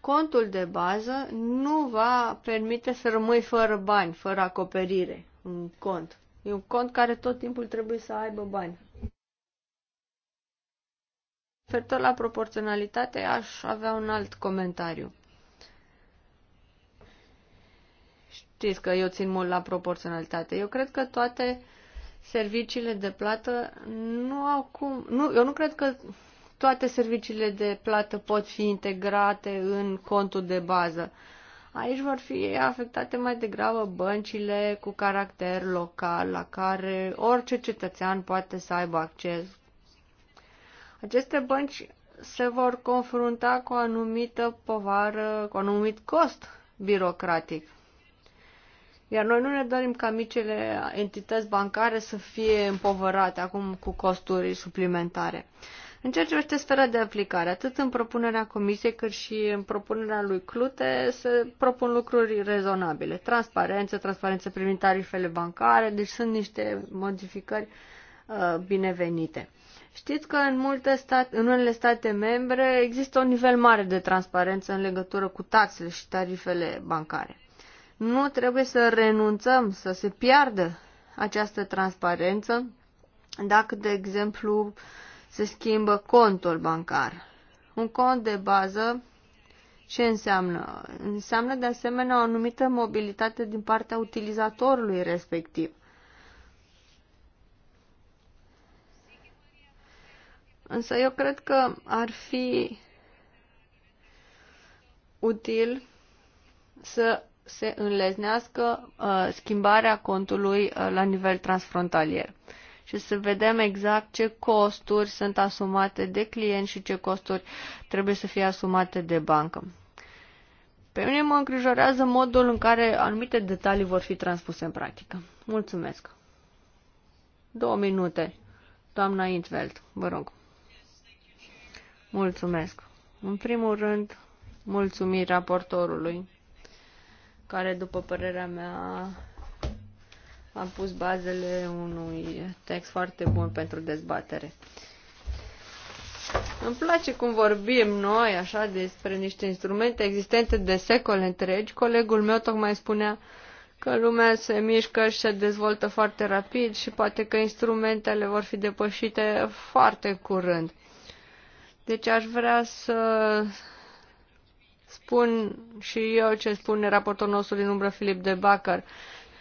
Contul de bază nu va permite să rămâi fără bani, fără acoperire, un cont. E un cont care tot timpul trebuie să aibă bani. Referitor la proporționalitate, aș avea un alt comentariu. Știți că eu țin mult la proporționalitate. Eu cred că toate serviciile de plată nu au cum... Nu, eu nu cred că toate serviciile de plată pot fi integrate în contul de bază. Aici vor fi afectate mai degrabă băncile cu caracter local, la care orice cetățean poate să aibă acces. Aceste bănci se vor confrunta cu o anumită povară, cu un anumit cost birocratic. Iar noi nu ne dorim ca micile entități bancare să fie împovărate acum cu costuri suplimentare. În ceea ce este sfera de aplicare, atât în propunerea comisiei cât și în propunerea lui Clute, se propun lucruri rezonabile. Transparență, transparență privind tarifele bancare, deci sunt niște modificări uh, binevenite. Știți că în, multe state, în unele state membre există un nivel mare de transparență în legătură cu taxele și tarifele bancare. Nu trebuie să renunțăm, să se piardă această transparență dacă, de exemplu, se schimbă contul bancar. Un cont de bază ce înseamnă? Înseamnă de asemenea o anumită mobilitate din partea utilizatorului respectiv. Însă eu cred că ar fi util să se înleznească uh, schimbarea contului uh, la nivel transfrontalier și să vedem exact ce costuri sunt asumate de client și ce costuri trebuie să fie asumate de bancă. Pe mine mă îngrijorează modul în care anumite detalii vor fi transpuse în practică. Mulțumesc. Două minute. Doamna Intveld, vă rog. Mulțumesc. În primul rând, mulțumiri raportorului care, după părerea mea, am pus bazele unui text foarte bun pentru dezbatere. Îmi place cum vorbim noi așa despre niște instrumente existente de secole întregi. Colegul meu tocmai spunea că lumea se mișcă și se dezvoltă foarte rapid și poate că instrumentele vor fi depășite foarte curând. Deci aș vrea să spun și eu ce spune raportorul nostru din umbră, Filip de Bacăr.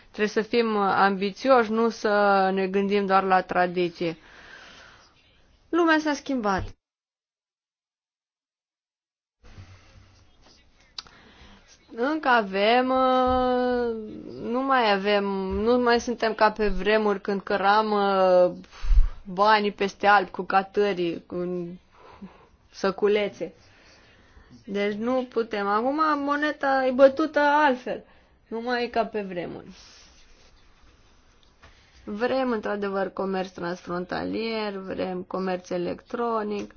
Trebuie să fim ambițioși, nu să ne gândim doar la tradiție. Lumea s-a schimbat. Încă avem, nu mai avem, nu mai suntem ca pe vremuri când căram banii peste alb cu catării, cu săculețe. Deci nu putem. Acum moneta e bătută altfel. Nu mai e ca pe vremuri. Vrem, într-adevăr, comerț transfrontalier, vrem comerț electronic.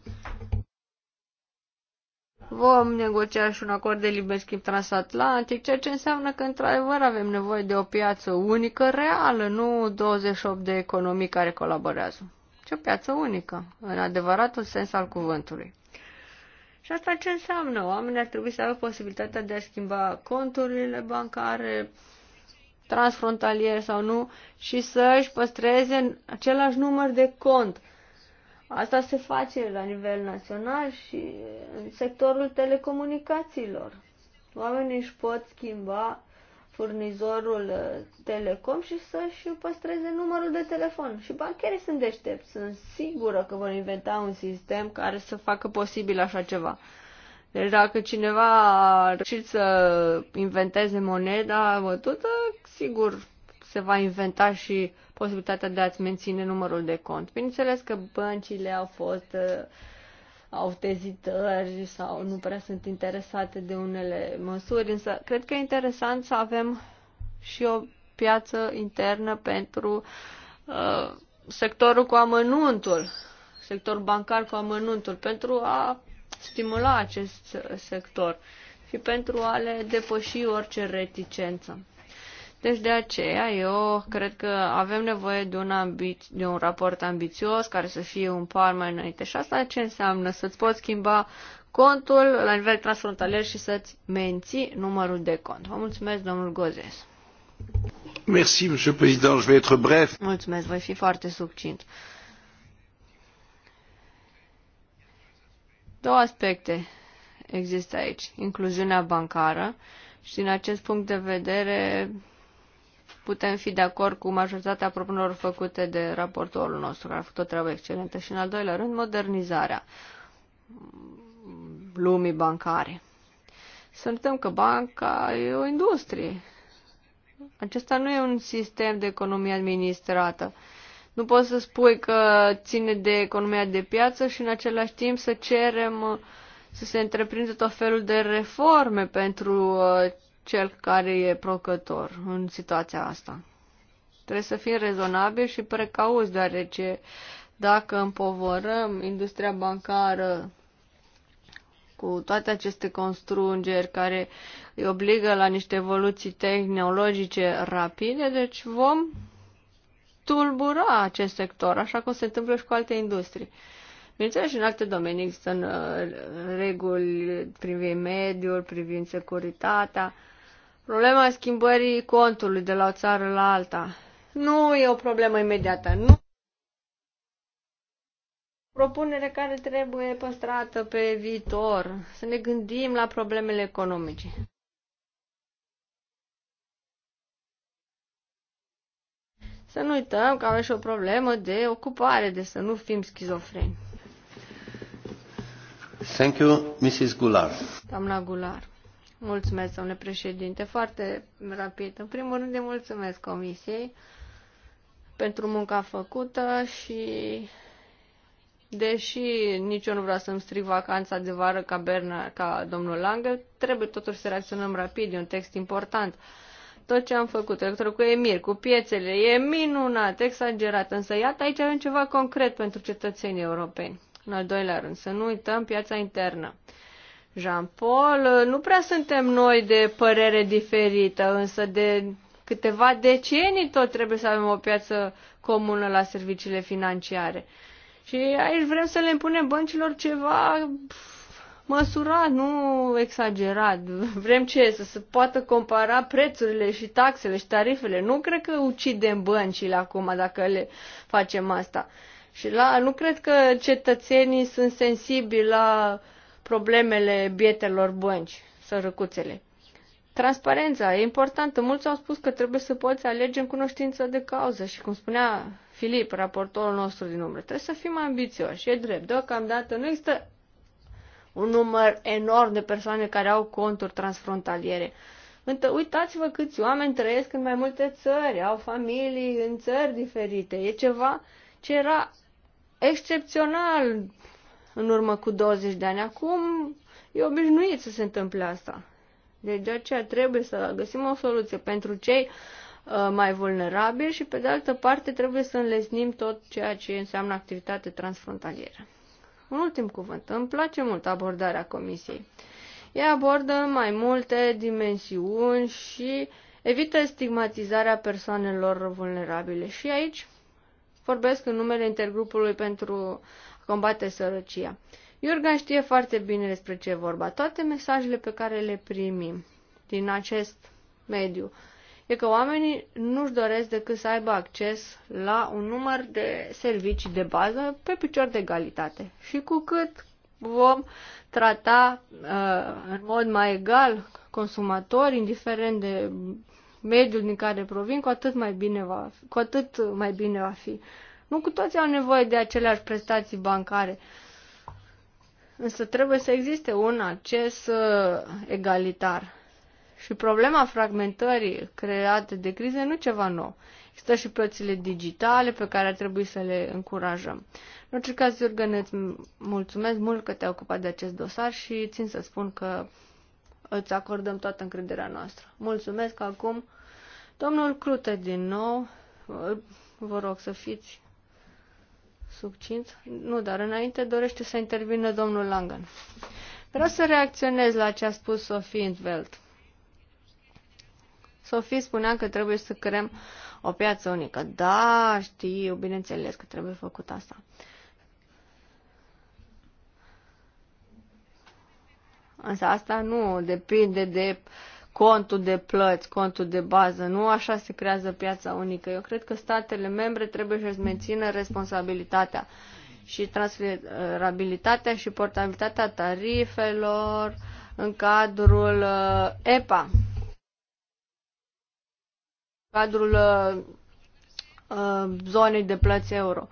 Vom negocia și un acord de liber schimb transatlantic, ceea ce înseamnă că, într-adevăr, avem nevoie de o piață unică reală, nu 28 de economii care colaborează, Ce o piață unică, în adevăratul sens al cuvântului. Și asta ce înseamnă? Oamenii ar trebui să aibă posibilitatea de a schimba conturile bancare transfrontalier sau nu și să își păstreze același număr de cont. Asta se face la nivel național și în sectorul telecomunicațiilor. Oamenii își pot schimba furnizorul uh, telecom și să-și păstreze numărul de telefon. Și bancherii sunt deștepți, sunt sigură că vor inventa un sistem care să facă posibil așa ceva. Deci dacă cineva a reușit să inventeze moneda bătută, sigur se va inventa și posibilitatea de a-ți menține numărul de cont. Bineînțeles că băncile au fost uh, au tezitări sau nu prea sunt interesate de unele măsuri, însă cred că e interesant să avem și o piață internă pentru uh, sectorul cu amănuntul, sector bancar cu amănuntul, pentru a stimula acest sector și pentru a le depăși orice reticență. Deci de aceea eu cred că avem nevoie de un, ambi- de un raport ambițios care să fie un par mai înainte. Și asta ce înseamnă? Să-ți poți schimba contul la nivel transfrontalier și să-ți menții numărul de cont. Vă mulțumesc, domnul Gozes. Merci, monsieur président. Je vais être bref. Mulțumesc, voi fi foarte succint. Două aspecte există aici. Incluziunea bancară și din acest punct de vedere putem fi de acord cu majoritatea propunerilor făcute de raportorul nostru, care a făcut o treabă excelentă. Și în al doilea rând, modernizarea lumii bancare. Să uităm că banca e o industrie. Acesta nu e un sistem de economie administrată. Nu poți să spui că ține de economia de piață și în același timp să cerem să se întreprindă tot felul de reforme pentru uh, cel care e procător în situația asta. Trebuie să fim rezonabili și precauți, deoarece dacă împovărăm industria bancară cu toate aceste constrângeri care îi obligă la niște evoluții tehnologice rapide, deci vom tulbura acest sector, așa cum se întâmplă și cu alte industrii. Bineînțeles, și în alte domenii există în uh, reguli privind mediul, privind securitatea, Problema schimbării contului de la o țară la alta. Nu e o problemă imediată. Nu. Propunere care trebuie păstrată pe viitor. Să ne gândim la problemele economice. Să nu uităm că avem și o problemă de ocupare, de să nu fim schizofreni. Thank you, Mrs. Gular. Doamna Gular. Mulțumesc, domnule președinte. Foarte rapid. În primul rând, îi mulțumesc Comisiei pentru munca făcută și deși nici eu nu vreau să-mi stric vacanța de vară ca, Berna, ca domnul Langă, trebuie totuși să reacționăm rapid, e un text important. Tot ce am făcut, electorul cu Emir, cu piețele, e minunat, exagerat, însă iată aici avem ceva concret pentru cetățenii europeni. În al doilea rând, să nu uităm piața internă. Jean-Paul, nu prea suntem noi de părere diferită, însă de câteva decenii tot trebuie să avem o piață comună la serviciile financiare. Și aici vrem să le impunem băncilor ceva măsurat, nu exagerat. Vrem ce? Să se poată compara prețurile și taxele și tarifele. Nu cred că ucidem băncile acum dacă le facem asta. Și la, nu cred că cetățenii sunt sensibili la uh, problemele bietelor bănci, sărăcuțele. Transparența e importantă. Mulți au spus că trebuie să poți alege în cunoștință de cauză și, cum spunea Filip, raportorul nostru din umbră, trebuie să fim ambițioși. E drept. Deocamdată nu există un număr enorm de persoane care au conturi transfrontaliere. Însă uitați-vă câți oameni trăiesc în mai multe țări, au familii în țări diferite. E ceva ce era excepțional în urmă cu 20 de ani. Acum e obișnuit să se întâmple asta. Deci de aceea trebuie să găsim o soluție pentru cei uh, mai vulnerabili și pe de altă parte trebuie să înlesnim tot ceea ce înseamnă activitate transfrontalieră. Un ultim cuvânt. Îmi place mult abordarea comisiei. Ea abordă mai multe dimensiuni și evită stigmatizarea persoanelor vulnerabile. Și aici vorbesc în numele intergrupului pentru combate sărăcia. Iurgan știe foarte bine despre ce vorba. Toate mesajele pe care le primim din acest mediu e că oamenii nu-și doresc decât să aibă acces la un număr de servicii de bază pe picior de egalitate. Și cu cât vom trata uh, în mod mai egal consumatori, indiferent de mediul din care provin, cu atât mai bine va fi, cu atât mai bine va fi. Nu cu toții au nevoie de aceleași prestații bancare. Însă trebuie să existe un acces uh, egalitar. Și problema fragmentării create de crize nu ceva nou. Există și plățile digitale pe care ar trebui să le încurajăm. În orice caz, Iurgen, îți mulțumesc mult că te-ai ocupat de acest dosar și țin să spun că îți acordăm toată încrederea noastră. Mulțumesc acum. Domnul Crute, din nou, vă rog să fiți succint. Nu, dar înainte dorește să intervină domnul Langan. Vreau să reacționez la ce a spus Sofie Intveld. Sofie spunea că trebuie să creăm o piață unică. Da, știu, bineînțeles că trebuie făcut asta. Însă asta nu depinde de uh, contul de plăți, contul de bază. Nu așa se creează piața unică. Eu cred că statele membre trebuie să-și mențină responsabilitatea și transferabilitatea și portabilitatea tarifelor în cadrul uh, EPA, în cadrul uh, uh, zonei de plăți euro.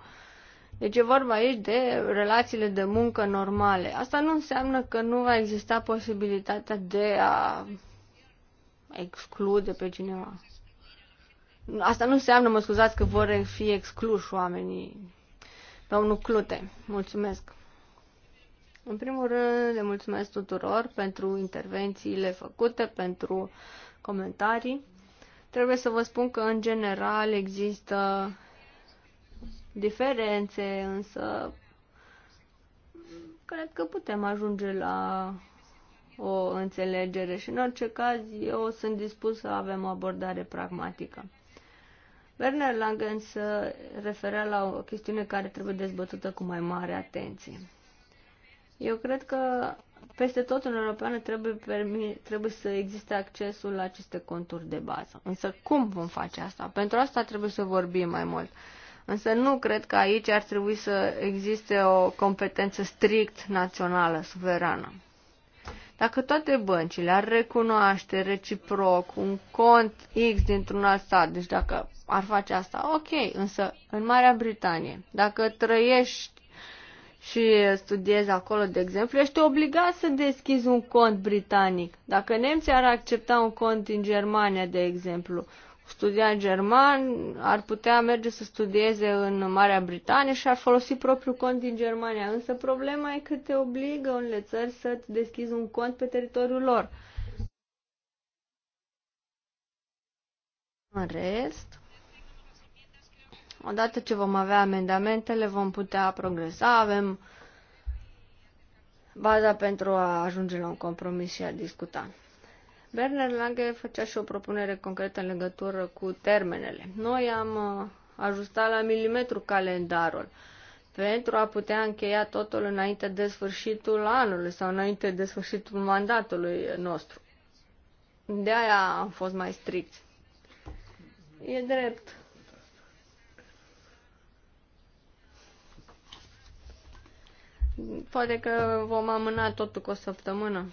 Deci e vorba aici de relațiile de muncă normale. Asta nu înseamnă că nu va exista posibilitatea de a exclude pe cineva. Asta nu înseamnă, mă scuzați, că vor fi excluși oamenii. Domnul Clute, mulțumesc. În primul rând, le mulțumesc tuturor pentru intervențiile făcute, pentru comentarii. Trebuie să vă spun că, în general, există diferențe, însă cred că putem ajunge la o înțelegere și în orice caz eu sunt dispus să avem o abordare pragmatică. Werner Lange însă, referea la o chestiune care trebuie dezbătută cu mai mare atenție. Eu cred că peste tot în Europeană trebuie, trebuie să existe accesul la aceste conturi de bază. Însă cum vom face asta? Pentru asta trebuie să vorbim mai mult. Însă nu cred că aici ar trebui să existe o competență strict națională, suverană. Dacă toate băncile ar recunoaște reciproc un cont X dintr-un alt stat, deci dacă ar face asta, ok, însă în Marea Britanie, dacă trăiești și studiezi acolo, de exemplu, ești obligat să deschizi un cont britanic. Dacă nemții ar accepta un cont din Germania, de exemplu, studia în german, ar putea merge să studieze în Marea Britanie și ar folosi propriul cont din Germania. Însă problema e că te obligă unele țări să-ți deschizi un cont pe teritoriul lor. În rest, odată ce vom avea amendamentele, vom putea progresa, avem baza pentru a ajunge la un compromis și a discuta. Werner Lange făcea și o propunere concretă în legătură cu termenele. Noi am uh, ajustat la milimetru calendarul pentru a putea încheia totul înainte de sfârșitul anului sau înainte de sfârșitul mandatului nostru. De aia am fost mai strict. E drept. Poate că vom amâna totul cu o săptămână.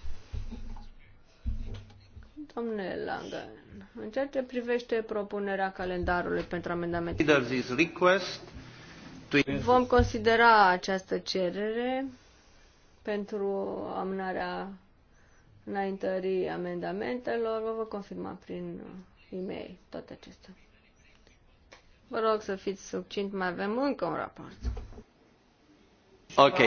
Domnule Langan, în ceea ce privește propunerea calendarului pentru amendamente, vom considera această cerere pentru amânarea înaintării amendamentelor. Vă voi confirma prin e-mail toate acestea. Vă rog să fiți succint, mai avem încă un raport. Ok.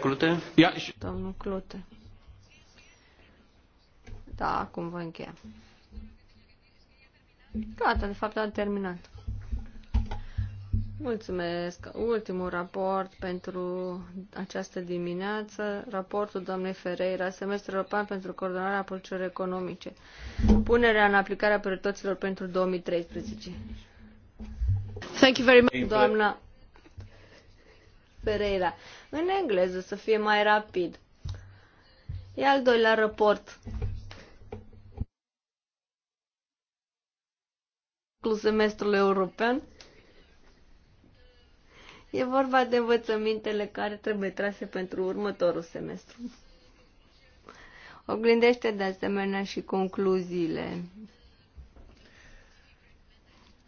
Clute? Domnul Clute. Da, acum vă încheia. Gata, de fapt am terminat. Mulțumesc. Ultimul raport pentru această dimineață, raportul doamnei Ferreira, semestrul european pentru coordonarea politicilor economice. Punerea în aplicare a priorităților pentru 2013. Thank you very much. Doamna Pereira, în engleză, să fie mai rapid. E al doilea raport. Cu semestrul european. E vorba de învățămintele care trebuie trase pentru următorul semestru. Oglindește de asemenea și concluziile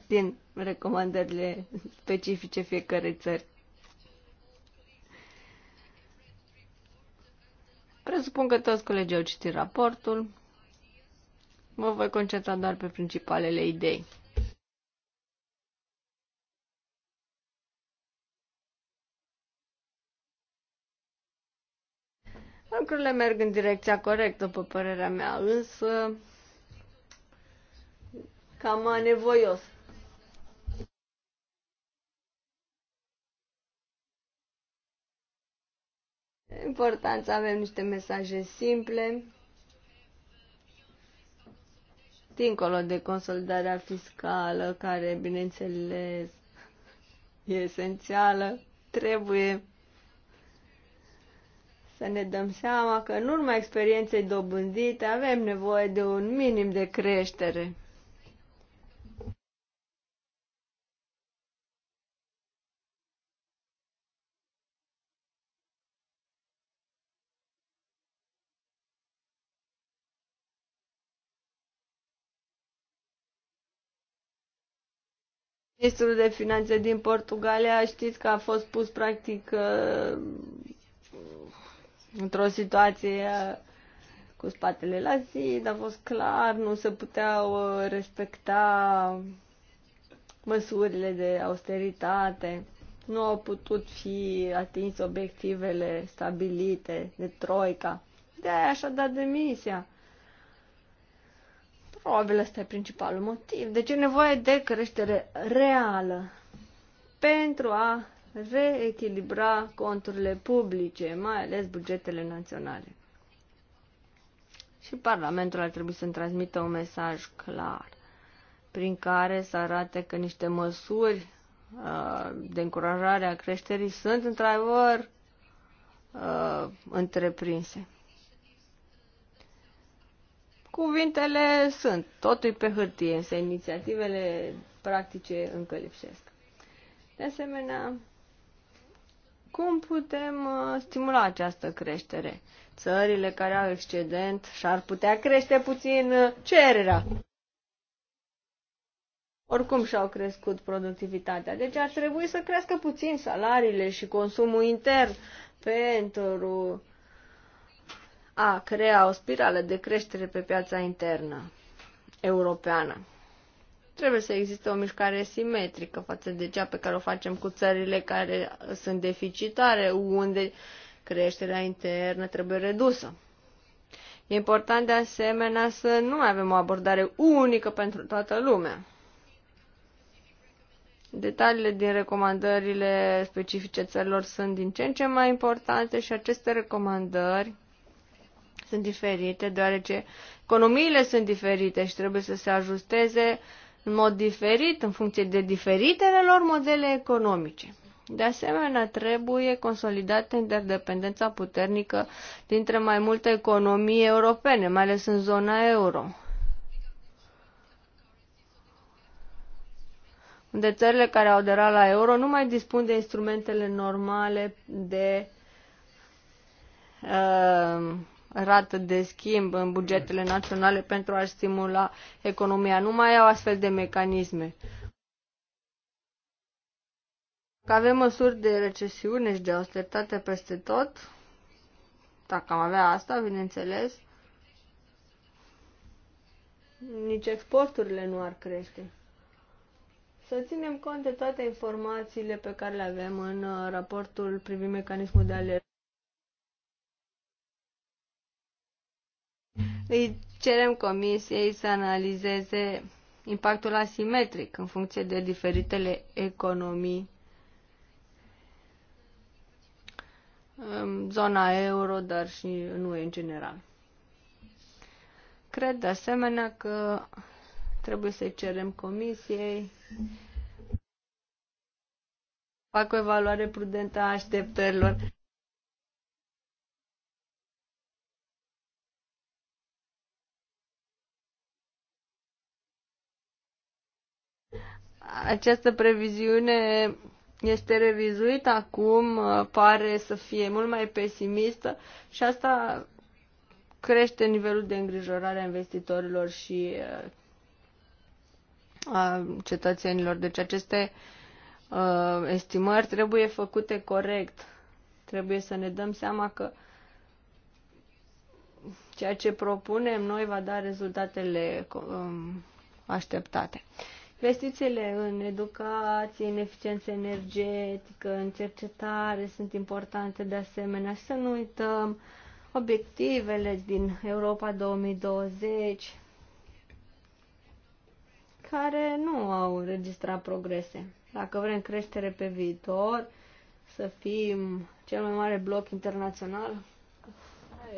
din recomandările specifice fiecărei țări. Presupun că toți colegii au citit raportul. Mă voi concentra doar pe principalele idei. Lucrurile merg în direcția corectă, după părerea mea, însă cam nevoios. important să avem niște mesaje simple, dincolo de consolidarea fiscală, care, bineînțeles, e esențială, trebuie să ne dăm seama că în urma experienței dobândite avem nevoie de un minim de creștere. Ministrul de Finanțe din Portugalia știți că a fost pus practic uh, într-o situație uh, cu spatele la zid, a fost clar, nu se puteau uh, respecta măsurile de austeritate, nu au putut fi atins obiectivele stabilite de Troica. De aia și-a dat demisia. Probabil ăsta e principalul motiv. Deci e nevoie de creștere reală pentru a reechilibra conturile publice, mai ales bugetele naționale. Și Parlamentul ar trebui să-mi transmită un mesaj clar prin care să arate că niște măsuri uh, de încurajare a creșterii sunt într-adevăr uh, întreprinse. Cuvintele sunt, totul pe hârtie, însă inițiativele practice încă lipsesc. De asemenea, cum putem uh, stimula această creștere? Țările care au excedent și-ar putea crește puțin uh, cererea. Oricum și-au crescut productivitatea, deci ar trebui să crească puțin salariile și consumul intern pentru a crea o spirală de creștere pe piața internă europeană. Trebuie să existe o mișcare simetrică față de cea pe care o facem cu țările care sunt deficitare, unde creșterea internă trebuie redusă. E important de asemenea să nu avem o abordare unică pentru toată lumea. Detaliile din recomandările specifice țărilor sunt din ce în ce mai importante și aceste recomandări sunt diferite, deoarece economiile sunt diferite și trebuie să se ajusteze în mod diferit, în funcție de diferitele lor modele economice. De asemenea, trebuie consolidată interdependența puternică dintre mai multe economii europene, mai ales în zona euro. unde țările care au aderat la euro nu mai dispun de instrumentele normale de uh, rată de schimb în bugetele naționale pentru a stimula economia. Nu mai au astfel de mecanisme. Dacă avem măsuri de recesiune și de austeritate peste tot, dacă am avea asta, bineînțeles, nici exporturile nu ar crește. Să ținem cont de toate informațiile pe care le avem în uh, raportul privind mecanismul de alertă. Îi cerem comisiei să analizeze impactul asimetric în funcție de diferitele economii zona euro, dar și nu în general. Cred de asemenea că trebuie să-i cerem comisiei fac o evaluare prudentă a așteptărilor Această previziune este revizuită acum, uh, pare să fie mult mai pesimistă și asta crește nivelul de îngrijorare a investitorilor și uh, a cetățenilor. Deci aceste uh, estimări trebuie făcute corect. Trebuie să ne dăm seama că ceea ce propunem noi va da rezultatele um, așteptate. Investițiile în educație, în eficiență energetică, în cercetare sunt importante de asemenea și să nu uităm obiectivele din Europa 2020 care nu au înregistrat progrese. Dacă vrem creștere pe viitor, să fim cel mai mare bloc internațional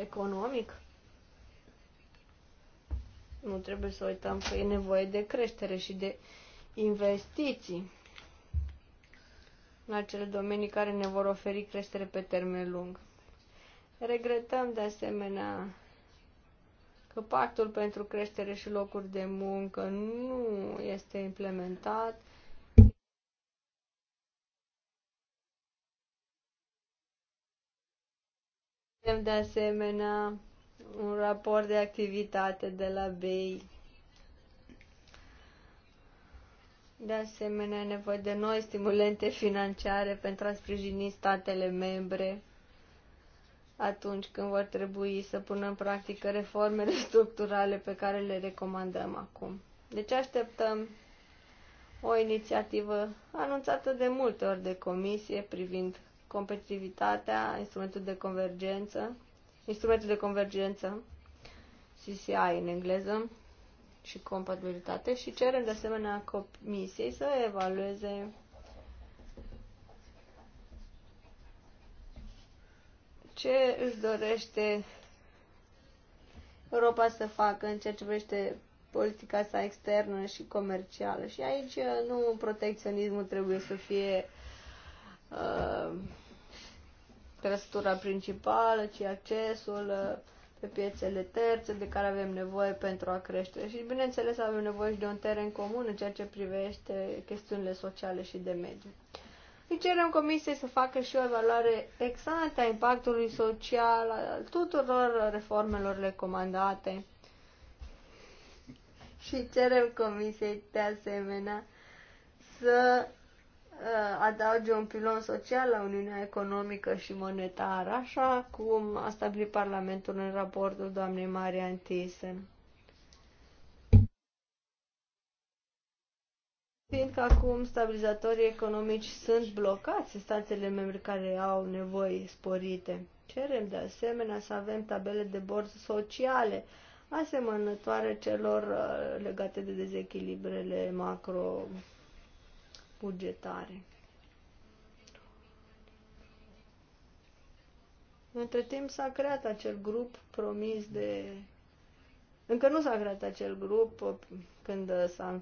economic, nu trebuie să uităm că e nevoie de creștere și de investiții în acele domenii care ne vor oferi creștere pe termen lung. Regretăm de asemenea că pactul pentru creștere și locuri de muncă nu este implementat. De asemenea, un raport de activitate de la BEI. De asemenea, nevoie de noi stimulente financiare pentru a sprijini statele membre atunci când vor trebui să pună în practică reformele structurale pe care le recomandăm acum. Deci așteptăm o inițiativă anunțată de multe ori de comisie privind competitivitatea, instrumentul de convergență instrumente de convergență, CCI în engleză, și compatibilitate și cerem de asemenea comisiei să evalueze ce își dorește Europa să facă în ceea ce vrește politica sa externă și comercială. Și aici uh, nu protecționismul trebuie să fie uh, trăsătura principală, ci accesul uh, pe piețele terțe de care avem nevoie pentru a crește. Și, bineînțeles, avem nevoie și de un teren comun în ceea ce privește chestiunile sociale și de mediu. Îi cerem comisiei să facă și o evaluare exactă a impactului social al tuturor reformelor recomandate. Și cerem comisiei de asemenea să Uh, adauge un pilon social la Uniunea Economică și Monetară, așa cum a stabilit Parlamentul în raportul doamnei Marian Thyssen. Fiindcă acum stabilizatorii economici sunt blocați în statele membre care au nevoi sporite, cerem de asemenea să avem tabele de bord sociale asemănătoare celor uh, legate de dezechilibrele macro bugetare. Între timp s-a creat acel grup promis de... Încă nu s-a creat acel grup când s-a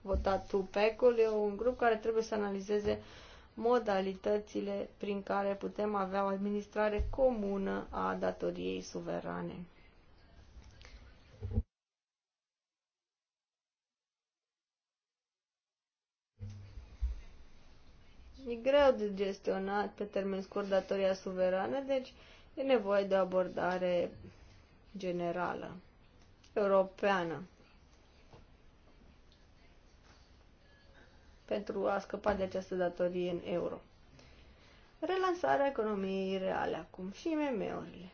votat TUPEC-ul. E un grup care trebuie să analizeze modalitățile prin care putem avea o administrare comună a datoriei suverane. E greu de gestionat pe termen scurt datoria suverană, deci e nevoie de o abordare generală, europeană, pentru a scăpa de această datorie în euro. Relansarea economiei reale acum și MM-urile.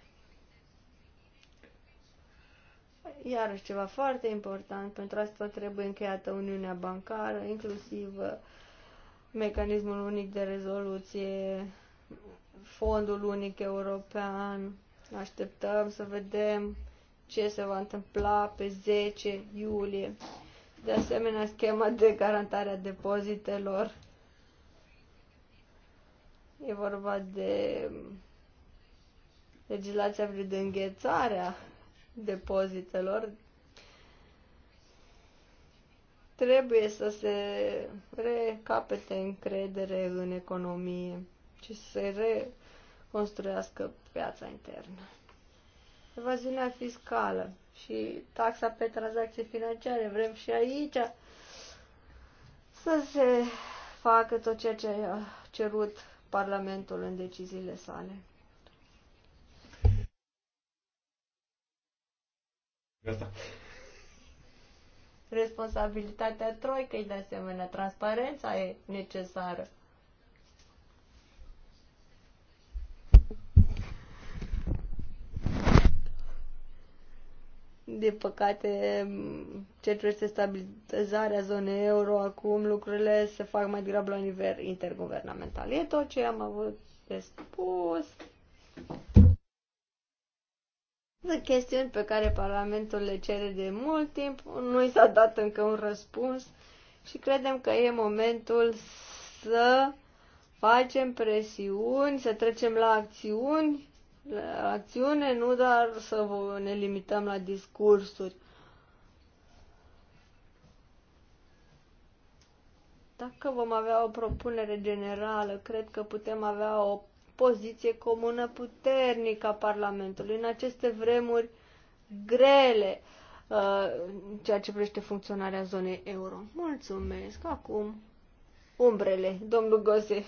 Iarăși ceva foarte important, pentru asta trebuie încheiată Uniunea Bancară, inclusiv uh, mecanismul unic de rezoluție, fondul unic european. Așteptăm să vedem ce se va întâmpla pe 10 iulie. De asemenea, schema de garantare a depozitelor. E vorba de legislația privind înghețarea depozitelor trebuie să se recapete încredere în economie și să se reconstruiască piața internă. Evaziunea fiscală și taxa pe tranzacții financiare. Vrem și aici să se facă tot ceea ce a cerut Parlamentul în deciziile sale. Gata responsabilitatea troicăi, de asemenea, transparența e necesară. Din păcate, ce privește stabilizarea zonei euro, acum lucrurile se fac mai degrabă la nivel interguvernamental. E tot ce am avut de spus. Sunt chestiuni pe care Parlamentul le cere de mult timp, nu i s-a dat încă un răspuns și credem că e momentul să facem presiuni, să trecem la acțiuni, la acțiune, nu doar să ne limităm la discursuri. Dacă vom avea o propunere generală, cred că putem avea o poziție comună puternică a Parlamentului în aceste vremuri grele uh, în ceea ce privește funcționarea zonei euro. Mulțumesc. Acum, umbrele, domnul Gosef.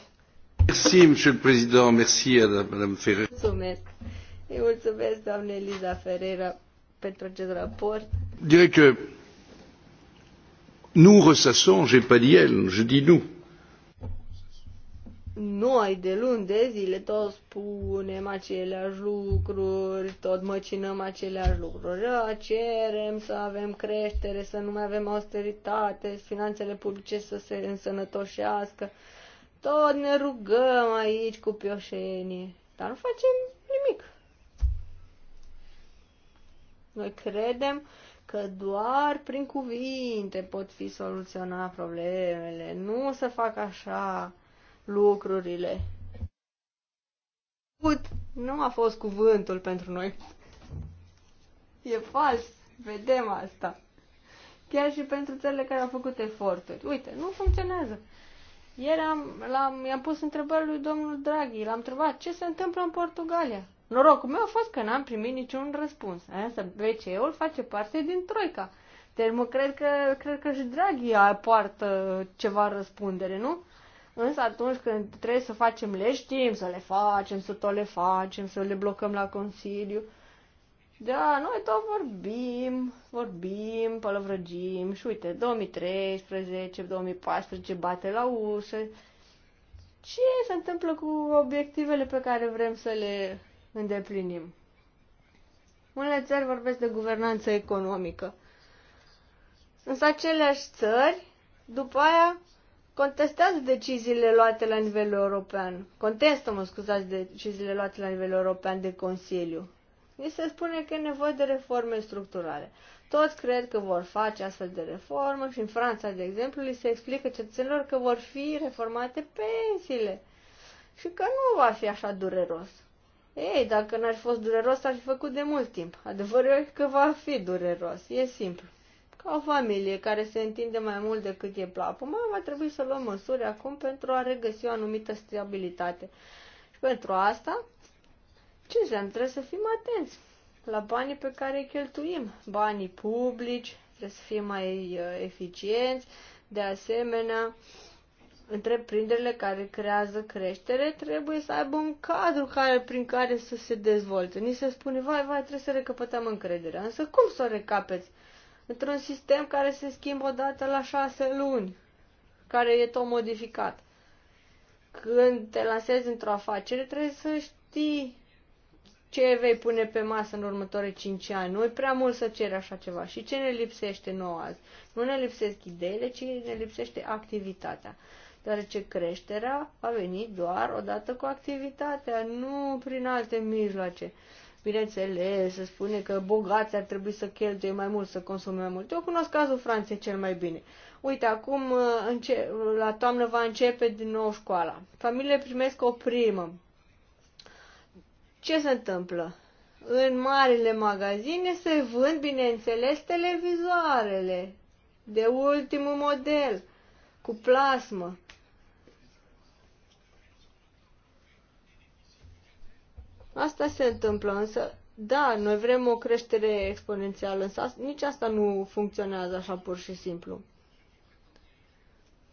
Merci, monsieur le président. Merci, euh, madame Ferreira. Mulțumesc. Îi mulțumesc, doamne Eliza Ferreira, pentru acest raport. Je că que nous ressassons, j'ai pas dit elle, je dis nous noi de luni de zile tot spunem aceleași lucruri, tot măcinăm aceleași lucruri. Ă, cerem să avem creștere, să nu mai avem austeritate, finanțele publice să se însănătoșească. Tot ne rugăm aici cu pioșenie, dar nu facem nimic. Noi credem că doar prin cuvinte pot fi soluționat problemele, nu se fac așa lucrurile. Put nu a fost cuvântul pentru noi. E fals. Vedem asta. Chiar și pentru țările care au făcut eforturi. Uite, nu funcționează. Ieri am, l-am, i-am pus întrebări lui domnul Draghi, l-am întrebat ce se întâmplă în Portugalia. Norocul meu a fost că n-am primit niciun răspuns. Asta BCE-ul face parte din Troica. Deci mă cred că, cred că și Draghi poartă ceva răspundere, nu? Însă atunci când trebuie să facem legi, știm să le facem, să tot le facem, să le blocăm la Consiliu. Da, noi tot vorbim, vorbim, pălăvrăgim și uite, 2013, 2014 bate la ușă. Ce se întâmplă cu obiectivele pe care vrem să le îndeplinim? Unele țări vorbesc de guvernanță economică. Însă aceleași țări, după aia, contestați deciziile luate la nivel european. Contestă, mă scuzați, deciziile luate la nivel european de Consiliu. Ni se spune că e nevoie de reforme structurale. Toți cred că vor face astfel de reformă și în Franța, de exemplu, li se explică cetățenilor că vor fi reformate pensiile și că nu va fi așa dureros. Ei, dacă n-ar fi fost dureros, ar fi făcut de mult timp. Adevărul e că va fi dureros. E simplu o familie care se întinde mai mult decât e plapuma, va trebui să luăm măsuri acum pentru a regăsi o anumită stabilitate. Și pentru asta, ce înseamnă? Trebuie să fim atenți la banii pe care îi cheltuim, banii publici, trebuie să fim mai uh, eficienți, de asemenea, întreprinderile care creează creștere trebuie să aibă un cadru care, prin care să se dezvolte. Ni se spune, vai, vai, trebuie să recapătăm încrederea. Însă cum să o recapeți? într-un sistem care se schimbă odată la șase luni, care e tot modificat. Când te lansezi într-o afacere, trebuie să știi ce vei pune pe masă în următoarele 5 ani. Nu e prea mult să ceri așa ceva. Și ce ne lipsește nouă azi? Nu ne lipsesc ideile, ci ne lipsește activitatea. Deoarece creșterea a venit doar odată cu activitatea, nu prin alte mijloace bineînțeles, se spune că bogații ar trebui să cheltuie mai mult, să consume mai mult. Eu cunosc cazul Franței cel mai bine. Uite, acum uh, la toamnă va începe din nou școala. Familiile primesc o primă. Ce se întâmplă? În marile magazine se vând, bineînțeles, televizoarele de ultimul model, cu plasmă. Asta se întâmplă, însă, da, noi vrem o creștere exponențială, însă nici asta nu funcționează așa pur și simplu.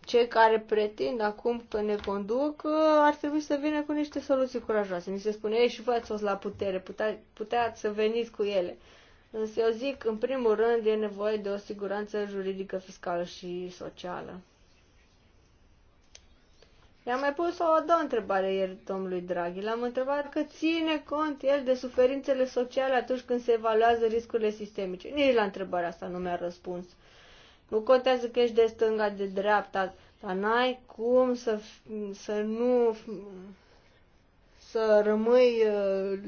Cei care pretind acum că ne conduc ă, ar trebui să vină cu niște soluții curajoase. Mi se spune, ei și voi ați la putere, putea, puteați să veniți cu ele. Însă eu zic, în primul rând, e nevoie de o siguranță juridică, fiscală și socială. I-am mai pus o a doua întrebare ieri domnului Draghi. L-am întrebat că ține cont el de suferințele sociale atunci când se evaluează riscurile sistemice. Nici la întrebarea asta nu mi-a răspuns. Nu contează că ești de stânga, de dreapta, dar n-ai cum să, să nu să rămâi uh,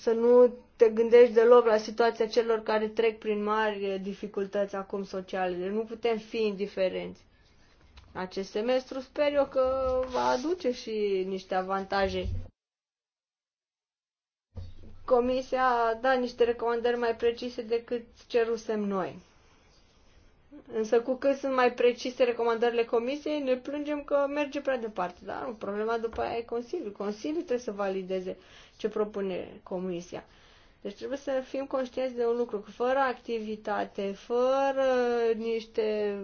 să nu te gândești deloc la situația celor care trec prin mari uh, dificultăți acum sociale. Deci nu putem fi indiferenți acest semestru sper eu că va aduce și niște avantaje. Comisia a dat niște recomandări mai precise decât cerusem noi. Însă cu cât sunt mai precise recomandările comisiei, ne plângem că merge prea departe. Dar nu, problema după aia e Consiliul. Consiliul trebuie să valideze ce propune comisia. Deci trebuie să fim conștienți de un lucru, că fără activitate, fără niște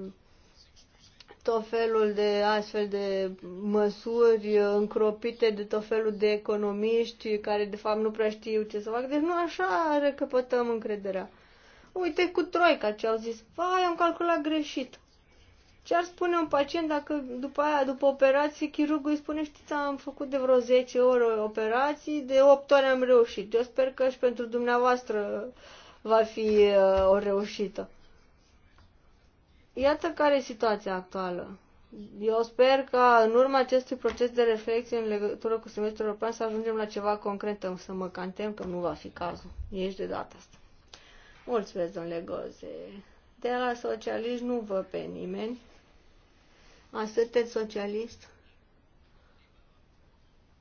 tot felul de astfel de măsuri încropite de tot felul de economiști care de fapt nu prea știu ce să fac Deci nu așa recăpătăm încrederea. Uite cu Troica ce au zis, vai, am calculat greșit. Ce ar spune un pacient dacă după aia, după operație, chirurgul îi spune, știți, am făcut de vreo 10 ore operații, de 8 ore am reușit. Eu sper că și pentru dumneavoastră va fi uh, o reușită. Iată care e situația actuală. Eu sper că în urma acestui proces de reflexie în legătură cu semestrul european să ajungem la ceva concret, să mă cantem că nu va fi cazul. Ești de data asta. Mulțumesc, domnule Goze. De la socialist nu vă pe nimeni. A, sunteți socialist?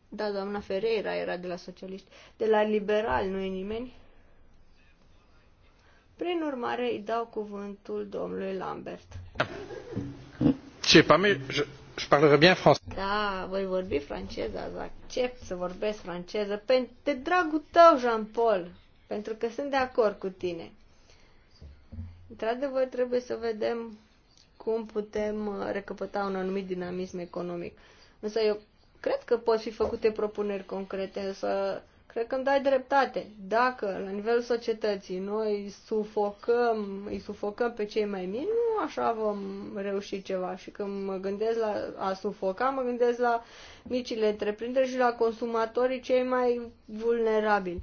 Da, doamna Ferreira era de la socialiști. De la liberal nu e nimeni? Prin urmare, îi dau cuvântul domnului Lambert. Ce, pas mieux, je, je parlerai bien français. Da, voi vorbi franceză, azi accept să vorbesc franceză, pentru dragul tău, Jean-Paul, pentru că sunt de acord cu tine. Într-adevăr, trebuie să vedem cum putem uh, recăpăta un anumit dinamism economic. Însă eu cred că pot fi făcute propuneri concrete, însă cred că îmi dai dreptate. Dacă la nivelul societății noi sufocăm, îi sufocăm pe cei mai mici, nu așa vom reuși ceva. Și când mă gândesc la a sufoca, mă gândesc la micile întreprinderi și la consumatorii cei mai vulnerabili.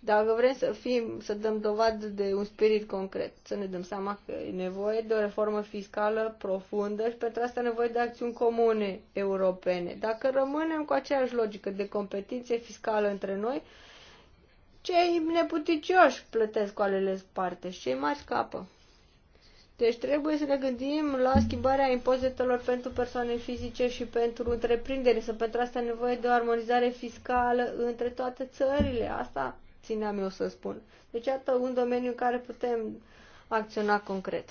Dacă vrem să fim, să dăm dovadă de un spirit concret, să ne dăm seama că e nevoie de o reformă fiscală profundă și pentru asta nevoie de acțiuni comune europene. Dacă rămânem cu aceeași logică de competiție fiscală între noi, cei neputicioși plătesc alele sparte și cei mari scapă. Deci trebuie să ne gândim la schimbarea impozitelor pentru persoane fizice și pentru întreprinderi, să pentru asta nevoie de o armonizare fiscală între toate țările. Asta țineam eu să spun. Deci, iată un domeniu în care putem acționa concret.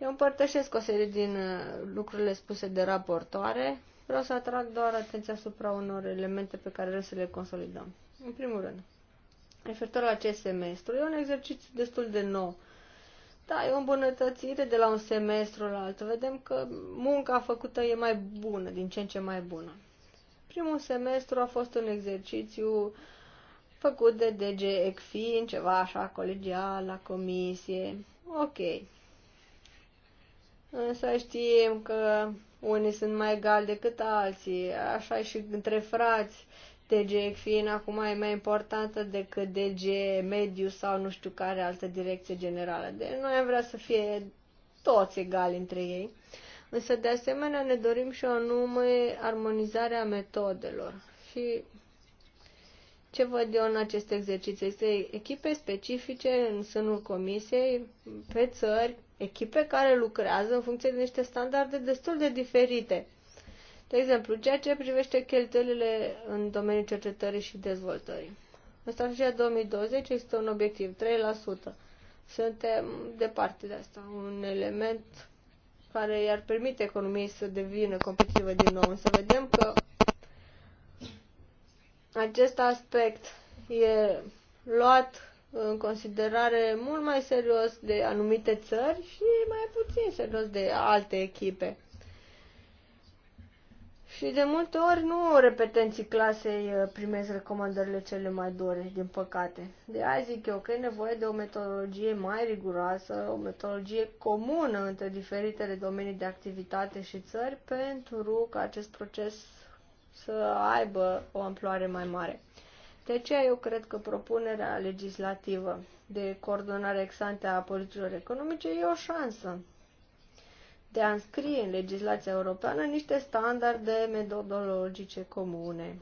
Eu împărtășesc o serie din uh, lucrurile spuse de raportoare. Vreau să atrag doar atenția asupra unor elemente pe care vreau să le consolidăm. În primul rând, referitor la acest semestru, e un exercițiu destul de nou. Da, e o îmbunătățire de la un semestru la altul. Vedem că munca făcută e mai bună, din ce în ce mai bună. Primul semestru a fost un exercițiu uh, făcut de DG ECFIN, ceva așa colegial la comisie. Ok. Însă știm că unii sunt mai egali decât alții, așa și între frați. DG ECFIN acum e mai importantă decât DG Mediu sau nu știu care altă direcție generală. Deci noi am vrea să fie toți egali între ei. Însă, de asemenea, ne dorim și o anume armonizarea metodelor. Și ce văd eu în acest exercițiu? Este echipe specifice în sânul comisiei, pe țări, echipe care lucrează în funcție de niște standarde destul de diferite. De exemplu, ceea ce privește cheltuielile în domeniul cercetării și dezvoltării. În strategia 2020 există un obiectiv, 3%. Suntem departe de asta, un element care i-ar permite economiei să devină competitivă din nou. Să vedem că acest aspect e luat în considerare mult mai serios de anumite țări și mai puțin serios de alte echipe. Și de multe ori nu repetenții clasei uh, primesc recomandările cele mai dure, din păcate. De aia zic eu că e nevoie de o metodologie mai riguroasă, o metodologie comună între diferitele domenii de activitate și țări pentru ca acest proces să aibă o amploare mai mare. De aceea eu cred că propunerea legislativă de coordonare exante a politicilor economice e o șansă de a înscrie în legislația europeană niște standarde metodologice comune.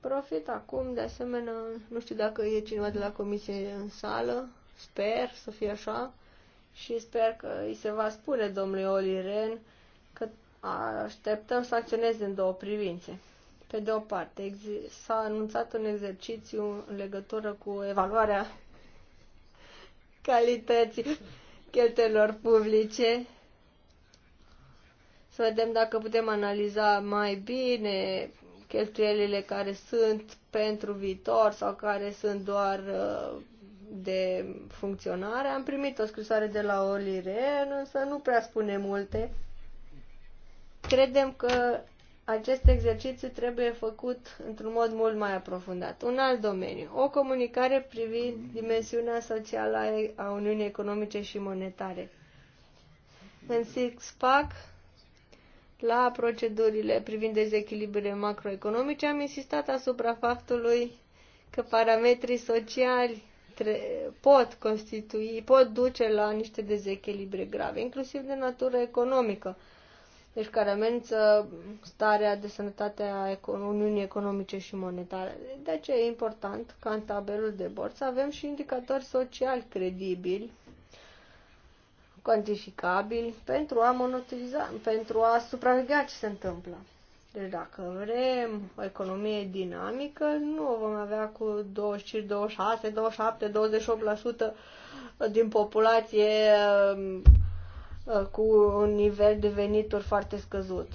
Profit acum, de asemenea, nu știu dacă e cineva de la comisie în sală, sper să fie așa și sper că îi se va spune domnului Oli Ren așteptăm să acționeze în două privințe. Pe de o parte, s-a anunțat un exercițiu în legătură cu evaluarea calității cheltuielor publice. Să vedem dacă putem analiza mai bine cheltuielile care sunt pentru viitor sau care sunt doar uh, de funcționare. Am primit o scrisoare de la Oli Ren, însă nu prea spune multe Credem că acest exercițiu trebuie făcut într-un mod mult mai aprofundat. Un alt domeniu, o comunicare privind dimensiunea socială a Uniunii Economice și Monetare. În six-pack, la procedurile privind dezechilibrele macroeconomice, am insistat asupra faptului că parametrii sociali pot constitui, pot duce la niște dezechilibre grave, inclusiv de natură economică deci care amenință starea de sănătate a Uniunii Economice și Monetare. De aceea e important ca în tabelul de bord să avem și indicatori sociali credibili, cuantificabili, pentru a monitoriza, pentru a supraveghea ce se întâmplă. Deci dacă vrem o economie dinamică, nu o vom avea cu 25, 26, 27, 28% din populație Uh, cu un nivel de venituri foarte scăzut.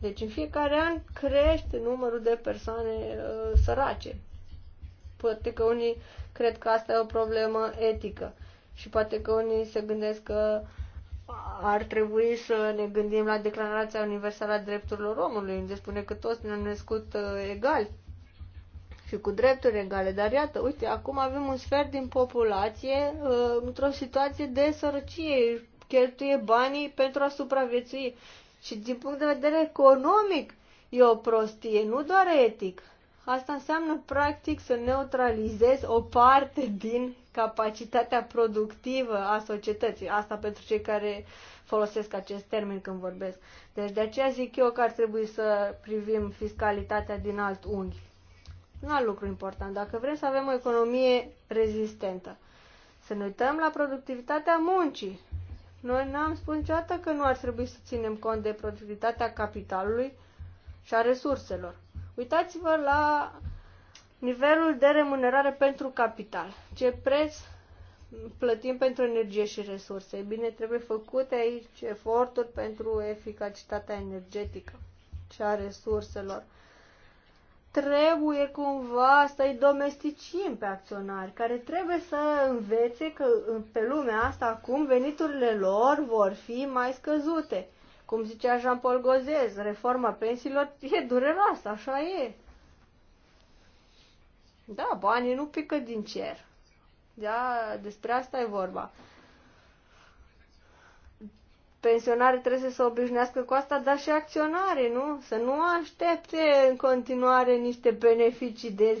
Deci în fiecare an crește numărul de persoane uh, sărace. Poate că unii cred că asta e o problemă etică și poate că unii se gândesc că ar trebui să ne gândim la Declarația Universală a Drepturilor Omului, unde spune că toți ne-am născut uh, egali și cu drepturi egale. Dar iată, uite, acum avem un sfert din populație uh, într-o situație de sărăcie cheltuie banii pentru a supraviețui. Și din punct de vedere economic e o prostie, nu doar etic. Asta înseamnă practic să neutralizezi o parte din capacitatea productivă a societății. Asta pentru cei care folosesc acest termen când vorbesc. Deci de aceea zic eu că ar trebui să privim fiscalitatea din alt unghi. Un alt lucru important, dacă vrem să avem o economie rezistentă, să ne uităm la productivitatea muncii. Noi n-am spus niciodată că nu ar trebui să ținem cont de productivitatea capitalului și a resurselor. Uitați-vă la nivelul de remunerare pentru capital. Ce preț plătim pentru energie și resurse? E bine, trebuie făcute aici eforturi pentru eficacitatea energetică și a resurselor trebuie cumva să-i domesticim pe acționari, care trebuie să învețe că pe lumea asta acum veniturile lor vor fi mai scăzute. Cum zicea Jean-Paul Gozez, reforma pensiilor e dureroasă, așa e. Da, banii nu pică din cer. Da, despre asta e vorba pensionare trebuie să se obișnuiască cu asta, dar și acționare, nu? Să nu aștepte în continuare niște beneficii de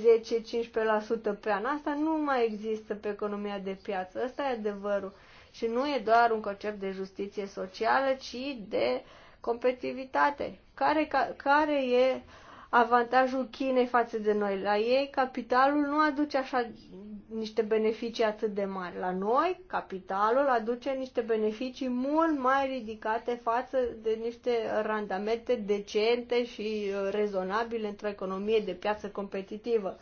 10-15% pe an. Asta nu mai există pe economia de piață. Asta e adevărul. Și nu e doar un concept de justiție socială, ci de competitivitate. Care, ca, care e uh, avantajul Chinei față de noi. La ei, capitalul nu aduce așa niște beneficii atât de mari. La noi, capitalul aduce niște beneficii mult mai ridicate față de niște randamente decente și uh, rezonabile într-o economie de piață competitivă.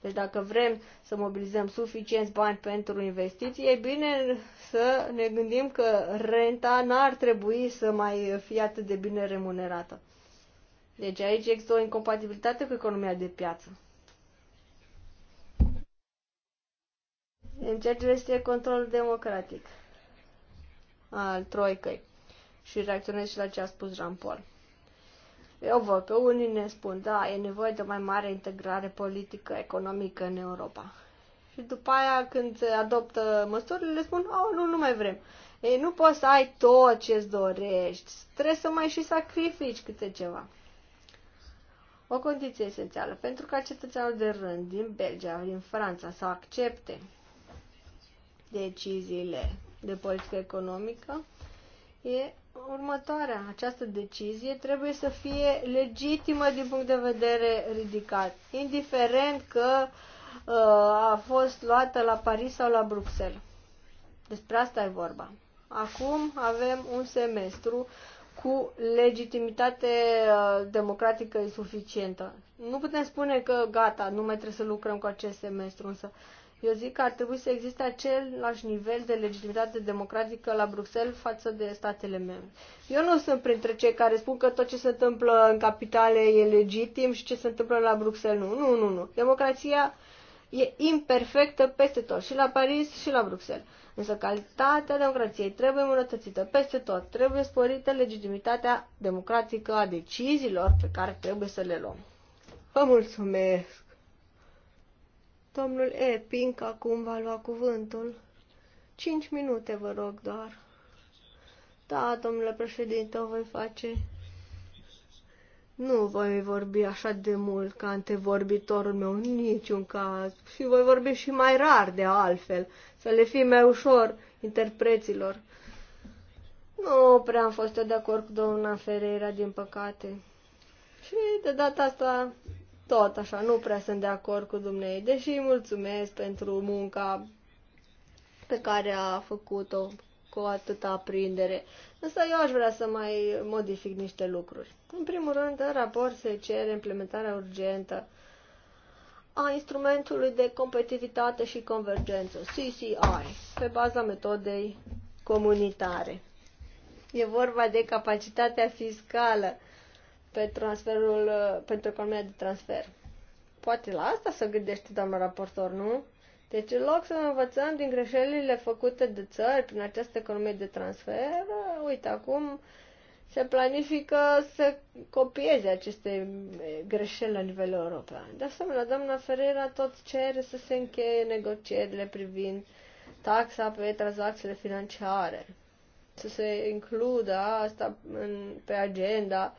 Deci dacă vrem să mobilizăm suficienți bani pentru investiții, e bine să ne gândim că renta n-ar trebui să mai fie atât de bine remunerată. Deci aici există o incompatibilitate cu economia de piață. În ceea ce este controlul democratic al troicăi. Și reacționez și la ce a spus Jean Paul. Eu văd că unii ne spun, da, e nevoie de o mai mare integrare politică, economică în Europa. Și după aia, când se adoptă măsurile, le spun, oh, nu, nu mai vrem. Ei, nu poți să ai tot ce-ți dorești. Trebuie să mai și sacrifici câte ceva. O condiție esențială pentru ca cetățeanul de rând din Belgia, din Franța să accepte deciziile de politică economică e următoarea. Această decizie trebuie să fie legitimă din punct de vedere ridicat, indiferent că uh, a fost luată la Paris sau la Bruxelles. Despre asta e vorba. Acum avem un semestru cu legitimitate uh, democratică suficientă. Nu putem spune că gata, nu mai trebuie să lucrăm cu acest semestru, însă eu zic că ar trebui să existe același nivel de legitimitate democratică la Bruxelles față de statele membre. Eu nu sunt printre cei care spun că tot ce se întâmplă în capitale e legitim și ce se întâmplă la Bruxelles nu. Nu, nu, nu. Democrația e imperfectă peste tot, și la Paris și la Bruxelles. Însă calitatea democrației trebuie îmbunătățită peste tot. Trebuie sporită legitimitatea democratică a deciziilor pe care trebuie să le luăm. Vă mulțumesc! Domnul E. Pink acum va lua cuvântul. Cinci minute, vă rog doar. Da, domnule președinte, o voi face. Nu voi vorbi așa de mult ca antevorbitorul meu, niciun caz. Și voi vorbi și mai rar de altfel, să le fie mai ușor interpreților. Nu prea am fost de acord cu doamna Ferreira, din păcate. Și de data asta, tot așa, nu prea sunt de acord cu dumnei, deși îi mulțumesc pentru munca pe care a făcut-o cu atâta aprindere. Însă eu aș vrea să mai modific niște lucruri. În primul rând, în raport se cere implementarea urgentă a instrumentului de competitivitate și convergență, CCI, pe baza metodei comunitare. E vorba de capacitatea fiscală pe transferul, uh, pentru economia de transfer. Poate la asta să gândește doamna raportor, nu? Deci, în loc să învățăm din greșelile făcute de țări prin această economie de transfer, uh, uite, acum uh, se planifică să copieze aceste greșeli la nivel european. De asemenea, doamna Ferreira tot cere să se încheie negocierile privind taxa pe tranzacțiile financiare, să se includă asta în, pe agenda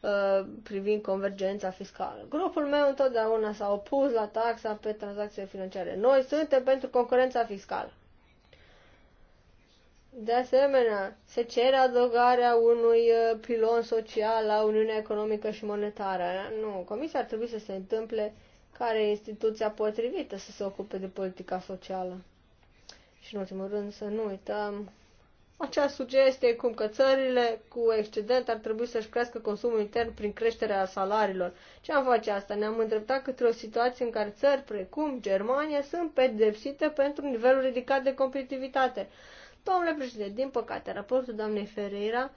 uh, privind convergența fiscală. Grupul meu întotdeauna s-a opus la taxa pe tranzacțiile financiare. Noi suntem pentru concurența fiscală. De asemenea, se cere adăugarea unui uh, pilon social la Uniunea Economică și Monetară. Nu, Comisia ar trebui să se întâmple care e instituția potrivită să se ocupe de politica socială. Și în ultimul rând să nu uităm acea sugestie cum că țările cu excedent ar trebui să-și crească consumul intern prin creșterea salariilor. Ce am face asta? Ne-am îndreptat către o situație în care țări precum Germania sunt pedepsite pentru un nivel ridicat de competitivitate. Domnule președinte, din păcate, raportul doamnei Ferreira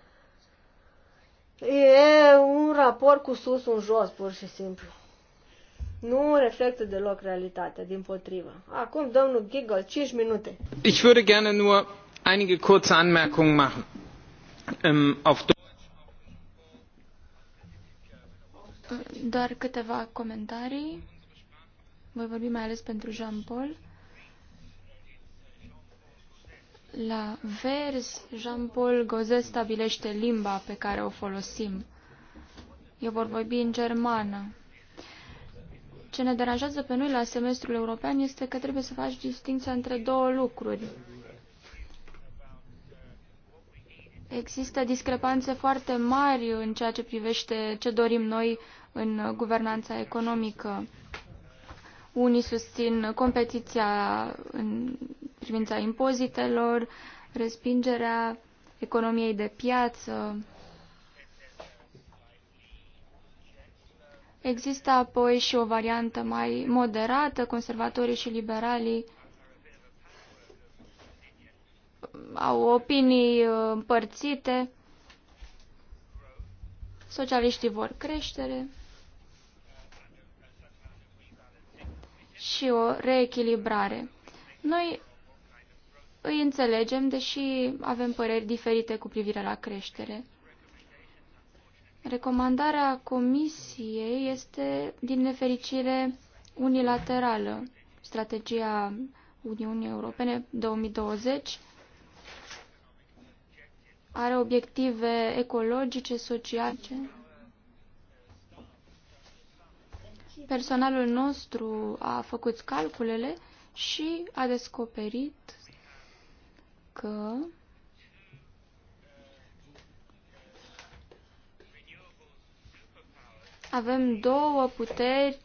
e un raport cu sus, un jos, pur și simplu. Nu reflectă deloc realitatea, din potrivă. Acum, domnul Giggle, 5 minute. Ich würde gerne nur einige kurze Anmerkungen machen. Um, auf Doar câteva comentarii. Voi vorbi mai ales pentru Jean-Paul. La vers, Jean-Paul Gozet stabilește limba pe care o folosim. Eu vor vorbi în germană. Ce ne deranjează pe noi la semestrul european este că trebuie să faci distinția între două lucruri. Există discrepanțe foarte mari în ceea ce privește ce dorim noi în guvernanța economică unii susțin competiția în privința impozitelor, respingerea economiei de piață. Există apoi și o variantă mai moderată, conservatorii și liberalii au opinii uh, împărțite, socialiștii vor creștere. și o reechilibrare. Noi îi înțelegem, deși avem păreri diferite cu privire la creștere. Recomandarea Comisiei este, din nefericire, unilaterală. Strategia Uniunii Europene 2020 are obiective ecologice, sociale Personalul nostru a făcut calculele și a descoperit că avem două puteri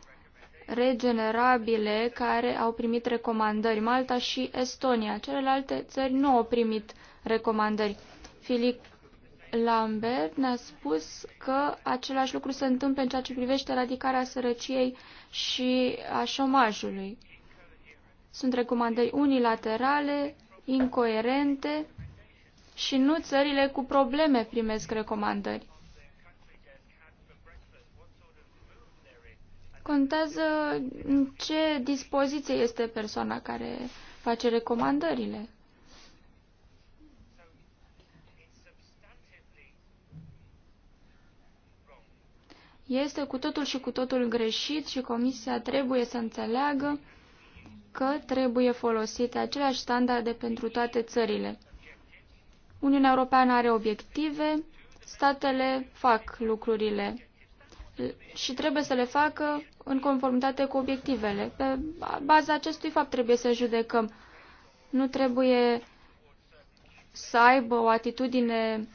regenerabile care au primit recomandări, Malta și Estonia. Celelalte țări nu au primit recomandări. Filip Lambert ne-a spus că același lucru se întâmplă în ceea ce privește eradicarea sărăciei și a șomajului. Sunt recomandări unilaterale, incoerente și nu țările cu probleme primesc recomandări. Contează în ce dispoziție este persoana care face recomandările. este cu totul și cu totul greșit și Comisia trebuie să înțeleagă că trebuie folosite aceleași standarde pentru toate țările. Uniunea Europeană are obiective, statele fac lucrurile și trebuie să le facă în conformitate cu obiectivele. Pe baza acestui fapt trebuie să judecăm. Nu trebuie să aibă o atitudine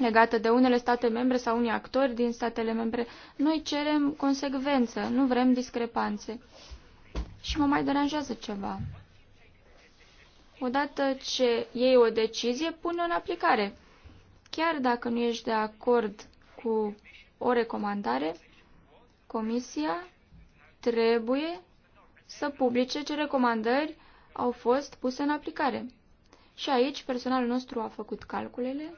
legată de unele state membre sau unii actori din statele membre. Noi cerem consecvență, nu vrem discrepanțe. Și mă mai deranjează ceva. Odată ce iei o decizie, pune-o în aplicare. Chiar dacă nu ești de acord cu o recomandare, Comisia trebuie să publice ce recomandări au fost puse în aplicare. Și aici personalul nostru a făcut calculele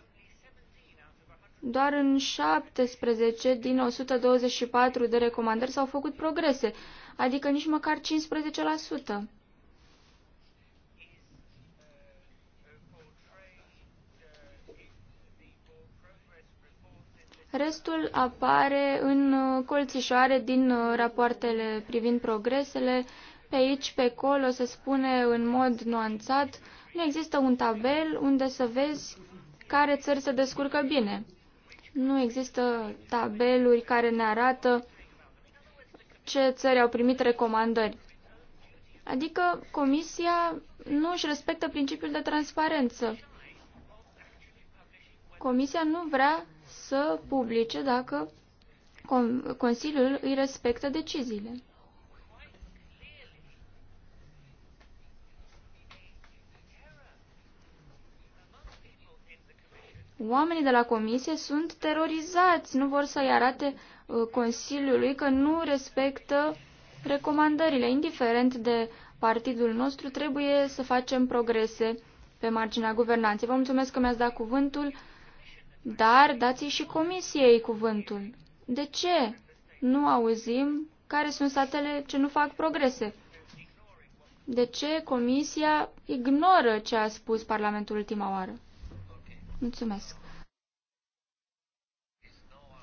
doar în 17 din 124 de recomandări s-au făcut progrese, adică nici măcar 15%. Restul apare în uh, colțișoare din uh, rapoartele privind progresele. Pe aici, pe acolo, se spune în mod nuanțat, nu există un tabel unde să vezi care țări se descurcă bine. Nu există tabeluri care ne arată ce țări au primit recomandări. Adică Comisia nu își respectă principiul de transparență. Comisia nu vrea să publice dacă Consiliul îi respectă deciziile. Oamenii de la comisie sunt terorizați, nu vor să-i arate uh, Consiliului că nu respectă recomandările. Indiferent de partidul nostru, trebuie să facem progrese pe marginea guvernanței. Vă mulțumesc că mi-ați dat cuvântul, dar dați și comisiei cuvântul. De ce nu auzim care sunt statele ce nu fac progrese? De ce comisia ignoră ce a spus Parlamentul ultima oară? Mulțumesc.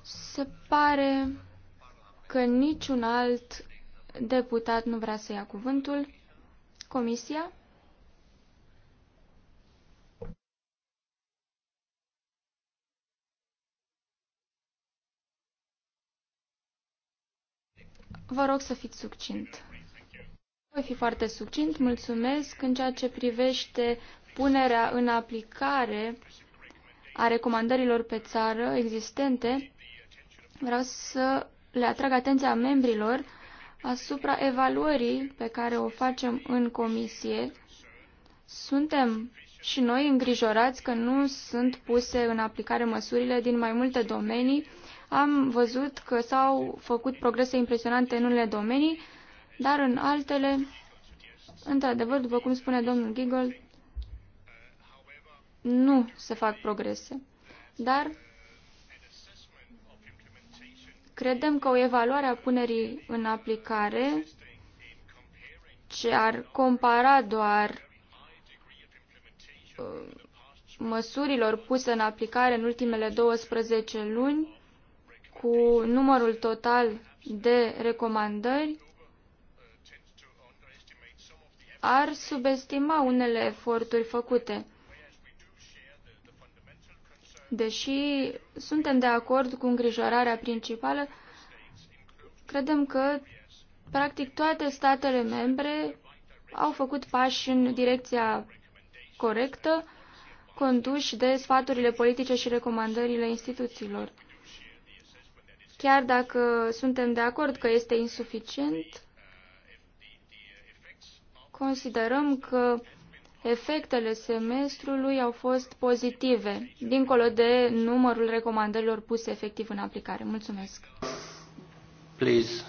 Se pare că niciun alt deputat nu vrea să ia cuvântul. Comisia? Vă rog să fiți succint. Voi fi foarte succint. Mulțumesc în ceea ce privește punerea în aplicare a recomandărilor pe țară existente, vreau să le atrag atenția membrilor asupra evaluării pe care o facem în comisie. Suntem și noi îngrijorați că nu sunt puse în aplicare măsurile din mai multe domenii. Am văzut că s-au făcut progrese impresionante în unele domenii, dar în altele, într-adevăr, după cum spune domnul Giggle, nu se fac progrese, dar credem că o evaluare a punerii în aplicare ce ar compara doar uh, măsurilor puse în aplicare în ultimele 12 luni cu numărul total de recomandări ar subestima unele eforturi făcute. Deși suntem de acord cu îngrijorarea principală, credem că practic toate statele membre au făcut pași în direcția corectă, conduși de sfaturile politice și recomandările instituțiilor. Chiar dacă suntem de acord că este insuficient, considerăm că efectele semestrului au fost pozitive, dincolo de numărul recomandărilor puse efectiv în aplicare. Mulțumesc. Please.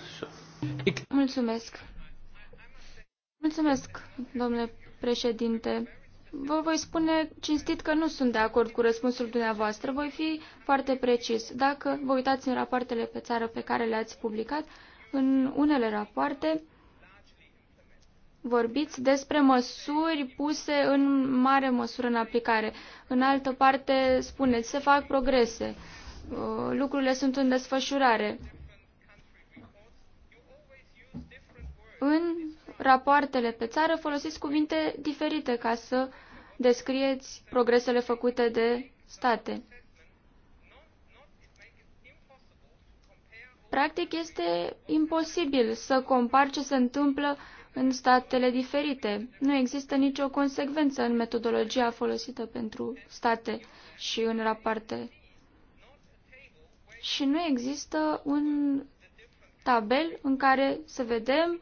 Mulțumesc. Mulțumesc, domnule președinte. Vă voi spune cinstit că nu sunt de acord cu răspunsul dumneavoastră. Voi fi foarte precis. Dacă vă uitați în rapoartele pe țară pe care le-ați publicat, în unele rapoarte vorbiți despre măsuri puse în mare măsură în aplicare. În altă parte, spuneți, se fac progrese, uh, lucrurile sunt în desfășurare. În rapoartele pe țară folosiți cuvinte diferite ca să descrieți progresele făcute de state. Practic este imposibil să compar ce se întâmplă în statele diferite. Nu există nicio consecvență în metodologia folosită pentru state și în rapoarte. Și nu există un tabel în care să vedem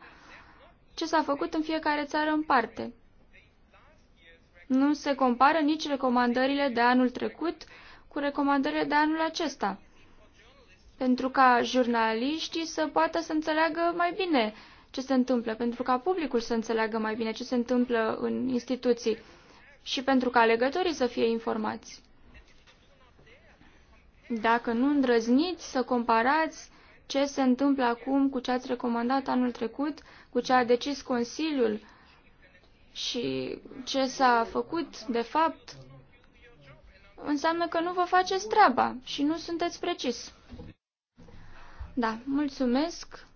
ce s-a făcut în fiecare țară în parte. Nu se compară nici recomandările de anul trecut cu recomandările de anul acesta pentru ca jurnaliștii să poată să înțeleagă mai bine ce se întâmplă, pentru ca publicul să înțeleagă mai bine ce se întâmplă în instituții și pentru ca alegătorii să fie informați. Dacă nu îndrăzniți să comparați ce se întâmplă acum cu ce ați recomandat anul trecut, cu ce a decis Consiliul și ce s-a făcut de fapt, înseamnă că nu vă faceți treaba și nu sunteți precis. Da, mulțumesc.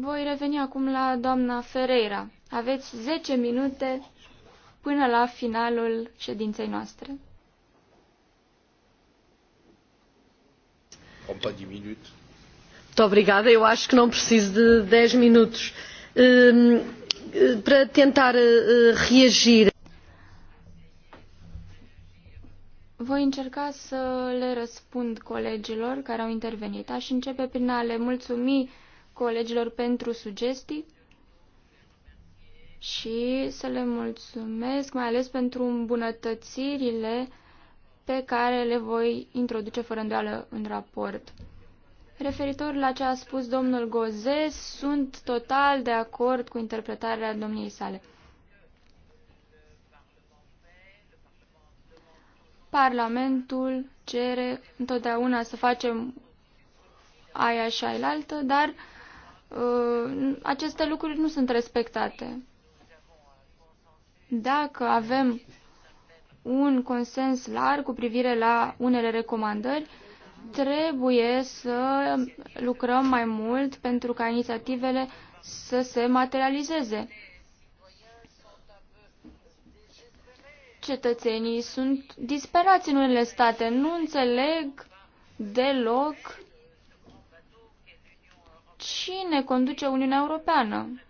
Voi reveni acum la doamna Ferreira. Aveți 10 minute până la finalul ședinței noastre. Opa, 10 minute. Muito obrigada. Eu acho que não preciso de 10 minutos para tentar eh, reagir. Voi încerca să le răspund colegilor care au intervenit. Aș începe prin a le mulțumi colegilor pentru sugestii și să le mulțumesc, mai ales pentru îmbunătățirile pe care le voi introduce fără îndoială în raport. Referitor la ce a spus domnul Gozes, sunt total de acord cu interpretarea domniei sale. Parlamentul cere întotdeauna să facem aia și aia altă, dar uh, Uh, aceste lucruri nu sunt respectate. Dacă avem un consens larg cu privire la unele recomandări, trebuie să lucrăm mai mult pentru ca inițiativele să se materializeze. Cetățenii sunt disperați în unele state, nu înțeleg deloc cine conduce Uniunea Europeană.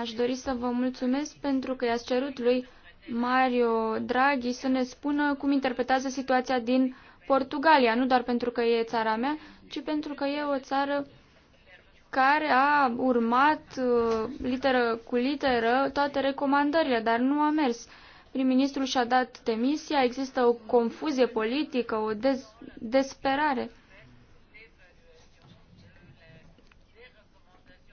Aș dori să vă mulțumesc pentru că i-ați cerut lui Mario Draghi să ne spună cum interpretează situația din Portugalia, nu doar pentru că e țara mea, ci pentru că e o țară care a urmat uh, literă cu literă toate recomandările, dar nu a mers. Prim-ministrul și-a dat demisia, există o confuzie politică, o dez- desperare.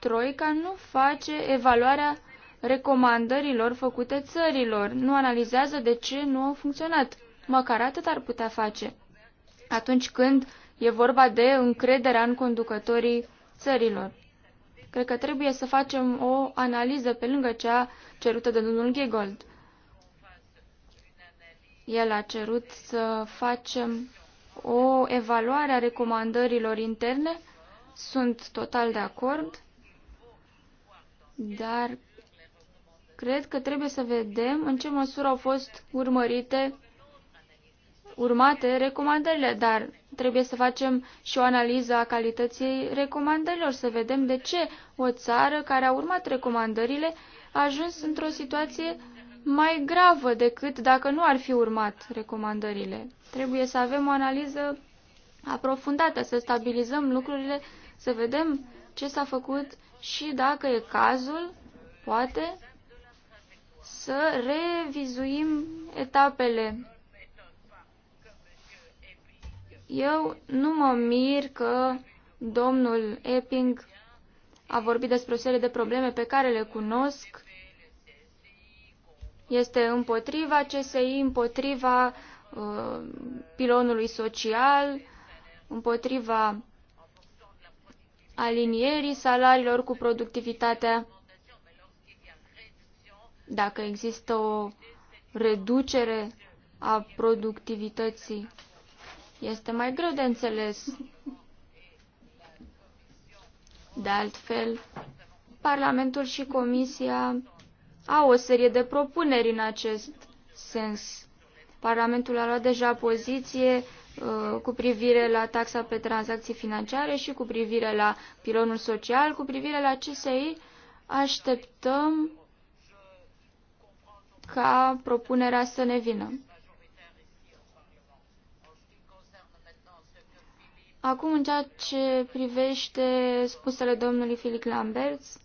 Troica nu face evaluarea recomandărilor făcute țărilor, nu analizează de ce nu au funcționat. Măcar atât ar putea face. Atunci când e vorba de încrederea în conducătorii țărilor. Cred că trebuie să facem o analiză pe lângă cea cerută de domnul Giegold. El a cerut să facem o evaluare a recomandărilor interne. Sunt total de acord dar cred că trebuie să vedem în ce măsură au fost urmărite, urmate recomandările, dar trebuie să facem și o analiză a calității recomandărilor, să vedem de ce o țară care a urmat recomandările a ajuns într-o situație mai gravă decât dacă nu ar fi urmat recomandările. Trebuie să avem o analiză aprofundată, să stabilizăm lucrurile, să vedem ce s-a făcut și, dacă e cazul, poate să revizuim etapele. Eu nu mă mir că domnul Epping a vorbit despre o serie de probleme pe care le cunosc. Este împotriva CSI, împotriva uh, pilonului social, împotriva alinierii salariilor cu productivitatea. Dacă există o reducere a productivității, este mai greu de înțeles. De altfel, Parlamentul și Comisia au o serie de propuneri în acest sens. Parlamentul a luat deja poziție Uh, cu privire la taxa pe tranzacții financiare și cu privire la pilonul social. Cu privire la CSI, așteptăm ca propunerea să ne vină. Acum, în ceea ce privește spusele domnului Filic Lamberts,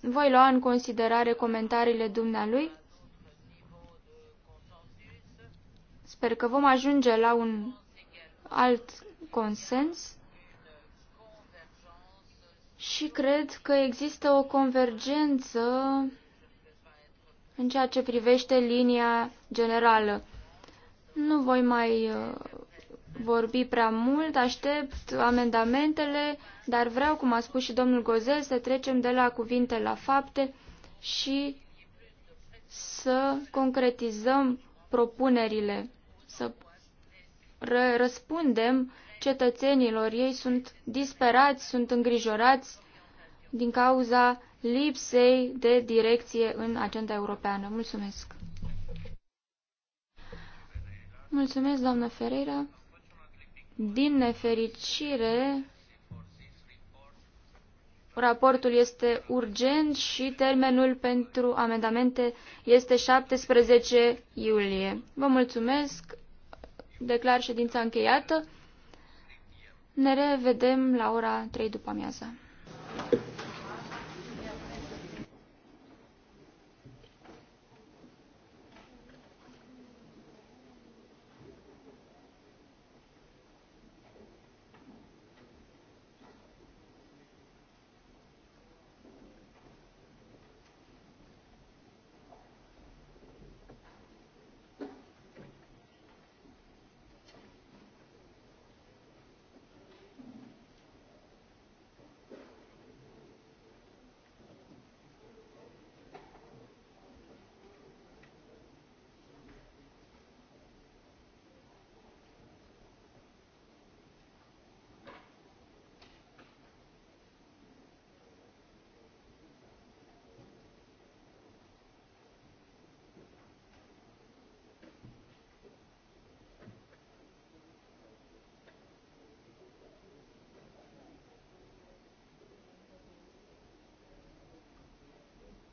voi lua în considerare comentariile dumnealui Sper că vom ajunge la un alt consens și cred că există o convergență în ceea ce privește linia generală. Nu voi mai uh, vorbi prea mult, aștept amendamentele, dar vreau, cum a spus și domnul Gozel, să trecem de la cuvinte la fapte și să concretizăm propunerile să răspundem cetățenilor. Ei sunt disperați, sunt îngrijorați din cauza lipsei de direcție în agenda europeană. Mulțumesc! Mulțumesc, doamnă Ferreira. Din nefericire, raportul este urgent și termenul pentru amendamente este 17 iulie. Vă mulțumesc! Declar ședința încheiată. Ne revedem la ora 3 după amiază.